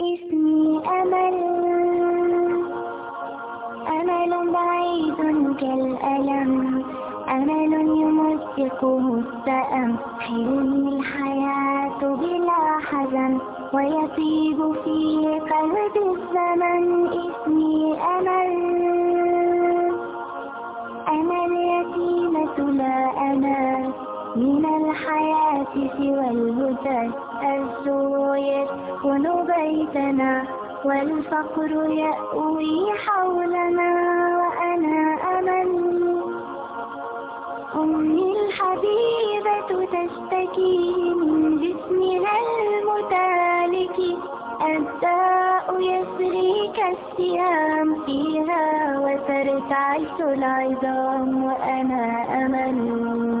اسمي أمل أمل بعيد كالألم أمل يمزقه السأم حلمي الحياة بلا حزن ويطيب في قلب الزمن اسمي أمل أنا اليتيمة لا أنا من العالم الحق والهدى الزور يسكن بيتنا والفقر يأوي حولنا وأنا أمل أمي الحبيبة تشتكي من جسمها المتالك الداء يسري كالسهام فيها وترتعش العظام وأنا أمل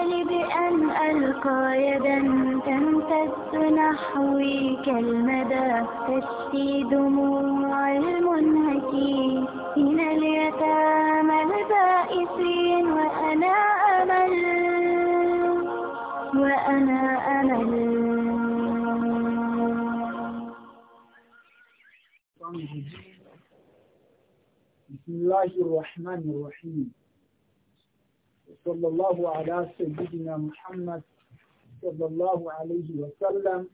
بالي بأن ألقى يدا تمتد نحوي كالمدى تشفي دموع المنهكين من اليتامى البائسين وأنا أمل وأنا أمل بسم الله الرحمن الرحيم وصلى الله على سيدنا محمد صلى الله عليه وسلم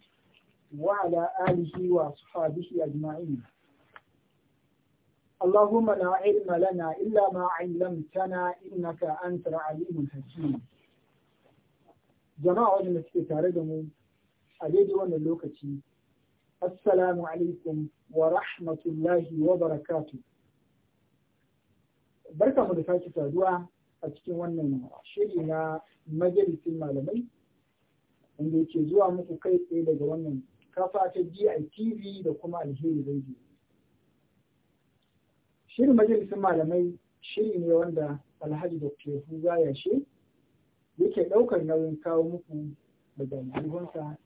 وعلى آله وأصحابه أجمعين اللهم لا علم لنا إلا ما علمتنا إنك أنت العليم الحكيم جماعة من تتاردهم أليد وانا اللوكتي السلام عليكم ورحمة الله وبركاته بركة مدفاة تدوى a cikin wannan shiri na majalisun malamai wanda yake zuwa muku kai tsaye daga wannan kafa ta GITV da kuma alheri radio. Shirin majalisun malamai shiri ne wanda Alhaji da Dr. ya yashe yake ɗaukar nauyin kawo muku daga alhunsa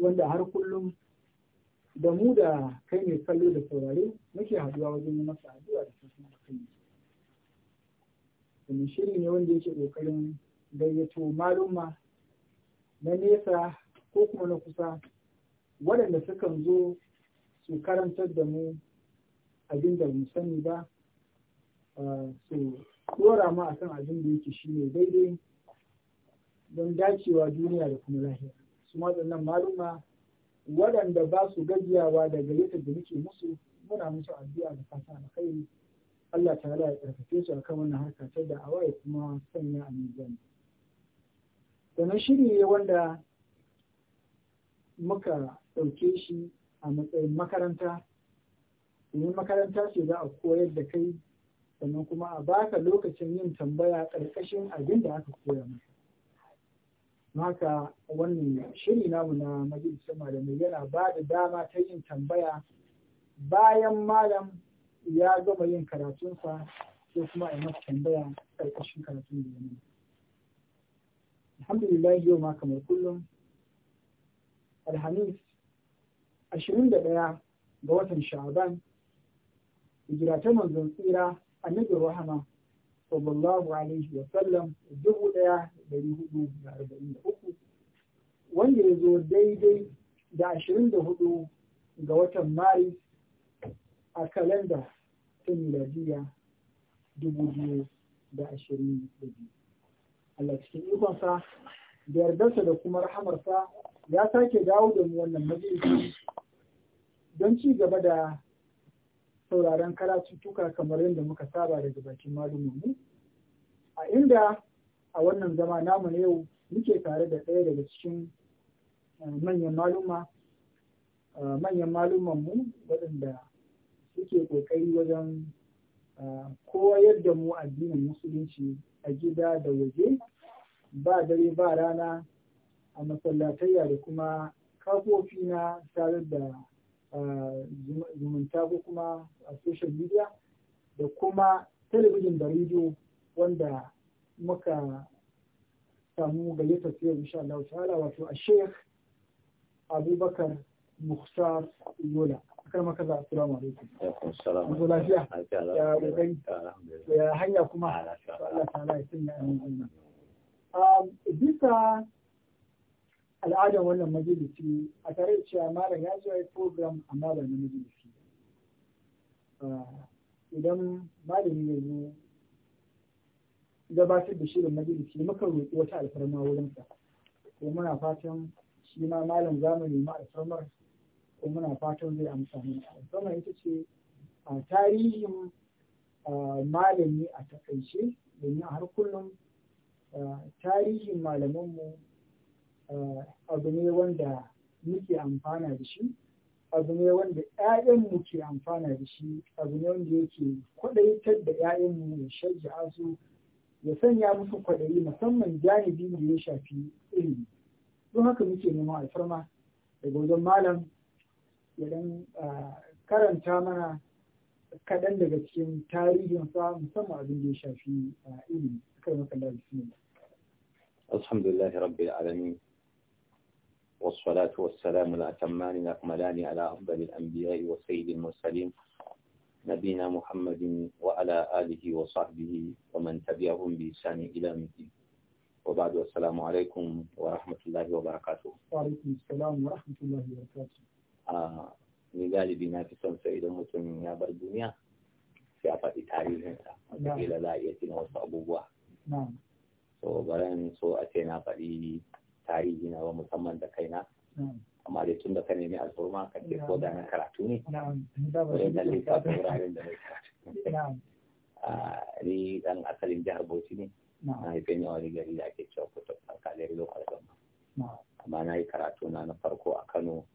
wanda har kullum da mu da kai ne kallo da saurare muke haduwa wajen masa addu'a da kuma kai. Wani shiri ne wanda yake ƙoƙarin gayyato malumma na nesa ko kuma na kusa waɗanda sukan zo su karantar da mu abin da mu sani ba su ɗora mu akan abin da yake shi ne daidai don dacewa duniya da kuma lahira su waɗannan maluma waɗanda ba su gajiyawa daga yadda da muke musu muna musu addu'a da fata alkhairi Allah ta ya ƙarfafe su akan wannan harka ta da'awa ya kuma sanya a mizan sannan shiri ne wanda muka ɗauke shi a matsayin makaranta domin makaranta ce za a koyar da kai sannan kuma a baka lokacin yin tambaya ƙarƙashin abin da aka koya maka maka wannan shiri namu na majalisar malamai yana ba da dama ta yin tambaya bayan malam ya gama yin karatunsa sai kuma a yi masa tambaya karkashin karatun da yana. Alhamdulillah yau ma kamar kullum. Alhamis ashirin da ɗaya ga watan Sha'aban hijira ta manzon tsira a annabi rahama sallallahu alaihi wa sallam dubu ɗaya da hudu da arba'in da uku wanda ya zo daidai da ashirin da hudu ga watan Maris a kalanda ta miladiya dubu biyu da ashirin da biyu. Allah cikin ikonsa da yardarsa da kuma rahamarsa ya sake dawo da mu wannan majalisi don ci gaba da sauraron karatuttuka kamar yadda muka saba daga bakin mu. a inda a wannan zama namu na yau muke tare da ɗaya daga cikin eh, manyan maluma eh, manyan malumanmu waɗanda suke ƙoƙari wajen ah, koyar da mu addinin musulunci a gida da waje ba dare ba rana a masallatayya da kuma kafofi na tare da ah, zumunta ko kuma a social media da kuma talabijin da rediyo wanda muka samu gayyatar sai insha Allah ta'ala wato a Sheikh Abubakar Mukhtar Yola kar maka za a tura mu alaikum mu lafiya ya rubai ya hanya kuma ah, Allah ta'ala ya sanya a mun um, bisa al'adar wannan majalisi a tare da cewa malam ya zo yi program amma ba na majalisi ah, idan malami ya zo gabatar da shirin majalisi muka roƙi wata alfarma wurinsa ko muna fatan shi ma malam zamani ma alfarmar ko muna fatan zai amsa mana ita ce a tarihin malami a takaice domin har kullum tarihin malamanmu abu ne wanda muke amfana da shi abu ne wanda 'ya'yanmu ke amfana da shi abu ne wanda yake kwaɗaitar da 'ya'yanmu ya shajja su ya sanya musu kwaɗayi musamman janibi da ya shafi ilimi don haka muke neman alfarma daga wajen malam idan karanta mana kaɗan daga cikin tarihin sa musamman abin da ya shafi ilimi kan makalla da alhamdulillahi rabbil alamin والصلاة والسلام الأتمان الأكملان على أفضل الأنبياء وسيد المرسلين نبينا محمد وعلى آله وصحبه ومن تبعهم بإحسان إلى مدين وبعد عليكم ورحمة الله وبركاته وعليكم السلام ورحمة الله وبركاته a ni galibi na fi son sai idan mutum ya bar duniya sai a faɗi tarihinsa da za a iya tuna wasu abubuwa so baran so a ce na faɗi tarihi na ba musamman da kaina amma dai tun da ka nemi alfurma ka ce ko da na karatu ne wani da lissafa wuraren da mai karatu ni dan asalin jihar bauchi ne na haife ni a wani gari da ake cewa kuta kalere lokal lokacin amma na yi karatu na na farko a kano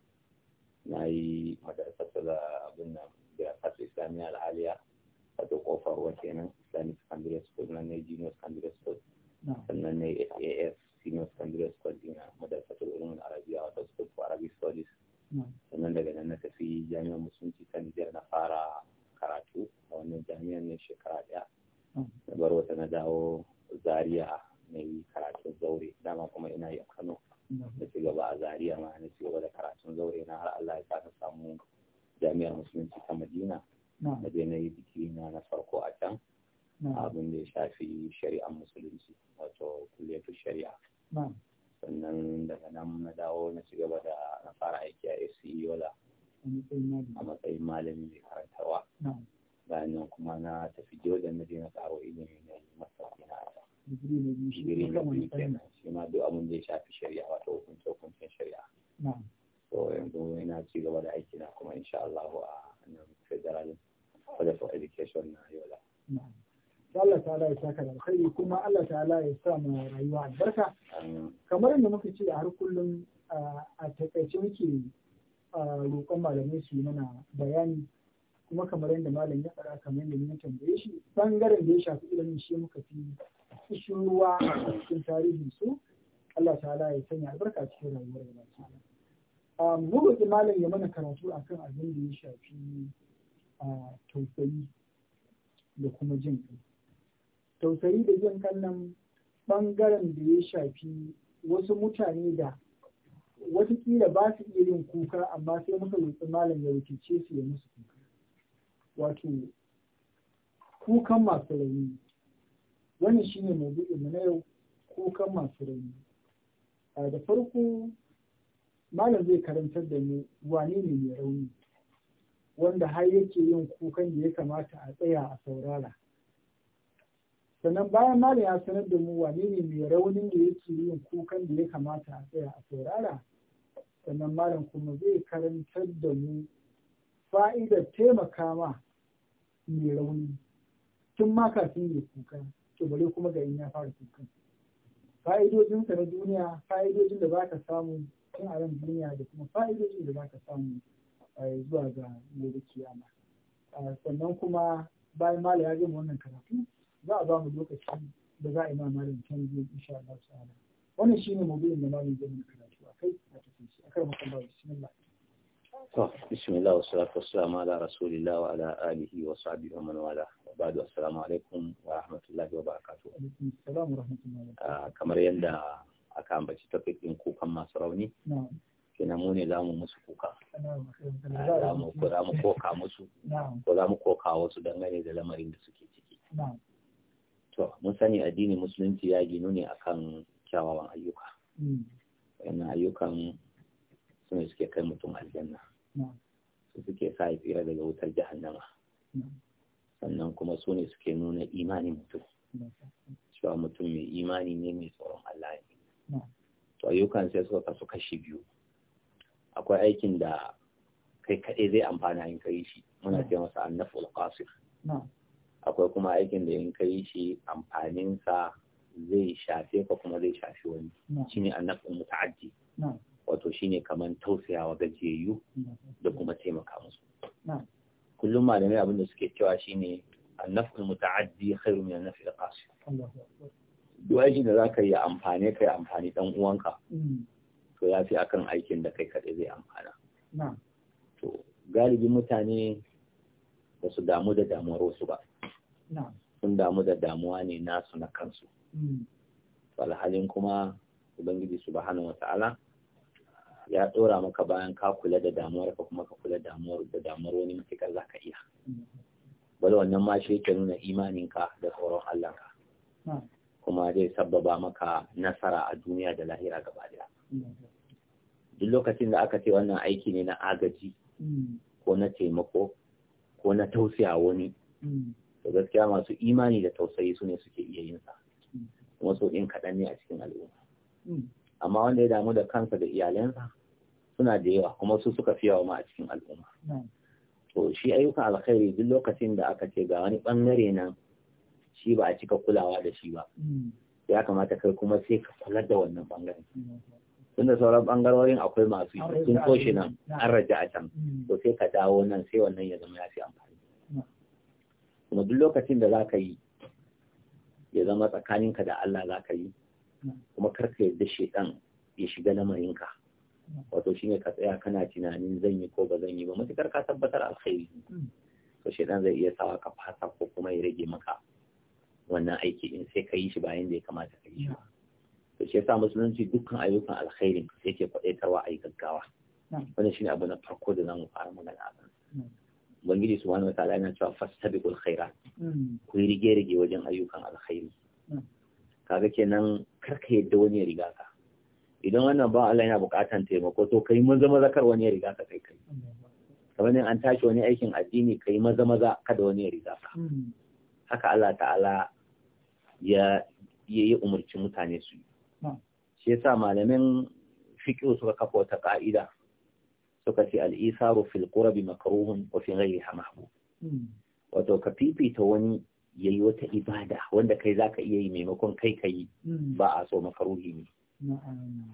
na yi madarasar abin nan birakatu islamiyya al'aliya wato kofar wa kenan islamic secondary school na ne junior secondary school sannan ne sas senior secondary school dina madarasar ulumul arabiya wato school for arabic studies sannan daga nan na tafi jami'ar musulunci ta nijar na fara karatu a wannan jami'ar ne shekara daya na bar wata na dawo zaria na yi karatun zaure dama kuma ina yin kano na ci gaba a zaria ma na ci gaba da karatun zaure Sharia. ta'ala ya sa mu rayuwa albarka kamar yadda muka ce har kullum a takaice muke roƙon malamai su mana bayani kuma kamar yadda malam ya faɗa kamar yadda mun tambaye shi bangaren da ya shafi ilimin shi muka fi kishin ruwa a cikin tarihin su Allah ta'ala ya sanya albarka cikin rayuwar da ta mu roƙi malam ya mana karatu akan abin da ya shafi tausayi da kuma jin ƙai tausayi da jin kannan ɓangaren da ya shafi wasu mutane da watakila ba su iya yin kuka amma sai muka lutsi malam ya rikice su ya musu kuka wato kukan masu rauni wannan shine maudu'in mu na yau kukan masu rauni da farko malam zai karantar da mu wane ne mai rauni wanda har yake yin kukan da ya kamata a tsaya a saurara sannan bayan malam ya sanar da mu wane ne mai raunin da yake yin kukan da ya kamata a tsaya a saurara sannan malam kuma zai karantar da mu fa'idar taimaka ma mai rauni tun ma kafin ya kuka to bare kuma ga in ya fara kukan fa'idojinsa na duniya fa'idojin da ba ka samu tun a ran duniya da kuma fa'idojin da ba ka samu eh, zuwa ga kiyama ah, sannan kuma bayan malam ya gama wannan karatu za a ba mu lokaci da za a yi ma malam canji insha Allah ta'ala wannan shine maudu'in da malam zai karatu a kai a cikin shi akar makallah bismillah to bismillah wa salatu wassalamu ala rasulillah wa ala alihi wa sahbihi wa man wala wa ba'du assalamu alaikum wa rahmatullahi wa barakatuh alaikum assalam wa rahmatullahi ah, kamar yadda aka ambaci topic din kukan masu rauni kenan mu ne za mu musu kuka ah, za mu koka musu ko za mu koka wasu dangane da lamarin da suke ciki to mun sani addini musulunci ya ginu ne akan kyawawan ayyuka hmm. wannan ayyukan suna suke kai mutum aljanna su suke sa tsira daga wutar jahannama sannan kuma su ne suke nuna imanin mutum cewa mutum mai imani ne mai tsoron Allah ne to ayyukan sai suka kasu kashi biyu akwai aikin da kai kaɗai zai amfana in kai shi muna ce masa annaful qasir akwai kuma aikin da in kai shi amfaninsa zai shafe ka kuma zai shafi wani shine annabin muta'addi wato shine kaman tausayawa gajiyayyu da kuma taimaka musu kullum malamai abin da suke cewa shine annabin muta'addi khairu min annafi alqasim duk aikin da za ka yi amfani kai amfani dan uwanka mm. to yafi akan aikin da kai kaɗai zai amfana to galibin mutane ba su damu da damuwar wasu ba sun damu da damuwa ne nasu na kansu hmm. alhalin kuma ubangiji subhanahu wata'ala ya tsora maka bayan ka kula da damuwar ka kuma ka kula da damuwar wani matakar za ka iya hmm. bada wannan ma shi yake nuna imaninka da tsoron Allah ka kuma zai sabbaba maka nasara a duniya da lahira gaba daya hmm. duk lokacin da aka ce wannan aiki ne na agaji ko na taimako ko na tausiya wani to gaskiya masu imani da tausayi su ne suke iya yin sa kuma so in kaɗan ne a cikin al'umma hmm. amma wanda ya damu da kansa da iyalansa suna da yawa kuma su suka fi yawa ma a cikin al'umma hmm. to shi ayyukan alkhairi duk lokacin da aka ce ga wani bangare nan shi ba a cika kulawa da shi ba hmm. ya kamata kai kuma sai ka kula da wannan bangaren tunda sauran bangarorin akwai masu sun toshe nan an raja a can to sai ka dawo nan sai wannan ya zama ya fi amfani kuma duk lokacin da za ka yi ya zama tsakaninka da Allah za ka yi kuma karka yadda shaidan ya shiga lamarinka wato shine ka tsaya kana tunanin zan yi ko ba zan yi ba matukar ka tabbatar alkhairi to shaidan zai iya sawa ka fasa ko kuma ya rage maka wannan aiki in sai ka yi shi bayan da ya kamata ka yi shi to shi yasa musulunci dukkan ayyukan alkhairin sai ke faɗaitarwa a yi gaggawa wannan shine abu na farko da zan fara magana a kansa ubangiji wani wata yana cewa fastabiqul khairat hmm. ku yi rige rige wajen ayyukan alkhairi hmm. kaga kenan karka yadda wani ya riga ka idan wannan ba Allah yana bukatan taimako to kai maza maza kar wani ya riga ka kai kai kamar ne an tashi wani aikin addini kai maza maza kada wani ya riga ka hmm. haka Allah ta'ala ya yi umarci mutane su yi shi yasa malamin fiqh suka kafa wata ka'ida suka ce al'isaru fil bi makaruhun wa fi a mahbub hmm. wato ka fifita wani yayi wata ibada wanda kai za ka iya yi maimakon kai ka yi hmm. ba a so makaruhi ne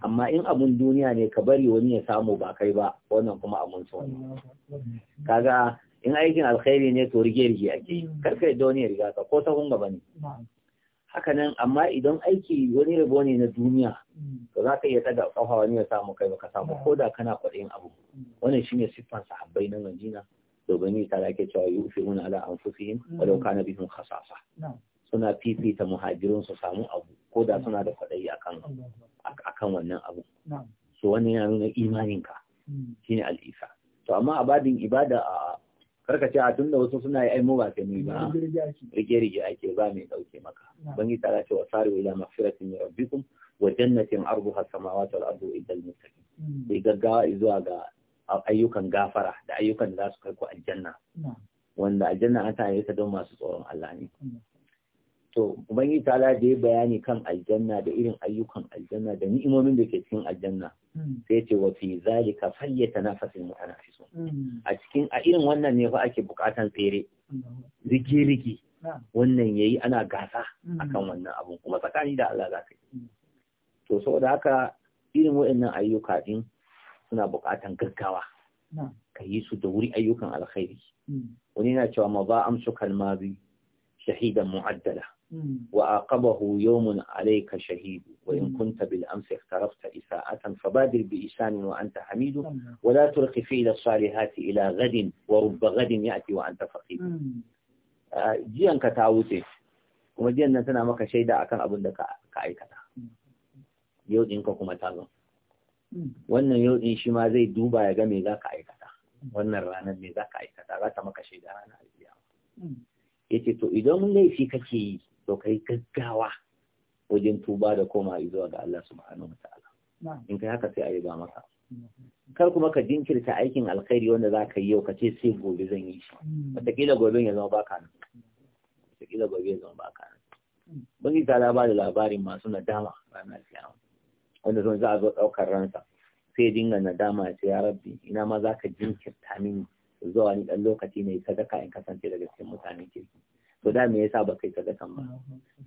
amma in abun duniya ne ka bari wani ya samu ba kai ba wannan kuma abun so ne kaga in aikin alkhairi ne to rige rige ake hmm. karka da wani riga ka ko sahun gaba ne hakanan amma idan aiki wani rabo ne na duniya mm. to za ka iya daga kafa wani ya samu kai baka samu mm. ko da kana kwaɗayin abu mm. wannan shine siffan sahabbai na Madina domin ta da ake cewa yufiruna ala yin wadau kana bihin khasasa suna fifita muhajirun su samu abu ko da suna da kwaɗayi akan kan wannan abu so wannan yana nuna imaninka shine al'isa to amma a ibada a karka ce a tun da wasu suna yi aimo ba kai ba rige rige ake ba mai dauke maka ban yi tsara cewa sariwa ila magfiratin min rabbikum wa jannatin arduha samawati wal ardu iddal muttaqin sai mm. gaggawa zuwa ga ayyukan gafara da ayyukan da za su kai ku aljanna wanda aljanna an yi ta don masu tsoron Allah ne mm. to ubangiji ta da ya bayani kan aljanna da irin ayyukan aljanna da ni'imomin da ke cikin aljanna Mm. sai ce wa fi zalika fayyata nafasin mutanafisun mm. a cikin a irin wannan ne fa ake bukatan tsere rige rige wannan yayi ana gasa mm. akan wannan abun kuma tsakani da Allah za ka yi to saboda haka irin waɗannan ayyuka din suna bukatan gaggawa ka yi su da wuri ayyukan alkhairi wani yana cewa ma ba amsu kalmazi shahidan mu'addala وعاقبه يوم عليك شهيد وإن كنت بالأمس اخترفت إساءة فبادر بإسان وأنت حميد ولا تلقي فعل الصالحات إلى غد ورب غد يأتي وأنت فقيد آه، جيان كتاوتي كما جيان نتنا مكا شيدا أكان أبن دكا كايكتا يودين كوكما تاغو وانا يودين شما زي دوبا يغمي ذا كايكتا وانا رانا ميزا كايكتا غاتا مكا شيدا رانا يتي تو إدوم ليفي كتي to kai gaggawa wajen tuba da koma zuwa ga Allah subhanahu wa ta'ala in kai haka sai a yi ba maka mm-hmm. kar kuma ka jinkirta aikin alkhairi wanda za ka yi yau ka ce sai gobe zan yi shi mm. wataƙila gobe ya zama baka nan wataƙila gobe ya zama baka nan mm. bangi ta da ba da labarin masu nadama ranar kiyama wanda zan za a zo ɗaukar ransa sai dinga nadama ya ce ya rabbi ina ma za ka jinkirta mini zuwa ni ɗan lokaci ne sadaka in kasance daga cikin mutanen kirki to da me yasa baka yi sadakan ba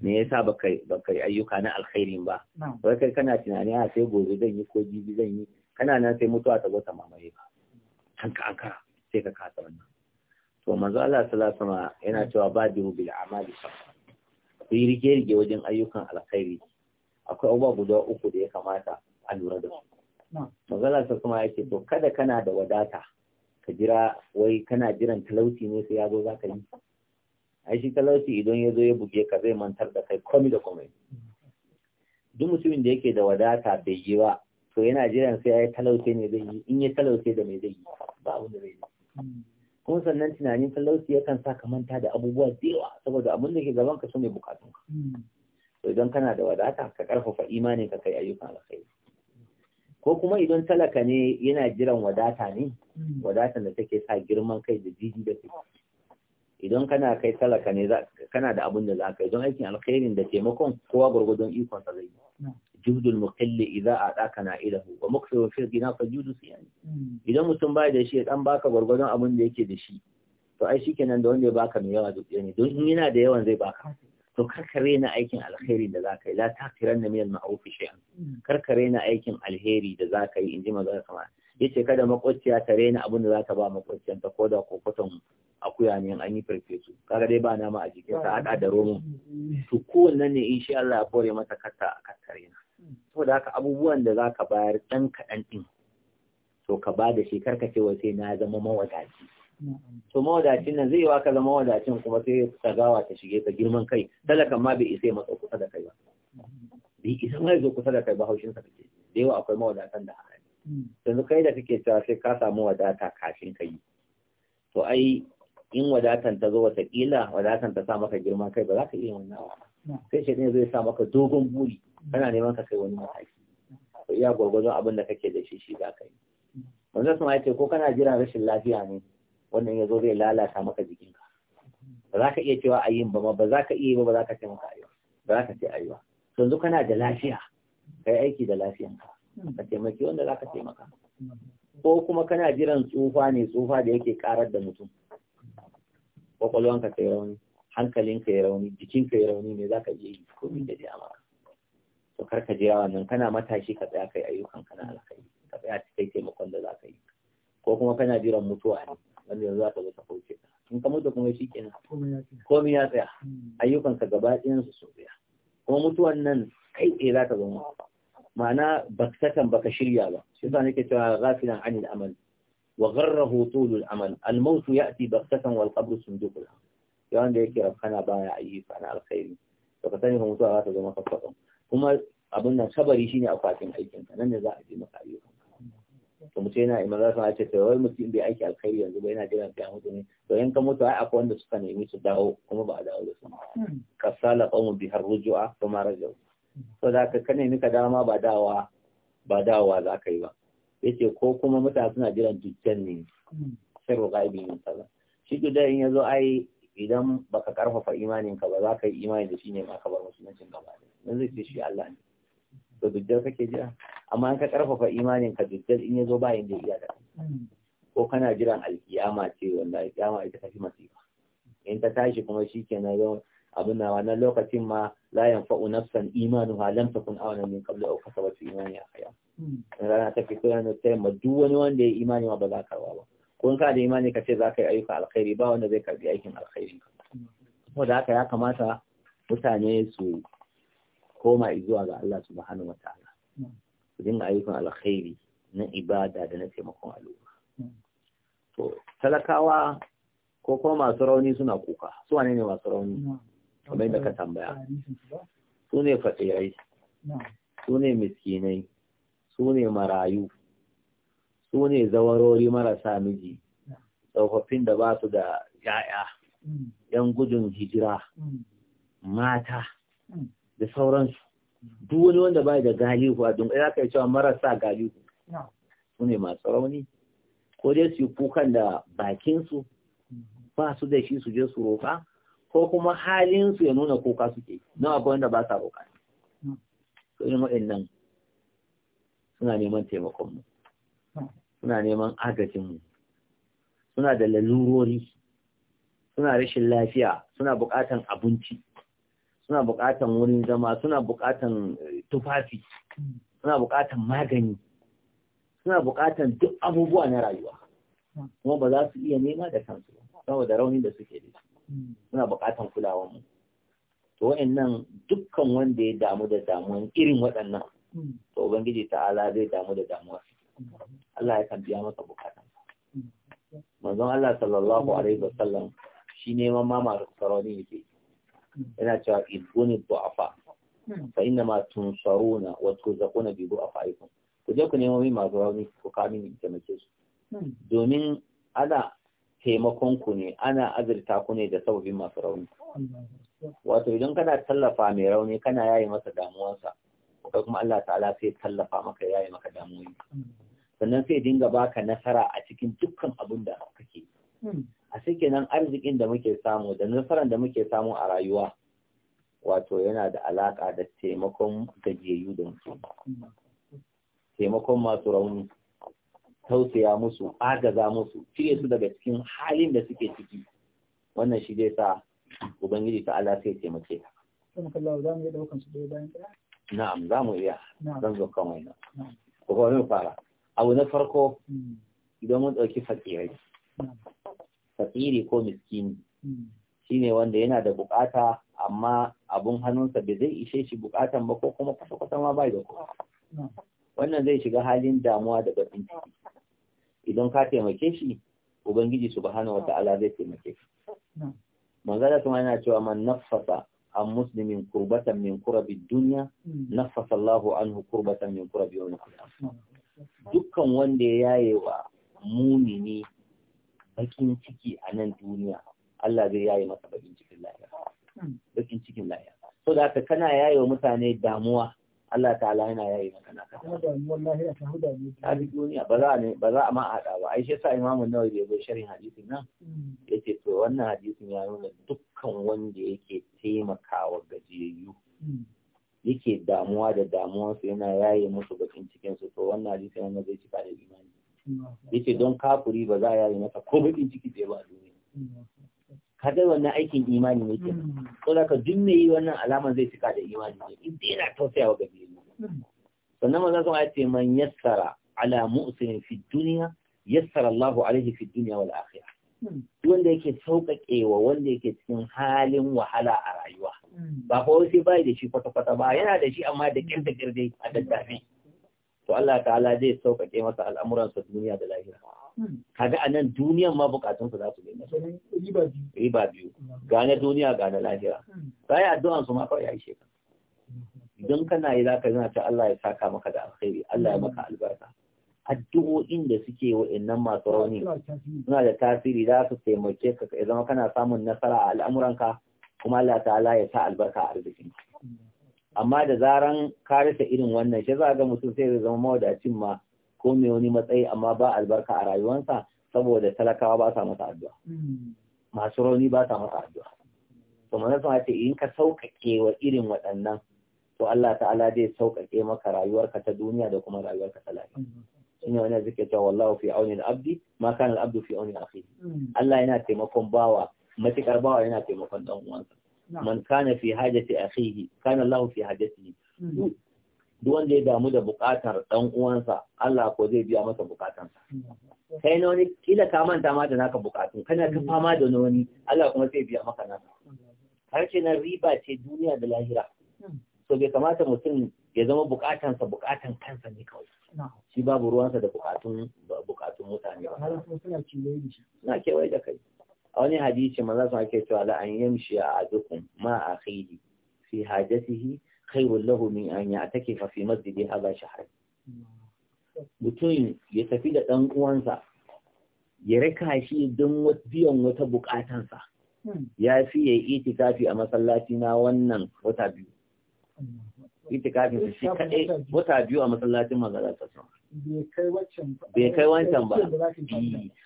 me yasa baka baka kai ayyuka na alkhairin ba wai kai kana tunani a ah, sai gobe zan yi ko jibi zan yi kana nan sai mutuwa ta gota mamaye ba ka aka sai ka kasa wannan to manzo Allah sallallahu alaihi wasallam yana cewa dihu bil amali ku yi rige rige wajen ayyukan alkhairi akwai abubuwa guda uku da ya kamata a lura da su manzo Allah sallallahu alaihi yake to kada kana da wadata ka jira wai kana jiran talauci ne sai ya zo zaka yi ai shi talauci idan ya zo ya buge ka zai mantar da kai komai da komai duk mutumin da yake da wadata bai yi ba to yana jiran sai ya yi talauce ne zai yi in ya talauce da mai zai yi ba abin da zai yi kuma sannan tunanin talauci yakan sa ka manta da abubuwa da yawa saboda abin da ke gaban ka sune bukatun ka to idan kana da wadata ka karfafa imanin ka kai ayyukan alkhairi ko kuma idan talaka ne yana jiran wadata ne wadatan da take sa girman kai da jiji da kai idan kana kai talaka ne kana da abin da za ka yi don aikin alkhairin da taimakon kowa gwargwadon ikon sa zai juhdul muqalli idza ataka na'ilahu wa muksiru fi dina fa judu siyani hmm. idan mutum bai da shi dan baka gwargwadon abin da yake da shi to ai shikenan da wanda ya baka mai yawa duk ne don in yana da yawan zai baka to karkare na aikin alkhairi da zaka yi la takiran na min al-ma'ruf shay'an hmm. karkare na aikin alheri da zaka yi In inji magana kamar yace kada makwabciya ta raina abin da za ta ba makwabciyanta ko da kokoton akuya ne an yi farfesu kaga dai ba nama a jikin sa hada da romo to kowanne ne insha Allah ya kore masa kasa a kattare na saboda haka abubuwan da zaka bayar dan kaɗan din to ka ba da shi karka ce wai sai na zama mawadaci to mawadacin nan zai yi wa ka zama mawadacin kuma sai gawa ta shige ka girman kai talakan ma bai isa matsa kusa da kai ba bai isa mai zo kusa da kai ba haushin sa kake da yawa akwai mawadatan da haka yanzu kai da kake cewa sai ka samu wadata kafin ka yi to ai in wadatan ta zo wataƙila wadatan ta sa maka girma kai ba za ka iya wannan ba sai shi ne zai sa maka dogon buri kana neman ka kai wani mataki to iya gwargwadon abin da kake da shi shi za ka yi wanda sun ce ko kana jiran rashin lafiya ne wannan ya zo zai lalata maka jikinka ba za ka iya cewa a yin ba ba za ka iya yi ba ba za ka ce maka ayyuka ba za ka ce ayyuka yanzu kana da lafiya kai aiki da lafiyanka ka taimaki wanda za ka taimaka ko kuma kana jiran tsufa ne tsufa da yake karar da mutum kwakwalwanka ka yi rauni hankalinka ya rauni jikinka ya rauni ne za ka je yi komi da dama to kar ka jira wannan kana matashi ka tsaya kai ayyukan kana alkai ka tsaya kai taimakon da za ka yi ko kuma kana jiran mutuwa ne wanda yanzu za ka zo ka kauce ka in ka mutu kuma shikenan komi ya tsaya hmm. ayyukan ka gaba ɗayan su su tsaya kuma mutuwan nan kai ɗaya za ka zo mutuwa ma'ana ba baka shirya ba shi yasa nake cewa ghafilan anil amal wa gharrahu tulul amal al maut ya'ti baktatan wal qabr sunduqul ya wanda yake rafkana baya ayyuka na alkhairi to ka sani mutuwa za ta zama kafaɗan kuma abin nan sabari shine akwatin aikin ka nan ne za a je maka ayyukan to mutum yana imar za su ce to wai mutum bai aiki alkhairi yanzu ba yana jiran fiya mutu ne to yan ka mutu ai akwai wanda suka nemi su dawo kuma ba a dawo da su hmm. kasala qawmu bi har ruju'a kuma rajau so za ka kane ka dama ba dawa ba dawa za ka yi ba yace ko kuma mutane suna jiran dukkan ne sai roƙa ibi min sallah shi da in yazo ai idan baka karfafa imanin ka ba za ka yi imani da shi ne ma ka bar musulmancin gaba ne yanzu ce shi Allah ne to dukkan kake jira amma in ka karfafa imanin ka dukkan in yazo ba da iya da ko kana jiran alkiyama ce wallahi kiyama ita fi masifa in ta tashi kuma shikenan zama abin na wannan lokacin ma la yanfa'u nafsan imanuha lam kun awna min kabla aw kasabat imani haya hmm. rana ta fito yana ta ma duk wani wanda ya imani ma ba za ka ba ko in ka da imani ka ce za ka yi ayyuka alkhairi ba wanda zai karbi aikin alkhairi da haka ya kamata mutane su koma zuwa ga Allah subhanahu wataala su dinga ayyukan alkhairi na ibada da na taimakon al'umma hmm. to talakawa ko kuma masu rauni suna kuka su wane ne masu rauni hmm. kamar da ka tambaya su ne fasirai su ne miskinai su ne marayu su ne zawarori marasa miji tsofaffin da ba su da ya'ya mm. yan gudun hijira mm. mata mm. da sauransu duk wani wanda ba da galihu a dunkai za ka yi cewa marasa galihu su ne masu rauni ko dai su yi kukan da bakinsu ba su da shi su je su roƙa ko kuma halin su ya nuna kuka suke na akwai wanda ba sa roƙa to irin waɗannan suna neman taimakon mu suna neman agajin mu suna da lalurori suna rashin lafiya suna buƙatan abinci suna buƙatan wurin zama suna buƙatan eh, tufafi suna buƙatan magani suna buƙatan duk abubuwa na rayuwa kuma ba za su iya nema da kansu saboda raunin da suke da suna buƙatan kulawar mu to wa'annan dukkan wanda ya damu da damuwan irin waɗannan to ubangiji ta'ala zai damu da damuwa. Allah ya kan biya masa bukatan Allah sallallahu alaihi wasallam shi neman ma masu yake yana cewa ibuni du'afa fa inna ma tunsaruna wa tuzaquna bi du'afaikum ku je ku nemo min masu rauni ku kamin in taimake su hmm. domin ana taimakon ku ne ana azurta ku ne da sauƙin masu rauni wato idan kana tallafa mai rauni kana yayi masa damuwansa kai kuma Allah ta'ala sai tallafa maka yayi maka damuwoyi sannan sai dinga baka nasara a cikin dukkan abin da kake a sake nan arzikin da muke samu da nasaran da muke samu a rayuwa wato yana da alaka da taimakon gajiyayyu da mutum taimakon masu rauni tausaya musu agaza musu cire su daga cikin halin da suke ciki wannan shi zai sa ubangiji ta Allah sai taimake ta. na'am za mu iya zan zo kan wani Kuma ba mu fara abu na farko hmm. idan mun dauki fakirai fakiri ko miskini hmm. ne wanda yana da bukata amma abun hannunsa bai zai ishe shi bukatan ba ko kuma kwata-kwata ma bai da kuma wannan zai shiga halin damuwa da bakin idan ka taimake shi ubangiji subhanahu wata'ala zai taimake shi manzala kuma yana cewa man nafasa an muslimin kurbatan min kurabi duniya hmm. nafasa Allahu anhu kurbatan min kurabi yawmin dukkan wanda ya yaye wa munini bakin ciki a nan duniya Allah zai yaye masa bakin cikin lahira hmm. bakin cikin lahira so haka kana yaye wa mutane damuwa Allah ta'ala yana yaye masa ta bi duniya ba za ne ba za a ma hada ba ai shi yasa imamu nawawi bai bai sharhin hadisin nan mm. yace to wannan hadisin ya nuna dukkan wanda yake taimakawa gajiyayyu mm. yake damuwa da damuwarsu yana yaye musu bakin cikin su to wannan hadisin yana zai cika da imani yace don kafuri ba za a yaye masa ko bakin ciki da ba duniya kaga wannan aikin imani ne ke ko mm. da ka duk mai yi wannan alaman zai cika da imani ne in dai yana tausayawa gajiyayyu sannan maza sun ce man yassara ala mu'sinin fi duniya yassara Allahu alaihi fi duniya wal akhirah hmm. wanda yake sauƙaƙewa wanda yake cikin halin wahala a rayuwa hmm. ba ko sai bai da shi kwata-kwata ba yana da shi amma da kirda girde a daddafe to Allah ta'ala zai sauƙaƙe masa al'amuran sa duniya da lahira hmm. kaga a nan duniyan ma bukatun su za su daina riba biyu Gane duniya gane lahira sai addu'an su ma kawai ya yi shekara don kana yi zaka yana ta Allah ya saka maka da alkhairi Allah ya maka albarka addu'o'in da suke wa'annan masu rauni suna da tasiri za su taimake ka ya zama kana samun nasara a al'amuranka kuma Allah ta'ala ya sa albarka a arzikin amma da zaran ka rasa irin wannan shi za ga mutum sai ya zama mawadacin ma ko mai wani matsayi amma ba albarka a rayuwarsa saboda talakawa ba sa masa addu'a masu rauni ba sa masa addu'a to manzon ya ce in ka sauƙaƙe wa irin waɗannan to Allah ta'ala zai sauƙaƙe maka rayuwarka ta duniya da kuma rayuwarka ta lafiya In yi wani zike cewa wallahu fi auni al-abdi ma kana al-abdu fi auni akhihi hmm. Allah yana taimakon bawa matikar bawa yana taimakon ɗan uwansa man kana fi hajati akhihi kana Allah fi hajatihi hmm. duk wanda ya damu da buƙatar ɗan uwansa Allah ko zai biya masa bukatansa hmm. kai na wani kila ka manta ma da naka bukatun kana ta fama da wani Allah kuma zai biya maka naka harshe na riba ce duniya da lahira so bai kamata mutum ya zama bukatansa bukatan kansa ne kawai shi babu ruwansa da bukatun bukatun mutane ba suna kewaye da kai a wani hadisi manzo sun ake cewa la an yamshi a adukum ma akhihi fi hajatihi khairul lahu min an fa fi masjidi hadha shahr mutum ya tafi da dan uwansa ya raka shi don biyan wata bukatansa hmm. ya fi ya yi itikafi a masallaci na wannan wata biyu itikafin su shi kadai wata biyu a masallacin magana ta sa. bai kai wancan ba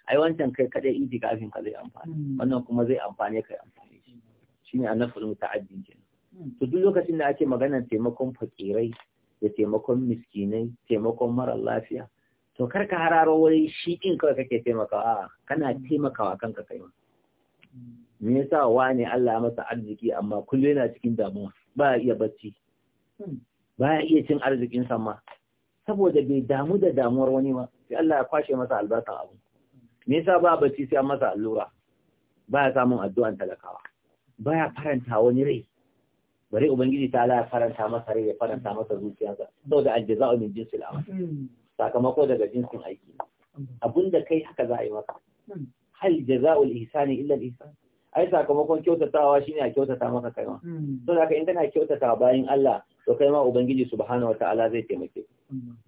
ai wancan kai kadai itikafin ka zai amfani hmm. wannan kuma zai amfani kai amfani shi ne annafin ta kenan hmm. to duk lokacin da ake maganar taimakon fakirai da taimakon miskinai taimakon mara lafiya to kar ka hararo wani shi din kawai kake taimakawa kana hmm. taimakawa kanka kai ma me yasa ne Allah masa arziki amma kullum yana cikin damuwa ba iya bacci ba iya cin arzikin ma saboda bai damu da damuwar wani ma sai Allah ya kwashe masa albarkan abu me yasa ba bacci sai an masa allura ba ya samun addu'an talakawa ba ya faranta wani rai bare ubangiji ta Allah ya faranta masa rai ya faranta masa zuciyarsa saboda aljaza'u min jinsil amal sakamako daga jinsin aiki abinda kai haka za a yi maka hal jaza'ul ihsani illa al ihsan ai sakamakon kyautatawa shine a kyautata maka kai ma to hmm. da in tana kyautata bayan Allah to kai ma ubangiji subhanahu wataala zai taimake hmm.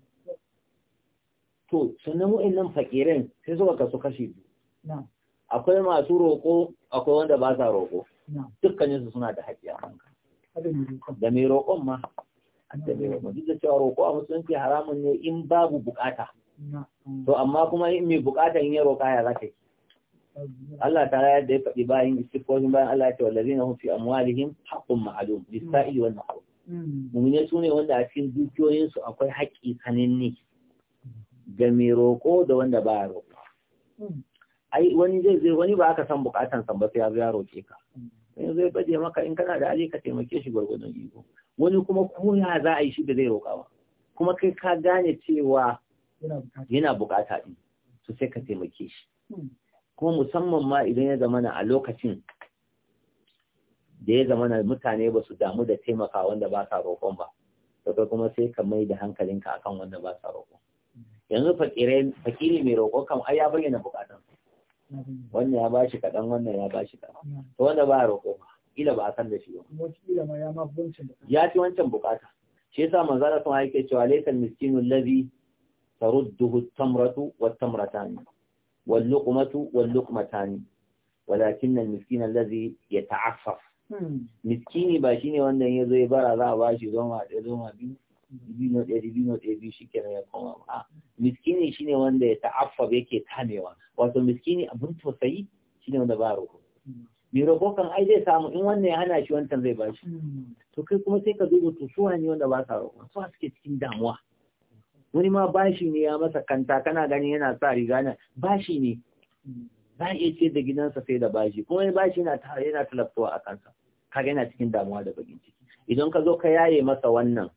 to sannan nan fakirin sai suka kasu kashi biyu akwai masu roƙo akwai wanda ba sa roƙo dukkanin su suna da haƙƙi a kanka da mai roƙon ma da mai roƙon duk da cewa roƙo a musulunci haramun ne in babu bukata hmm. to amma kuma in mai buƙata in ya roƙa ya za yi Allah ta rayar da ya faɗi bayan istifofin bayan Allah ya ce wallazi na hufi amwalihim haƙƙun ma'alum lissa'ili wal mahrum mm. Mumine su ne wanda a cikin dukiyoyinsu akwai haƙƙi sananne ga mai roƙo da wanda ba ya roƙo mm. ai wani zai zai wani ba aka san buƙatan san ba sai ya zo ya roƙe ka mm. wani zai baje maka in kana da aji ka taimake shi gwargwadon iko wani kuma ko ya za a yi shi da zai roƙa ba kuma kai ka gane cewa yana buƙata ɗin to sai ka taimake shi ko musamman ma idan ya zamana a lokacin da ya zamana mutane ba su damu da taimaka wanda ba sa roƙon ba daga kuma sai ka mai da hankalinka akan wanda ba sa roƙon. yanzu fakiri mai roƙo kan ai ya bayyana bukatan wannan ya bashi kaɗan wannan ya bashi kaɗan to wanda ba roƙo ba ila ba a san da shi ba ya fi wancan buƙata. shi yasa manzara sun haike cewa laysal miskinu ta tarudduhu tamratu wa tamratani واللقمة واللقمتان ولكن المسكين الذي يتعفف miskini ba shine wanda ya zo ya bara za a bashi zoma ɗaya zoma biyu dibino ɗaya dibino ɗaya biyu shi kenan ya koma miskini shine wanda ya ta'affab yake tanewa wato miskini abin tausayi shine wanda ba roƙo mai roƙo kan ai zai samu in wannan ya hana shi wancan zai bashi to kai kuma sai ka duba to suwa ne wanda ba sa roƙo suwa suke cikin damuwa wani ma bashi ne ya masa kanta kana gani yana sa riga na bashi ne za a iya ce da gidansa sai da bashi kuma wani bashi yana yana talaftuwa a kansa kaga yana cikin damuwa da bakin ciki idan ka zo ka yaye masa wannan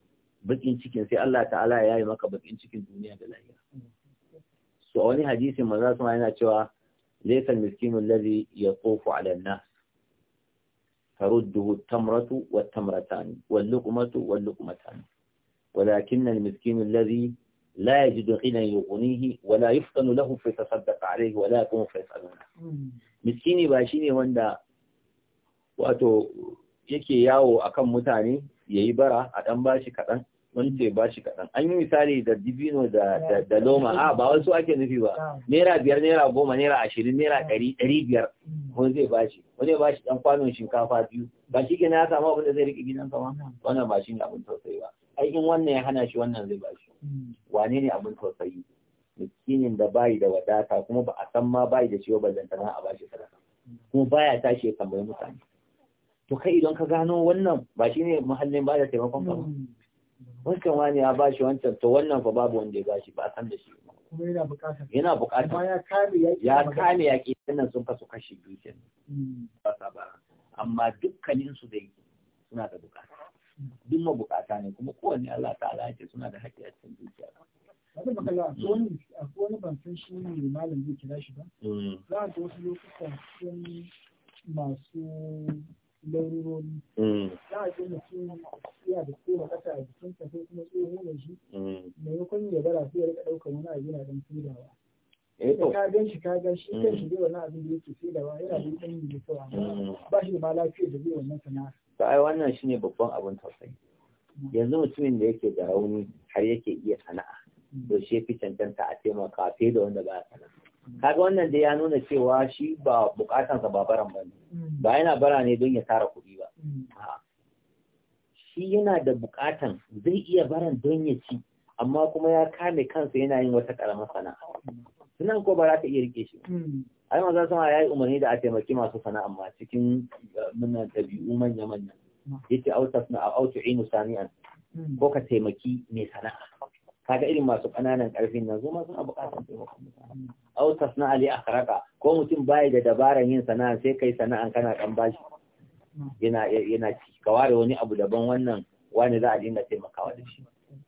bakin cikin sai Allah ta'ala ya yaye maka bakin cikin duniya da lahira so wani hadisin maza su yana cewa laysa miskinu alladhi yatufu 'ala an-nas التمرة والتمرتان واللقمة واللقمتان ولكن المسكين الذي لا يجد غنى يغنيه ولا يفتن له فيتصدق عليه ولا يكون فيسألونه miskini ba shine wanda wato yake yawo akan mutane yayi bara a dan bashi kadan wani ce bashi kadan an yi misali da dibino da da loma a ba wasu ake nufi ba naira biyar naira goma naira ashirin naira ɗari ɗari biyar wani zai bashi wani ya bashi dan kwanon shinkafa biyu ba shi ke na ya samu abin da zai riƙe gidan sama wannan ba shi ne abin tausayi ba ai in wannan ya hana shi wannan zai bashi hmm. wane ne abin tausayi miskinin da bayi da wadata kuma ba a san ma bayi da ciwo ballantana a bashi sadaka kuma baya tashi ya tambayi mutane to kai idan ka gano wannan ba shi ne muhallin ba da taimakon ba hmm. wancan wani ya bashi wancan to wannan fa babu wanda ya shi ba a san da shi kuma yana bukata yana bukata ya kame yaki ya ke sannan sun kasu kashi biyu kenan hmm. ba ba amma dukkaninsu su dai suna da bukata duk mabukata ne kuma kowanne Allah ta'ala ya suna da haƙƙi a cikin dukiya wata magana a wani bansan shi ne malam zai kira shi ba mm. za a ga wasu lokutan sun masu laururori mm. za a ga mutum ya da tsoro a jikinsa ko kuma tsoho da shi mm. maimakon ya bara sai ya rika ɗaukar wani abu yana dan tsirawa? da ka gan shi ka ga shi kan shi zai wani abin da yake tsirawa yana da ɗan yi da ba shi da ma lafiya da zai wannan sana'a to ai wannan shine babban abin tausayi yanzu mutumin da yake da rauni har yake iya sana'a to shi fi cancanta a taimaka fiye da wanda ba baya sana'a kaga wannan da ya nuna cewa shi ba bukatan sa babaran ba ba yana bara ne don ya tara kuɗi ba shi yana da bukatan zai iya baran don ya ci amma kuma ya kame kansa yana yin wata karamar sana'a sunan ko ba za ta iya rike shi ai maza sama ya yi umarni da a taimaki masu sana'a ma cikin eh, muna ɗabi'u manya manya yace autas na autu inu sami'an hmm. ko ka taimaki mai sana'a kaga irin masu ƙananan ƙarfin nan zo ma suna buƙatar taimakon mutane hmm. autas na ali akhraka ko mutum bai da dabaran yin sana'a sai kai sana'an kana kan bashi hmm. yana yana ci ka ware wani abu daban wannan wani za a dinga taimakawa da shi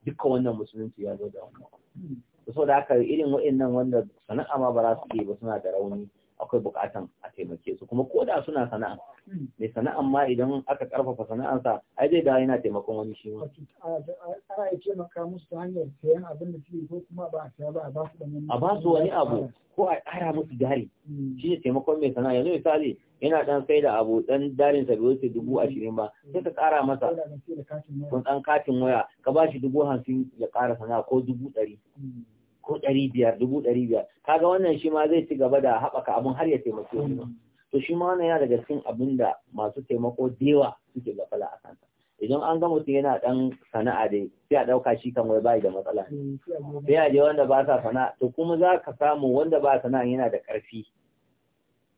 dukkan wannan musulunci ya zo da wannan so da haka irin wa'annan wanda sana'a ma ba za su yi ba suna da rauni akwai bukatan a taimake su kuma ko da suna sana'a mai sana'a ma idan aka karfafa sana'ansa ai zai dawo yana taimakon wani shi ma ana iya taimaka musu ta hanyar sayan abin da suke ko kuma ba a saya ba a ba su wani a ba su wani abu ko a ƙara musu dari hmm. shi ne taimakon mai sana'a yanzu misali yana dan sai da abu dan darin sa bai wuce dubu hmm. ashirin ba sai ka ƙara masa kun dan katin waya ka ba shi dubu hamsin ya ƙara sana'a ko dubu ɗari hmm. ko ɗari biyar dubu ɗari biyar kaga wannan shi ma zai ci gaba da haɓaka abin har ya taimake wani mm. to shi ma wannan yana daga cikin abin da masu taimako yawa suke gafala a kansa idan an ga mutum yana ɗan sana'a dai sai a ɗauka shi kan wai bai da matsala mm, sai a je wanda ba sa sana'a to kuma za ka samu wanda ba sana'a yana da ƙarfi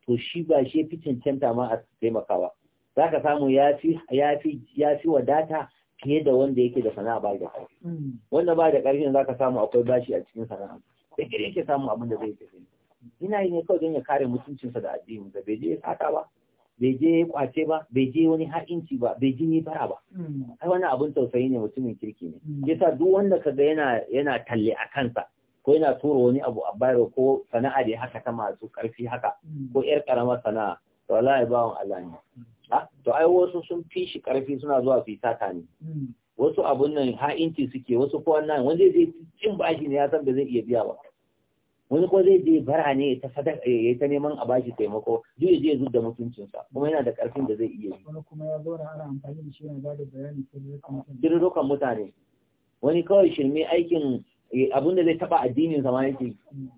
to shi ba shi fi cancanta ma a taimakawa za ka samu ya fi wadata fiye da wanda yake da sana'a ba da ƙarfi wanda ba da ƙarfi za ka samu akwai bashi a cikin sana'a da yake samu abin da zai tafi ina yi ne kawai don ya kare mutuncinsa da addininsa bai je ya saka ba bai je ya kwace ba bai je wani har inci ba bai ji ni fara ba ai wani abin tausayi ne mutumin kirki ne mm. yasa duk wanda kaga yana yana talle a kansa ko yana tura wani abu a bayar ko sana'a da haka ta masu ƙarfi haka mm. ko yar karamar sana'a to ya bawa Allah ne mm. to ai wasu sun fi shi karfi suna zuwa su yi sata ne hmm. wasu abun nan ha'inci suke wasu ko wannan wanda zai cin bashi ne ya san ba zai iya biya ba wani ko zai je bara ne ta sadar ya ta neman a bashi taimako duk ya je zub da mutuncinsa kuma yana da karfin da zai iya yi wani kuma ya da ana amfani da shi yana ba da bayani sirrukan mutane wani kawai shirme aikin eh, abun da zai taba addinin sa ma yake hmm.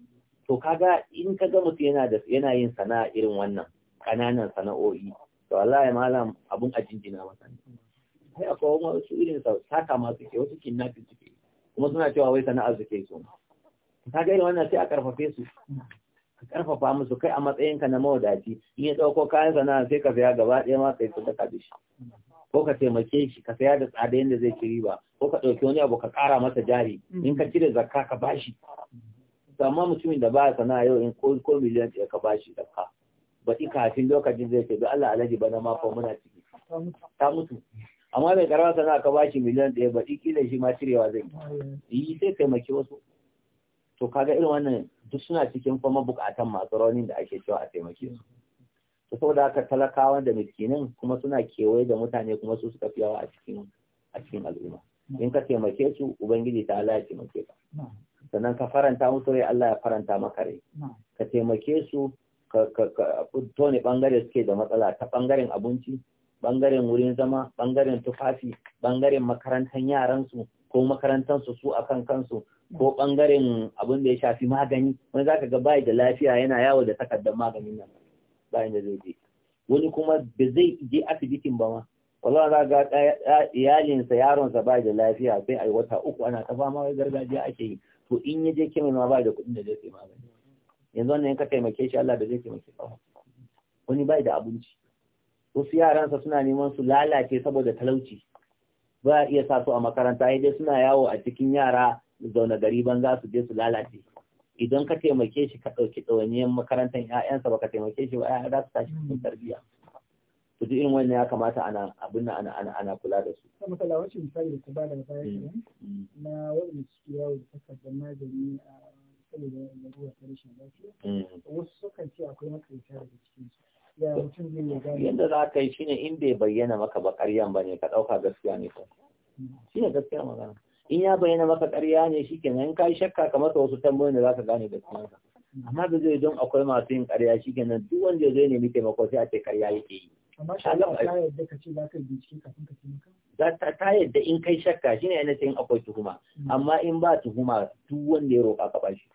to kaga in kaga mutum yana da yana yin sana'a irin wannan kananan sana'o'i to wallahi malam abun ajinjina masa Sai ai akwai wasu irin sa saka ma suke wasu kinnafin suke kuma suna cewa wai sana'ar suke su ka ga irin wannan sai a karfafe su ka karfafa musu kai a matsayin ka na mawadaci in ya dauko kayan sana'a sai ka saya gaba ɗaya ma sai ka da ko ka taimake shi ka saya da tsada yadda zai ci riba ko ka ɗauki wani abu ka kara masa jari in ka cire zakka ka bashi amma mutumin da ba sana'a yau in ko miliyan ɗaya ka bashi zakka baɗi kafin lokacin zai ce Allah alaji bana ma fa muna ciki ta mutu amma mai karama sana ka bashi miliyan ɗaya baɗi kila shi ma cirewa zai yi sai taimaki wasu to kaga irin wannan duk suna cikin fama buƙatan masu raunin da ake cewa a taimake su to saboda haka talakawa da miskinin kuma suna kewaye da mutane kuma su suka fiyawa a cikin a cikin al'umma in ka taimake su ubangiji ta Allah ya taimake ka sannan ka faranta musu rai Allah ya faranta maka rai ka taimake su tone bangare suke da matsala ta bangaren abinci bangaren wurin zama bangaren tufafi bangaren makarantar yaransu ko makarantarsu su akan kansu ko bangaren abin da ya shafi magani wani zaka ga bai da lafiya yana yawo da takardar maganin nan bayan da zai wani kuma ba zai je asibitin ba ma wallahi za ga iyalinsa yaronsa bai da lafiya sai a wata uku ana ta fama wai gargajiya ake yi to in ya je kemin ma bai da kuɗin da zai sai magani yanzu wannan ka taimake shi Allah da zai taimake ka wani bai da abinci wasu yaransa suna neman su lalace saboda talauci ba iya sa su a makaranta ai dai suna yawo a cikin yara zaune gari ban za su je su lalace idan ka taimake shi ka dauki dawaniyan makarantar ƴaƴansa ba ka taimake shi ba ai za su tashi cikin tarbiyya to duk irin wannan ya kamata ana abin nan ana ana ana kula da su kuma kala wacce misali da ta bada baya mm. na wani ciki yawo da takardar magani a saboda ta rashin lafiya mm. wasu sukan ce akwai daga cikin su ya mutum zai yadda za ka yi shine in bai bayyana maka ba ƙaryan ba ne ka ɗauka gaskiya ne ko mm. shine gaskiya magana in ya bayyana maka ƙarya ne shikenan in ka yi shakka ka masa wasu tambayoyin da za ka gane gaskiya mm. amma da zai don akwai masu yin ƙarya shikenan duk wanda zai nemi taimako sai a ce ƙarya yake yi ta yadda ta yadda in kai shakka shine yana in akwai tuhuma amma in ba tuhuma duk wanda ya roƙa ka shi.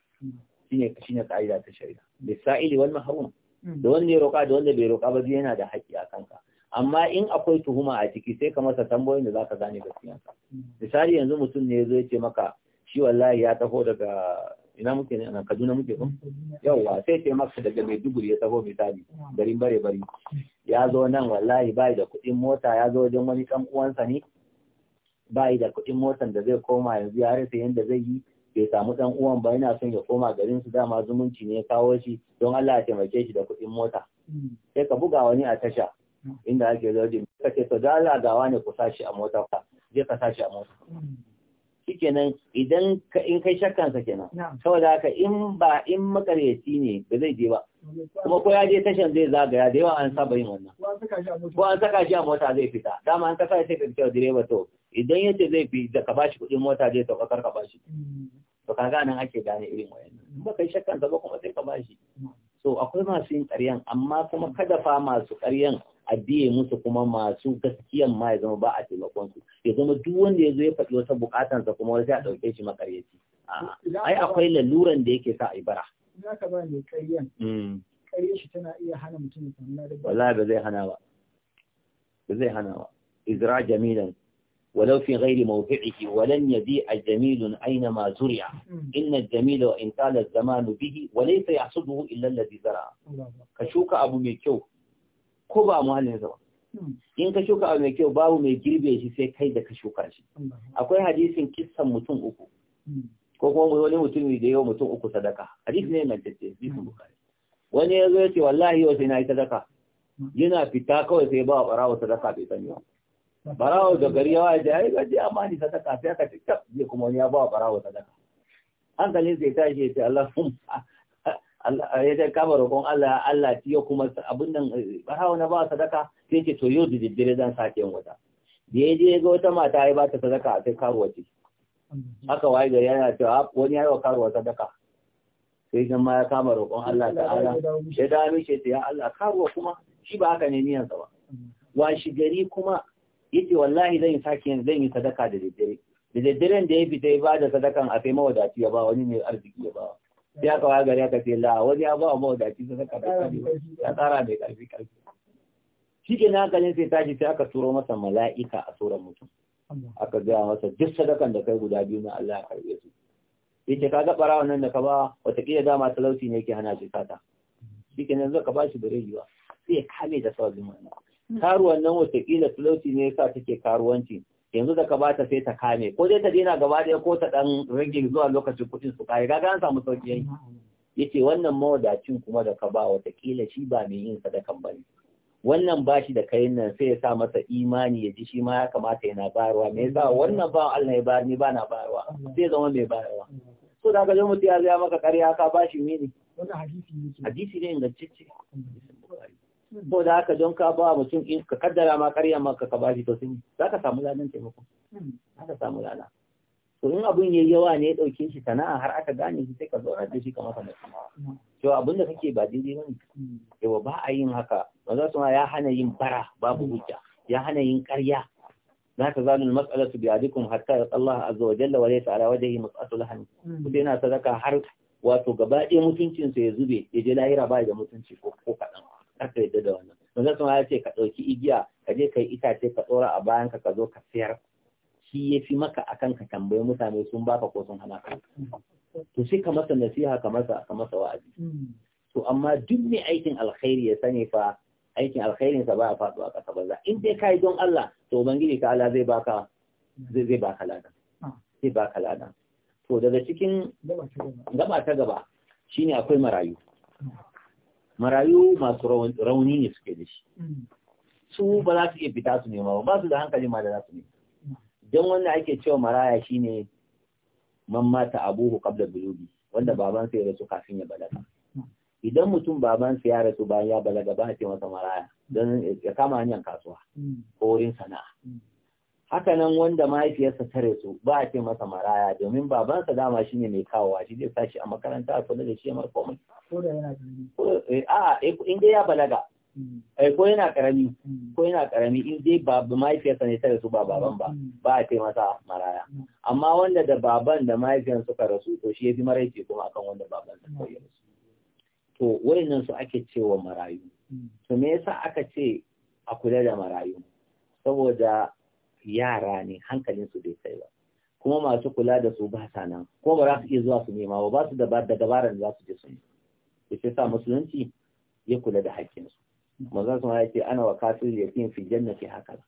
shine shine ka'ida ta shari'a lisa'ili wal mahrum mm. da wanda ya roƙa da wanda bai roƙa ba yana da haƙƙi a kanka amma in akwai tuhuma a ciki sai ka masa tambayoyin da zaka gane ka mm. misali yanzu mutum ne zai ya ce maka shi wallahi ya taho daga ina muke ne a Kaduna muke ko mm. yawa sai ce maka daga Maiduguri ya taho misali garin bare bare ya zo nan wallahi bai da kuɗin mota ya zo wajen wani ɗan uwansa ne bai da kuɗin motan da zai koma yanzu ya rasa yadda zai yi bai samu dan uwan ba yana son ya koma garin su dama zumunci ne kawo shi don Allah ya taimake shi da kuɗin mota sai ka buga wani a tasha inda ake lodin ka ce to da Allah ga wani ku sashi a mota ka je ka sashi a mota shikenan idan in kai sa kenan saboda haka in ba in makaryaci ne ba zai je ba kuma ko ya je tashan zai zagaya da yawa an saba yin wannan ko an saka shi a mota zai fita dama an kasa sai ka cewa direba to idan yace zai fi da ka bashi kuɗin mota zai sauka kar ka bashi mm. to ga nan ake gane irin wayannan in ba kai shakkansa ba kuma sai ka bashi so akwai masu yin karyan amma kuma kada fa masu karyan. a musu kuma masu gaskiyan ma ya zama ba a taimakon su ya zama duk wanda ya zo ya faɗi wata bukatansa kuma wani sai a ɗauke shi makaryaci ai akwai laluran da yake sa a yi bara. za ka ba mai karyan karyan hmm. shi tana iya hana mutum ya samu ladan wallahi ba zai hana ba ba zai hana ba izra jamilan ولو في غير موضعه ولن يبيع جميل أينما زرع إن الجميل وإن طال الزمان به وليس يحصده إلا الذي زرع كشوك أبو ميكيو ko ba muhallin sa ba hmm. in ka shuka abu mai kyau babu mai girbe shi sai kai da ka shuka shi akwai hadisin kissan mutum uku hmm. ko kuma wani mutum da yau mutum uku sadaka hadisi ne mai tace bisu hmm. bukari wani ya zo ya ce wallahi yau sai na yi sadaka yana fita kawai sai ba wa barawa sadaka bai sani ba barawa da gari ya waje ai ji amma ni sadaka sai ka ce zai kuma wani ya ba wa barawa sadaka hankalin sai tashi ya ce Allah ya ta kama roƙon Allah Allah ya kuma abin nan barawa eh, na ba sadaka sai ce to yau da daddare zan sake yin wata da ya je ga wata mata ya ba ta sadaka kai karuwa ce haka waye gari yana cewa wani ya yi wa karuwa sadaka sai zan ma ya kama roƙon Allah ta'ala ya da mishi ta ya Allah karuwa kuma shi ba haka ne sa ba washi gari kuma ce wallahi zan yi sake yin zan yi sadaka da daddare da daddaren da ya fita ya ba da sadakan a kai mawadaci ya ba wani ne arziki ya ba ya kawo gari aka ce la wani ya ba wa mawadaci sun saka da kare ya tsara mai karfi karfi shi na hankalin sai tashi sai aka turo masa mala'ika a tsoron mutum aka gaya masa duk sadakan da kai guda biyu na Allah ya karbe su yace ka ga wannan nan da ka ba watakila dama talauci ne yake hana shi sata shi ke nan zaka ba shi sai ya kame da sauzin wannan hmm. karuwan nan watakila talauci ne yasa take karuwanci yanzu da ka bata sai ta kame ko dai ta daina gaba ɗaya ko ta ɗan rage zuwa lokacin kuɗin su kare ga an samu sauki yayi yace wannan mawadacin kuma da ka ba watakila shi ba mai yin sadaka bane wannan bashi da kayan nan sai ya sa masa imani ya ji shi ma ya kamata yana bayarwa me yasa wannan ba Allah ya bayar ni ba na bayarwa sai zama mai bayarwa so da ka zo mutiya zai maka ƙarya ka ba shi ne hadisi ne ingantacce ko da haka don ka ba mutum in ka kaddara ma ƙarya ma ka ba shi to sun za ka samu ladan taimako hmm. za ka samu lada to in ya yi yawa ne ya ɗauke shi sana'a har aka gane shi sai ka zo da shi kamar kamar kamawa to abin da kake ba daidai ne? Hmm. yawa ba a yin haka za su ya hana yin bara babu hmm. hujja ya hana yin karya la tazalu al-mas'alatu bi adikum hatta Allah azza wa jalla wa laysa ala wajhi mas'alatu lahan kuma yana sadaka har wato gaba ɗaya mutuncinsa ya zube ya je lahira ba da mutunci ko kaɗan aka yadda da wannan manzon ya ce ka ɗauki igiya ka je ka yi itace ka tsora a bayan ka zo ka sayar shi ya fi maka akan ka tambayi mutane sun baka ko sun hana ka to sai ka masa nasiha ka masa ka masa wa'azi to amma duk mai aikin alkhairi ya sani fa aikin alkhairin sa ba ya faɗo a ƙasa banza in dai yi don Allah to ubangiji ka Allah zai baka zai zai baka lada zai baka lada to daga cikin gaba ta gaba shine akwai marayu marayu masu rauni ne suke da shi mm. su ba za su iya fita su nema ba su da hankali ma da za su ne. don wanda ake cewa maraya shine man mata abuhu qabla bulugi wanda babansa ya rasu kafin ya balaga mm. idan mutum babansa ya rasu bayan ya balaga ba a ce masa maraya don ya kama hanyar kasuwa mm. ko wurin sana'a haka nan wanda mahaifiyarsa ta rasu ba a ce masa maraya domin babansa dama shi ne mai kawowa shi zai sashi a makaranta a kula da shi mai komai ko da yana karami eh, eh, in dai ya balaga mm. eh, ko yana karami mm. ko yana karami in dai ba mahaifiyarsa ne ta rasu ba baban ba mm. ba a ce masa maraya amma wanda da baban da mahaifiyar suka rasu to shi ya fi maraice kuma akan wanda baban ta koyi rasu to wayannan su ake cewa marayu to me yasa aka ce a kula da marayu saboda yara ne su bai kai ba kuma masu kula da su ba sa nan ko ba za su iya zuwa su nema ba ba su da dabarar da za su je su nema ce sa musulunci ya kula da maza su ma ya ce ana wa kafir ya fi jannati haka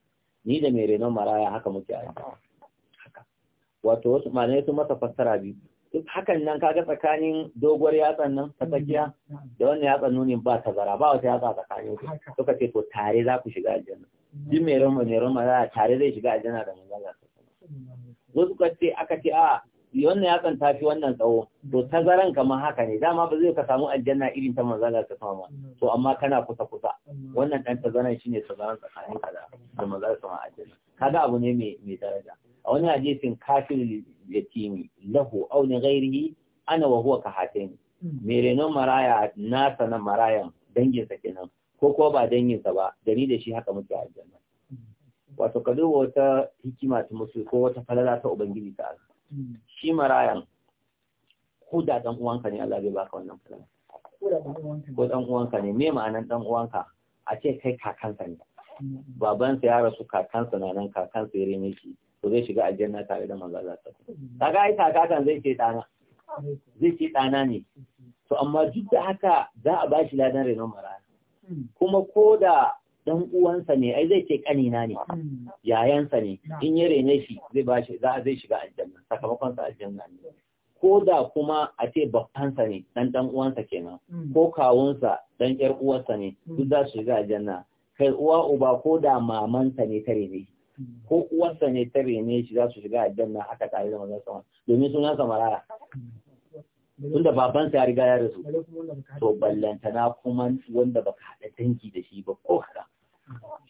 ni da mai renon maraya haka muke a haka wato wasu malamai sun masa fassara biyu duk hakan nan kaga tsakanin doguwar yatsan nan ta tsakiya mm-hmm. da wannan yatsan nuni ba tazara ba wata yatsa tsakanin su suka ce to tare za ku shiga aljanna duk mai rama mai rama za a tare zai shiga jana da manzon Allah wasu ka aka ce a wannan yatsan tafi wannan tsawo to tazaran kamar haka ne dama ba zai ka samu aljanna irin ta manzon ta sama to amma kana kusa kusa wannan dan tazaran shine tazaran tsakanin ka da manzon ta sama aljanna. kaga abu ne mai daraja a wani hadisin kafir yatimi lahu aw li ana wa huwa ka hatin hmm. mai rainon maraya nasa na marayan danginsa kenan ko ko ba sa ba gari da shi haka muke aljanna wato ka duba wata hikima ta musu ko wata falala ta ubangiji ta Allah shi marayan ko da dan uwanka ne Allah zai baka wannan falala ko dan uwanka ne me ma'anan dan uwanka a ce kai kakansa ne mm-hmm. babansa ya rasu kakansa na nan kakansa ya rene shi to zai shiga aljanna tare da manzo Allah ta kaga ai kakan zai ce dana zai ce dana ne to amma duk da haka za a bashi ladan renon marayan Hmm. kuma ko da dan uwansa ne ai zai ce kanina ne hmm. yayansa ne in ya rene shi zai ba shi za a zai shiga aljanna sakamakon sa aljanna ne ko da kuma a ce babbansa ne dan dan uwansa kenan hmm. ko kawunsa dan yar uwarsa ne duk za su shiga aljanna kai uwa uba ko da mamansa ne ta rene ko uwarsa ne ta rene shi za su shiga aljanna aka tare da manzon sama domin suna samara tunda babansa ya riga ya rasu to ballantana kuma wanda baka haɗa dangi da shi ba ko haɗa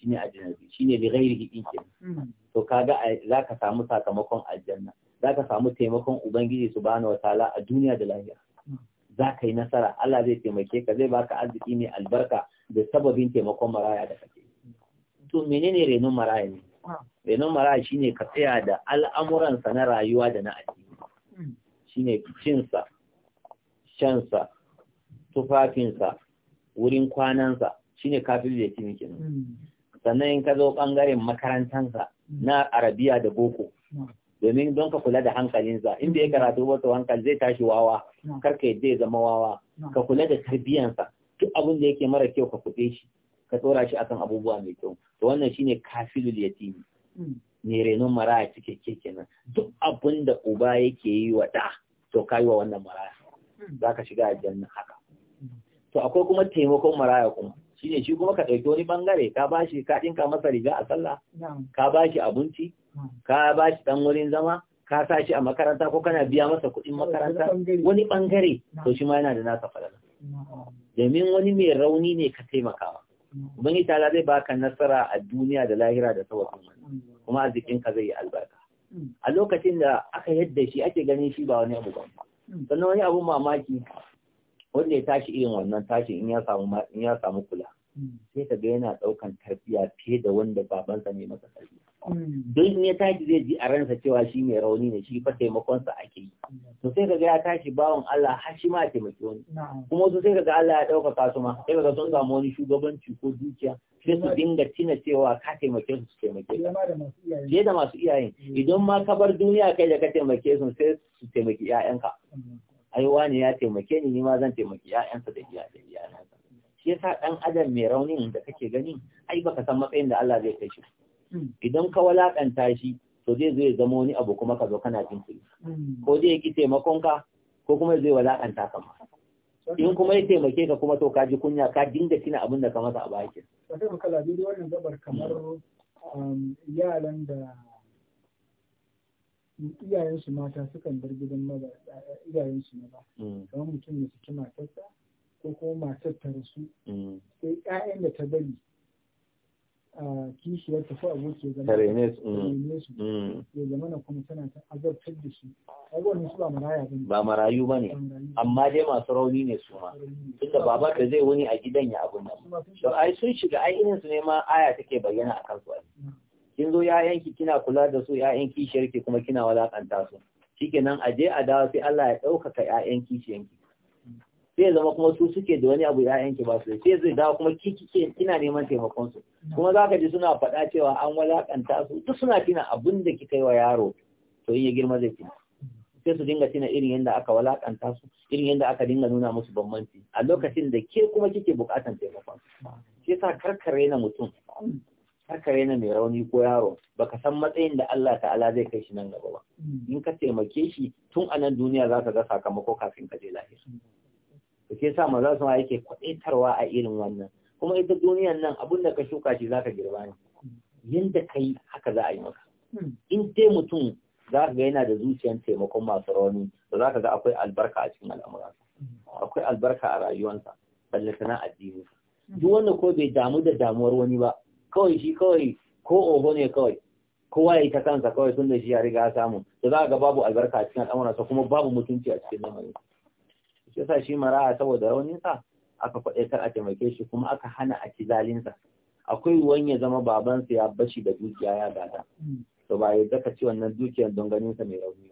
shine ajnabi shine bi ghairihi din ke mm. to kaga zaka samu sakamakon aljanna zaka samu taimakon ubangiji subhanahu wataala a duniya da lahira mm. zaka yi nasara Allah zai taimake ka zai baka arziki mai albarka da sababin taimakon maraya da kake to menene renon maraya ne ah. renon maraya shine ka tsaya da al'amuransa na rayuwa da na addini mm. shine sa. shansa tufafinsa wurin kwanansa shine kafin da yake kenan hmm. sannan in ka zo bangaren makarantansa hmm. na arabiya da boko domin don ka kula da hankalinsa inda ya karatu wato hankali zai tashi wawa hmm. kar ka yadda ya zama wawa ka kula da tarbiyansa duk abin da yake mara kyau ka kuɗe shi ka tsora shi akan abubuwa mai kyau to wannan shine kafilul yatimi ne renon maraya cike kenan duk abin da uba yake yi wa da to kai wa wannan maraya za ka shiga aljanna haka to akwai kuma taimakon maraya kuma Shi ne shi kuma ka ɗauki wani bangare ka bashi ka ɗinka masa riga a sallah ka bashi abinci ka bashi ɗan wurin zama ka sa shi a makaranta ko kana biya masa kuɗin makaranta wani bangare to shi ma yana da nasa falala domin wani mai rauni ne ka taimakawa Ubangiji ta zai baka nasara a duniya da lahira da sauran wani. kuma arzikinka zai yi albarka mm. a lokacin da aka yadda shi ake ganin shi ba wani abu ba sannan wani abu mamaki wanda ya tashi irin wannan tashi in ya samu kula sai ka ga yana ɗaukan tarbiyya fiye da wanda babansa ne masa tarbiyya hmm. don in ya tashi zai ji a ransa cewa shi mai rauni ne shi fa taimakonsa ake yi to sai kaga ya tashi bawan Allah har shi ma taimaki wani kuma wasu sai kaga Allah ya ɗaukaka kasu ma sai kaga sun samu wani shugabanci ko dukiya sai su dinga tina cewa ka taimake su su taimake da masu iyayen hmm. idan ma ka bar duniya kai da ka taimake su sai su taimaki 'ya'yanka hmm. ai wani ya taimake ni ni ma zan taimaki 'ya'yansa da da iyayensa shi yasa dan adam mai raunin da kake gani ai baka san matsayin da Allah zai kai shi hmm. idan ka walakanta shi to zai zo ya zama wani abu kuma ka zo kana jin kuri hmm. ko zai yi taimakon ka ko kuma zai walakanta ka ma in kuma ya taimake ka kuma to ka ji kunya ka dinga kina abin da ka masa a bakin wata makala dai wannan gabar kamar um, yaran da iyayensu mata sukan bar gidan maza iyayensu maza hmm. kamar mutum ne su ci matarsa ko kuma matar ta rasu mm. sai ƴaƴan da ta bari a kishiyar ta ko aboki mm. mm. ya zama su ya zama na kuma tana ta azabtar da su abubuwan su ba maraya ba ba marayu ba ne amma dai masu rauni ne su ma tunda baba da zai wani a gidan ya abun nan to ai sun shiga ai irin su ne ma aya take bayyana a kansu ai kin zo ki kina kula da su ƴaƴan kishiyarki kuma kina walakanta su shikenan aje a dawo sai Allah ya ɗaukaka ƴaƴan ki sai zama kuma su suke da wani abu ya'yan ki ba su sai zai dawo kuma ki kike kina neman taimakon su kuma zaka ji suna faɗa cewa an walakanta su duk suna tina abin da kika yi wa yaro to in ya girma zai tina sai su dinga tina irin yadda aka walakanta su irin yadda aka dinga nuna musu bambanci a lokacin da ke kuma kike bukatan taimakon sai sa karkare na mutum karkare na mai rauni ko yaro baka san matsayin da Allah ta'ala zai kai shi nan gaba ba in ka taimake shi tun a nan duniya zaka ga sakamako kafin ka je lahira to ke sa maza su yake kwadaitarwa a irin wannan kuma ita duniyan nan abin da ka shuka shi zaka girba ne yanda kai haka za a yi maka in dai mutum za ka ga yana da zuciyar taimakon masu rauni to za ka ga akwai albarka a cikin al'amura akwai albarka a rayuwarsa balle sana addini duk wanda ko bai damu da damuwar wani ba kawai shi kawai ko oho ne kawai kowa ya yi ta kansa kawai tun da shi ya riga samu da za ka ga babu albarka a cikin al'amuransa kuma babu mutunci a cikin lamarinsa shi yasa shi maraya saboda rauninsa aka faɗe kar a taimake shi kuma aka hana a ci zalinsa akwai ruwan ya zama babansa ya bashi da dukiya ya gada to ba ya zaka ci wannan dukiyar don ganinsa mai rauni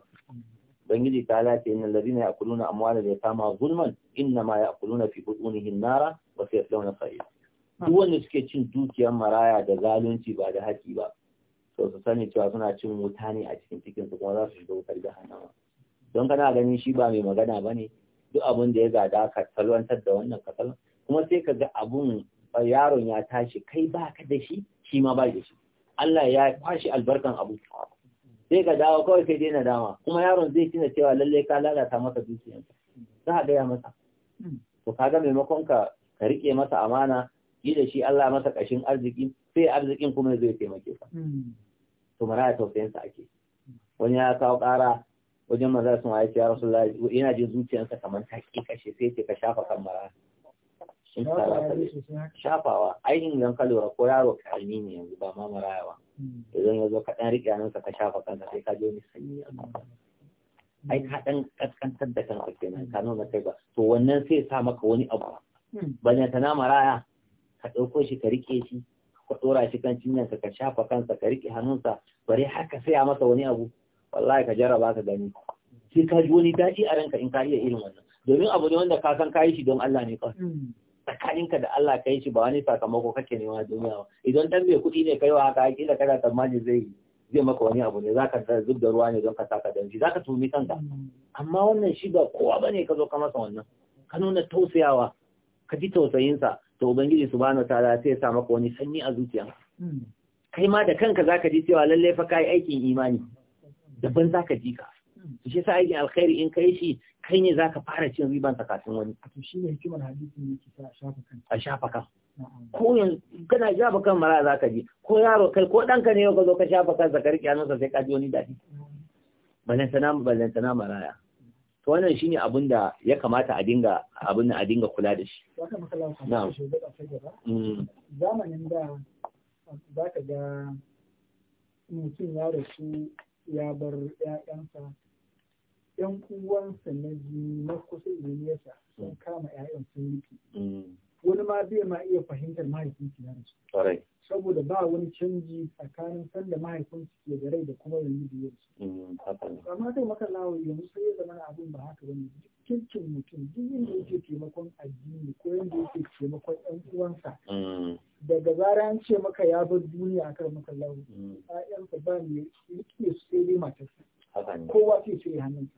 ubangiji ta lafi inna ladina yakuluna amwala da kama zulman inna ma kuluna fi hin nara ya sayaslawna sa'ir duk wanda suke cin dukiyar maraya da zalunci ba da haƙi ba to su sani cewa suna cin wuta ne a cikin cikin kuma za su shiga wutar jahannama don kana ganin shi ba mai magana ba ne? duk abin da ya gada ka salwantar da wannan ka kuma sai ka ga abun yaron ya tashi kai ba ka da shi shi ma ba da shi Allah ya kwashi albarkan abu sai ka dawo kawai sai daina dama kuma yaron zai tuna cewa lallai ka lalata masa dukiyarsa za a gaya masa to kaga maimakon ka ka rike masa amana yi da shi Allah masa kashin arziki sai arzikin kuma zai taimake ka hmm. to mara tausayin sa ake wani ya kawo kara wajen maza sun waye ya rasu ina jin zuciyarsa kamar ta ƙi kashe sai ce ka shafa kan mara shafawa ainihin zan ka lura ko yaro karni ne yanzu ba ma marayawa hmm. idan ya zo ka ɗan riƙe hannunsa ka shafa kanka sai ka je wani sanyi a hmm. ai ka ɗan ƙasƙantar da kanka kenan ka nuna kai ba to wannan sai sa maka wani abu hmm. bane ta na maraya ka ɗauko shi ka riƙe shi ka ɗora shi kan cinyarsa ka shafa kansa ka riƙe hannunsa bari haka sai a masa wani abu wallahi ka jarraba ka gani sai ka ji wani daɗi a ranka in ka iya irin wannan domin abu ne wanda ka san ka yi shi don Allah ne kawai hmm. tsakaninka da Allah ka yi shi ba wani sakamako kake nema duniya ba idan dan bai kuɗi ne kai wa haka kila kana tsammani zai zai maka wani abu ne zaka zub da ruwa ne don ka saka dan shi zaka tumi kanka hmm. amma wannan shi ba kowa bane ka zo ka masa wannan ka nuna tausayawa ka ji tausayinsa to ubangiji subhanahu ta'ala sai ya sa maka wani sanyi a zuciya hmm. kai ma da kanka zaka ji cewa lalle fa kai aikin imani daban za ka ji ka su shi sa aikin alkhairi in kai shi kai ne za ka fara cin riban kafin wani to shi ne hikimar hadisi ne ki sa shafa kan a shafa kan ko yanzu kana shafa kan mara za ka ji ko yaro kai ko ɗanka ne yau ka zo ka shafa kan zaka ka riƙe hannunsa sai ka ji wani daɗi balan sana maraya to wannan shine abin da ya kamata a dinga abin a dinga kula da shi na'am mm. zamanin da zaka ga mutum ya rasu ya bar ‘ya'yansa, ‘yan uwansa na jini na kusa nesa sun mm. kama ‘ya'yan sun rike. Mm. Wani ma zai ma iya fahimtar mahaifin ya rasu. Saboda ba wani canji tsakanin sanda mahaifin ke da rai da kuma yanzu da yanzu. Amma sai maka lawo yanzu sai ya zama abin ba haka wani duk kirkin mutum duk inda yake taimakon addini ko yadda yake taimakon ɗan uwansa mm. daga zara an ce maka ya bar duniya a kan maka lau mm. ƴaƴansa ba ne rike su sai dai matarsa kowa ke sai hannun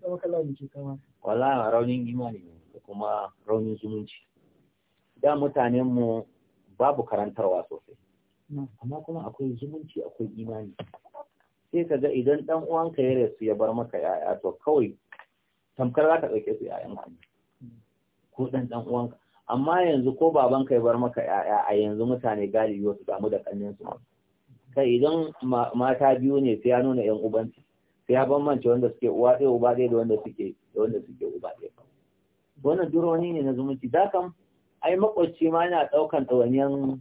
sa maka lau ke kama wala raunin imani da kuma raunin zumunci da mutanen mu babu karantarwa sosai amma kuma akwai zumunci akwai imani sai ka ga idan dan uwanka ya rasu ya bar maka ya'ya to kawai tamkar za ka ɗauke su ‘ya'yan hannu ko ɗan ɗan uwanka amma yanzu ko baban kai bar maka ‘ya'ya a yanzu mutane galibi wasu damu da ƙannin su kai idan mata biyu ne sai ya nuna ‘yan ubanci sai ya bambance wanda suke uwa ɗaya uba ɗaya da wanda suke da wanda suke uba ɗaya wannan duroni ne na zumunci da kam ai makwacci ma yana ɗaukan ɗawanyen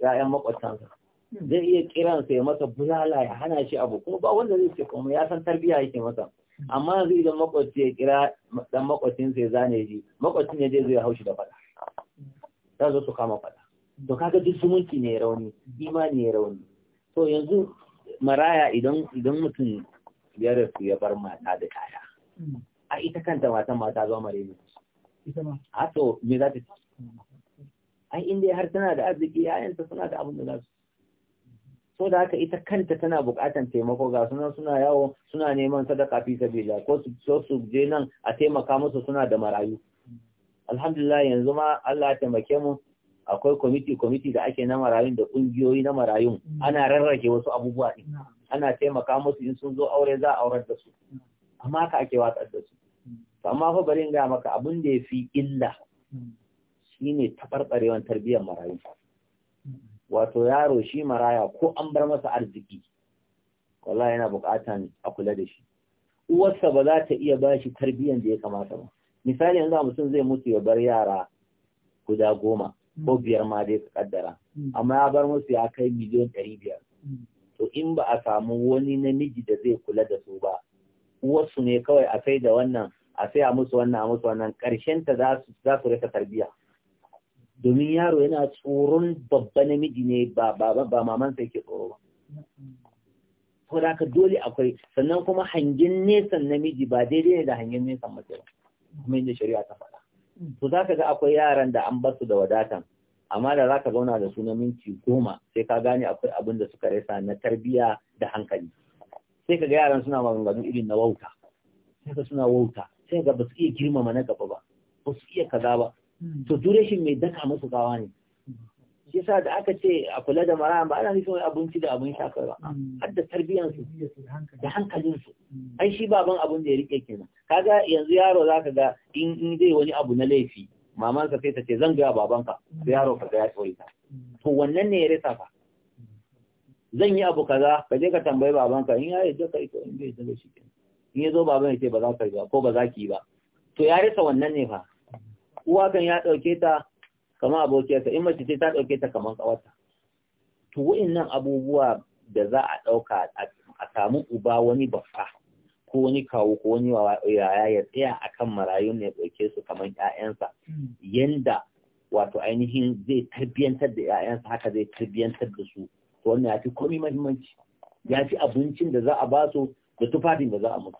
‘ya'yan makwaccansa zai iya kiransa ya masa bulala ya hana shi abu kuma ba wanda zai ce kuma ya san tarbiyya yake masa amma zai idan makwabci ya kira dan makwabcin sai zane ji makwabcin ya je zai haushi da fada za zo su kama fada to kaga duk zumunci ne rauni imani ya rauni to yanzu maraya idan idan mutum ya rasu ya bar mata da kaya a ita kanta matan mata zo mare ne a to me za ta ai inda har tana da arziki yayanta suna da abin da za su so da haka ita kanta tana bukatan taimako ga sunan suna yawo suna neman sadaka fi sabila ko su so su je nan a taimaka musu suna da marayu alhamdulillah yanzu ma Allah ya taimake mu akwai kwamiti kwamiti da ake na marayun da kungiyoyi na marayun ana rarrake wasu abubuwa din ana taimaka musu in sun zo aure za a aurar da su amma ka ake watsar da su amma fa bari in ga maka abin da ya fi illa shine tabarbarewan tarbiyyar marayu wato yaro shi maraya ko an bar masa arziki wallahi yana buƙatan a kula da shi uwarsa ba za ta iya bashi tarbiyyan da ya kamata ba misali yanzu mutum zai mutu ya bar yara guda goma ko hmm. biyar ma dai su kaddara hmm. amma ya bar musu ya kai miliyan ɗari biyar hmm. to in ba a samu wani namiji da zai kula da su ba uwarsu ne kawai a sai da wannan a sai a musu wannan a musu wannan ƙarshen ta za su rika tarbiyya domin yaro yana tsoron babba namiji ne ba ba mamansa yake tsoro ba ko da haka dole akwai sannan kuma hangen nesan namiji ba daidai ne da hangen nesan mace ba kuma inda shari'a ta faɗa to za ka ga akwai yaran da an basu da wadatan amma da za ka zauna da su na minti goma sai ka gane akwai abin da suka rasa na tarbiyya da hankali sai ka ga yaran suna maganganu irin na wauta sai ka suna wauta sai ga ba su iya girmama na gaba ba ba su iya kaza ba to shi mai daka musu gawa ne shi sa da aka ce a kula da mara ba ana nufin abinci da abin sha kai ba mm. har da tarbiyansu da hankalinsu mm. ai shi baban abin da ya rike kenan kaga yanzu yaro zaka ga in in zai wani abu na laifi mamansa sai ta ce zan ga babanka sai yaro ka ga ya tsori ta mm. to wannan ne ya rasa fa zan yi abu kaza ka je ka tambayi babanka in ya yi ka ita, in bai yarda shi kenan in ya zo baban ya ce ba za ka yi ba ko ba za ki yi ba to ya rasa wannan ne fa Uwakan ya ɗauke ta kama abokiyarsa in mace ce ta ɗauke ta kamar ƙawarta to wa'innan abubuwa da za a ɗauka a samu uba wani baffa ko wani kawo ko wani yaya ya tsaya akan marayun ya ɗauke su kamar ƴaƴansa yanda wato ainihin zai tarbiyantar da ‘ya'yansa haka zai tarbiyantar da su to wannan ya fi komai mahimmanci ya fi abincin da za a ba su da tufafin da za a musu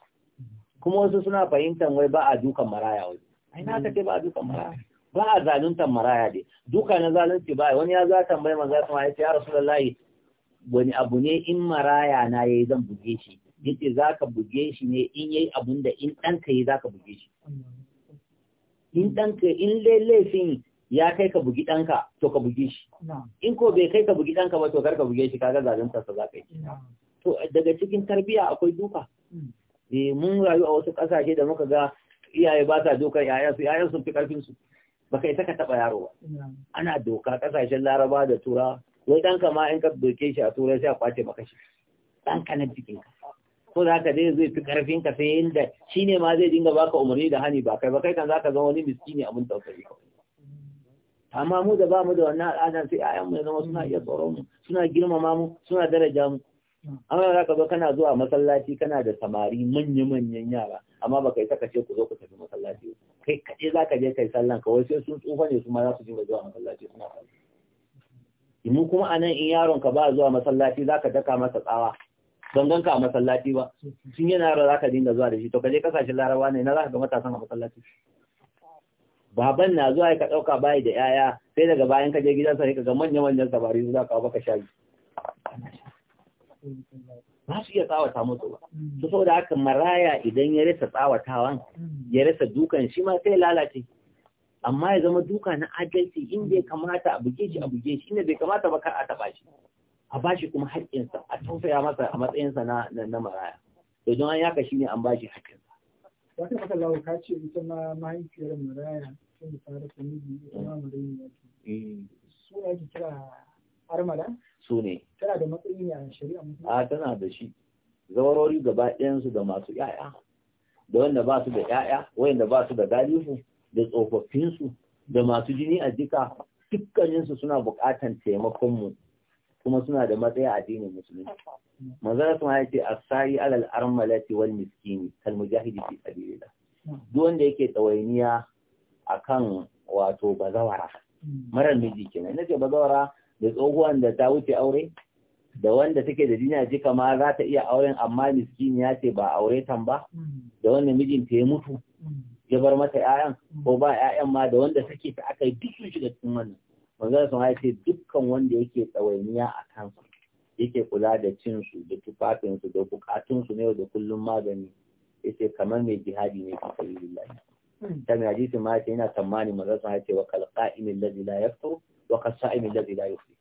kuma wasu suna fahimtar wai ba a dukan maraya wani. ina ka ce ba a dukan maraya mm. ba a zaluntan maraya dai duka na zalunci ba wani ya za tambaye manzo sama ya ce ya rasulullahi wani abu ne in maraya na yayi zan buge shi yace zaka buge shi ne in yayi abun da in ka yi zaka buge shi in ka in sin ya kai ka bugi ka to ka bugi shi in ko bai kai ka bugi ka ba to kar ka buge shi kaga zalunta sa za ka yi to daga cikin tarbiya akwai duka mm. eh, mun rayu a wasu ƙasashe da muka ga iyaye ba sa dokar yayansu yayan sun fi karfin su baka ita ka taba yaro ba ana doka kasashen laraba da tura wai dan ka ma in ka doke shi a turai sai a kwace maka shi dan ka na cikin ka ko za ka dai zai fi karfin ka sai inda shine ma zai dinga baka umarni da hani ba kai ba kai kan zaka zama wani miskini abun tausayi amma mu da ba mu da wannan al'ada sai 'ya'yanmu mu zama suna iya tsoron mu suna girmama mu suna daraja mu amma za ka zo kana zuwa masallaci kana da samari manya-manyan yara amma baka yi saka ce ku zo ku tafi masallaci kai kaɗai za ka je kai sallan kawai sai sun tsufa ne su ma za su jima zuwa masallaci suna kwanci mu kuma anan in yaron ka ba zuwa masallaci za ka daka masa tsawa don ganka a masallaci ba sun yana yara za ka dinga zuwa da shi to ka je kasashen laraba ne na za ka ga matasan a masallaci baban na zuwa ka ɗauka bayi da 'ya'ya sai daga bayan ka je gidansa ne ka ga manya-manyan samari za ka baka shayi ba su iya tsawata musu ba su sau da haka maraya idan ya rasa tsawatawan ya rasa dukan shi ma sai lalace amma ya zama duka na adalci inda ya kamata a buge shi a buge shi inda bai kamata ba kar a taba shi a bashi kuma haƙƙinsa a tausaya masa a matsayinsa na na maraya to don an yaka ne an bashi haƙƙinsa wata maka lawo ka ce ita ma mahaifiyar maraya sun fara ta miji ita ma maraya eh. ne su ake kira armala su ne tana da matsayi a shari'a a tana da shi zawarori gaba ɗayansu da masu ƴaƴa da wanda ba su da ƴaƴa wanda ba su da galifu da tsofaffinsu da masu jini a jika dukkaninsu suna buƙatan taimakonmu kuma suna da matsayi a addinin musulunci manzara sun haice a alal armalati wal miskini kal mujahidi fi sabilillah duk wanda yake tsawainiya akan wato bazawara hmm. marar miji kenan nake bazawara da tsohuwan da ta wuce aure da wanda take da duniya jika ma za ta iya auren amma miskiniya ce ba aure tan ba da wanda ta ya mutu ya bar mata ƴaƴan ko ba ƴaƴan ma da wanda take ta aka yi duk sun shiga cikin wannan wanda sun ce dukkan wanda yake tsawainiya a kan su yake kula da cin su da tufafin su da bukatun su ne da kullum magani yace kamar mai jihadi ne fi sabilillah hmm. ta mai hadisi ma yana tsammani mazan sun ce wa kalqa'in alladhi la yaftu wa kasa'imi ladhi la yufli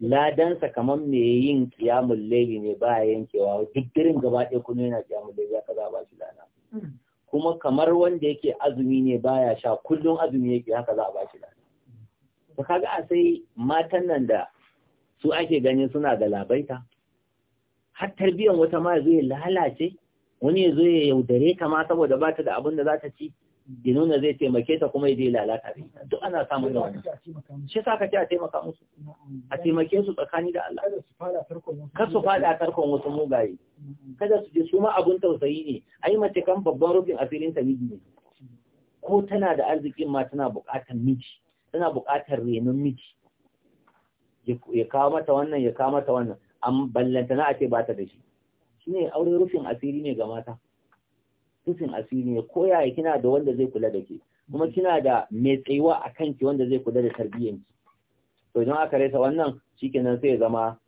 ladansa kamar me yin kiyamun laili ne ba yankewa duk dirin gaba ɗaya kuma yana qiyamul layli ka za ba shi lana. kuma kamar wanda yake azumi ne ba ya sha kullum azumi yake haka za a ba shi Ta kaga a sai matan nan da su ake ganin suna da labaita har tarbiyyar wata ma ya lalace wani ya zo ya yaudare ta ma saboda ba ta da abin da za ta ci ginuna zai taimake ta kuma ya je lalata da duk ana samun da wannan shi sa ka ce a taimaka musu a taimake su tsakani da Allah kar su fada tarkon wasu mugaye kada su je su ma abun tausayi ne ai mace kan babban rufin asirin ta miji ne ko tana da arzikin ma tana buƙatar miji tana buƙatar renon miji ya kawo mata wannan ya kawo mata wannan an ballantana a ce ba ta da shi shine aure rufin asiri ne ga mata rufin asiri ne koya ya kina da wanda zai kula da ke kuma kina da mai tsayuwa a kanki wanda zai kula da tarbiyyanki to idan aka rasa wannan shikenan sai ya zama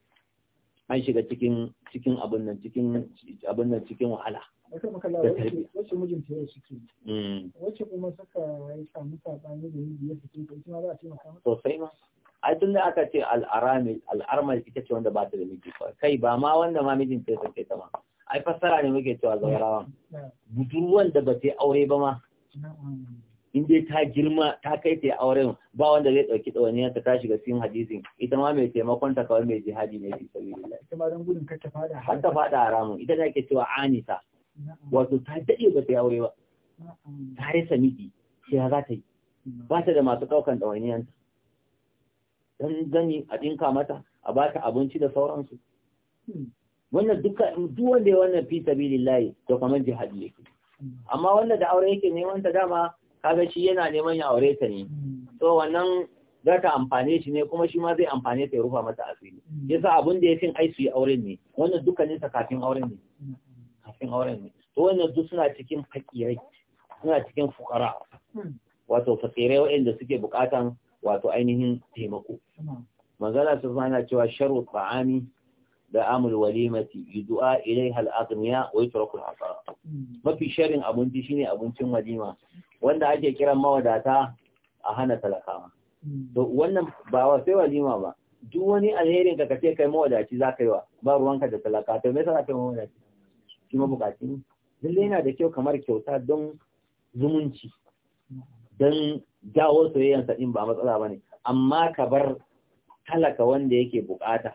an shiga cikin cikin abin nan cikin abin nan cikin wahala wacce mijinta ya suke mm. wacce kuma suka yi samu sabani da yi biyar suke ko kuma za a ce maka sosai ma ai tun da aka ce al'arami al'armar ita ce wanda ba ta da miji kai ba ma wanda ma mijinta ya sake ta ma ai fassara ne muke cewa zaurawa budurwan da ba ta aure ba ma in dai ta girma ta kai ta auren ba wanda zai dauki dawaniyar ta shiga cikin hadisin ita ma mai taimakon ta kawai mai jihadi ne fi sabilillah ita ma dan gudun kar ta fada har ta fada haramun ita da cewa anisa wato ta dade ba ta aure ba ta yi miji sai za ta yi ba ta da masu daukan dawaniyar ta dan zani a dinka mata a bata abinci da sauransu hmm. wannan duka duk wanda ya wannan fi sabilillahi to kamar jihadi yake amma wanda da aure yake neman ta dama kaga shi yana neman ya aure ta ne hmm. to wannan za ta amfane shi ne kuma shi ma zai amfane ta ya rufa mata asiri hmm. yasa abin da ya fin ai su auren ne wannan dukkanin ta kafin auren ne hmm. kafin auren ne to wannan duk suna cikin fakirai suna cikin fukara wato fakirai waɗanda suke bukatan wato ainihin taimako Magana su na cewa sharu ta'ami da'am al-walimati yud'a ilayha al-aghniya wa yutraku al-fuqara mafi sharin abunci shine abuncin walima wanda ake kiran mawadata a hana talaka to wannan ba wa sai walima ba duk wani alherin ka kace kai mawadaci zaka yi wa ba ruwanka da talaka to me ka kai mawadaci shi ma bukati dole yana da kyau kamar kyauta don zumunci don jawo soyayyar sa ba matsala bane amma ka bar talaka wanda yake bukata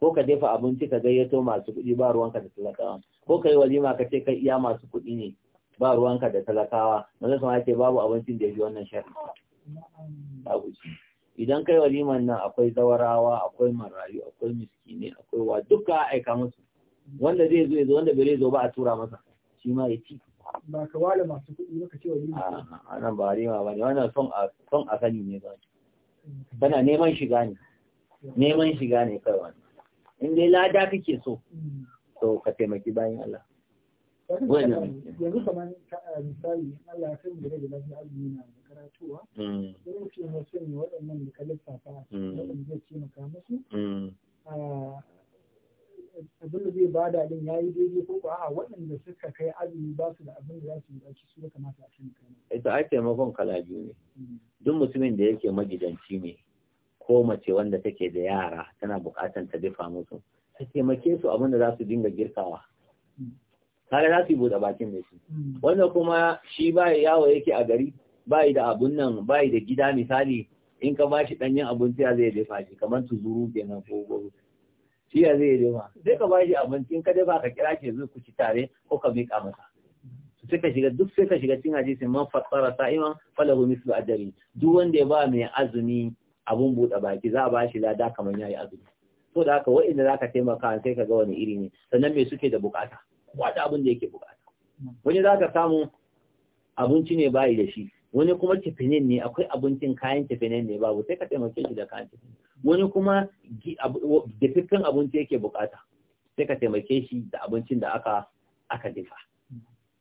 ko ka jefa abinci ka gayyato masu kuɗi ba ruwanka da talakawa ko ka yi walima ka ce kai iya masu kuɗi ne ba ruwanka da talakawa wanda sama ce babu abincin da ya fi wannan shari'a. babu idan kai waliman nan akwai zawarawa akwai marayu akwai miskini akwai wa duka aika musu wanda zai zo ya zo wanda bai zo ba a tura masa shi ma ya ci ba ka wale masu kuɗi ba ka ce walima a nan ba walima ba ne wannan son a sani ne ba kana neman shiga ne neman shiga ne kai wannan in dai lada kake so to ka taimaki bayan Allah wannan yanzu kamar eh, misali Allah ya san da rage lafiya azumi na da karatuwa hmm. irin ce ne sun waɗannan da ka lissafa hmm. waɗanda zai taimaka musu hmm. ah, abin da zai bada din ya yi daidai ko ba a waɗanda suka kai azumi ba su da abin da za su yi ɗauki su da kamata a cikin kai. Ita ai taimakon kala biyu ne. Duk mutumin da yake magidanci ne ko mace wanda take da yara tana bukatan ta dafa musu ta taimake su abin da za su dinga girkawa kare za su yi buɗe bakin da shi mm. wanda kuma shi ba yawo yake a gari ba da abun nan ba da gida misali in ka ba shi ɗanyen abinci ya zai dafa shi kamar tuzuru kenan ko gobe shi ya zai dafa sai ka ba shi abinci in ka dafa ka kira shi zai ku ci tare ko ka miƙa masa mm. sai ka shiga duk sai ka shiga cin sai man fatsara sa'iman falahu mislu ajri duk wanda ya ba mai azumi abun buɗe baki za a ba shi lada kamar yayi azumi to da haka wa'inda zaka taimaka sai ka ga wani iri ne sannan me suke da bukata wata abin da yake bukata wani za ka samu abinci ne bayi da shi wani kuma tafinin ne akwai abincin kayan tafinin ne babu sai ka taimake shi da kayan tafinin wani kuma dafiffen abinci yake bukata sai ka taimake shi da abincin da aka aka dafa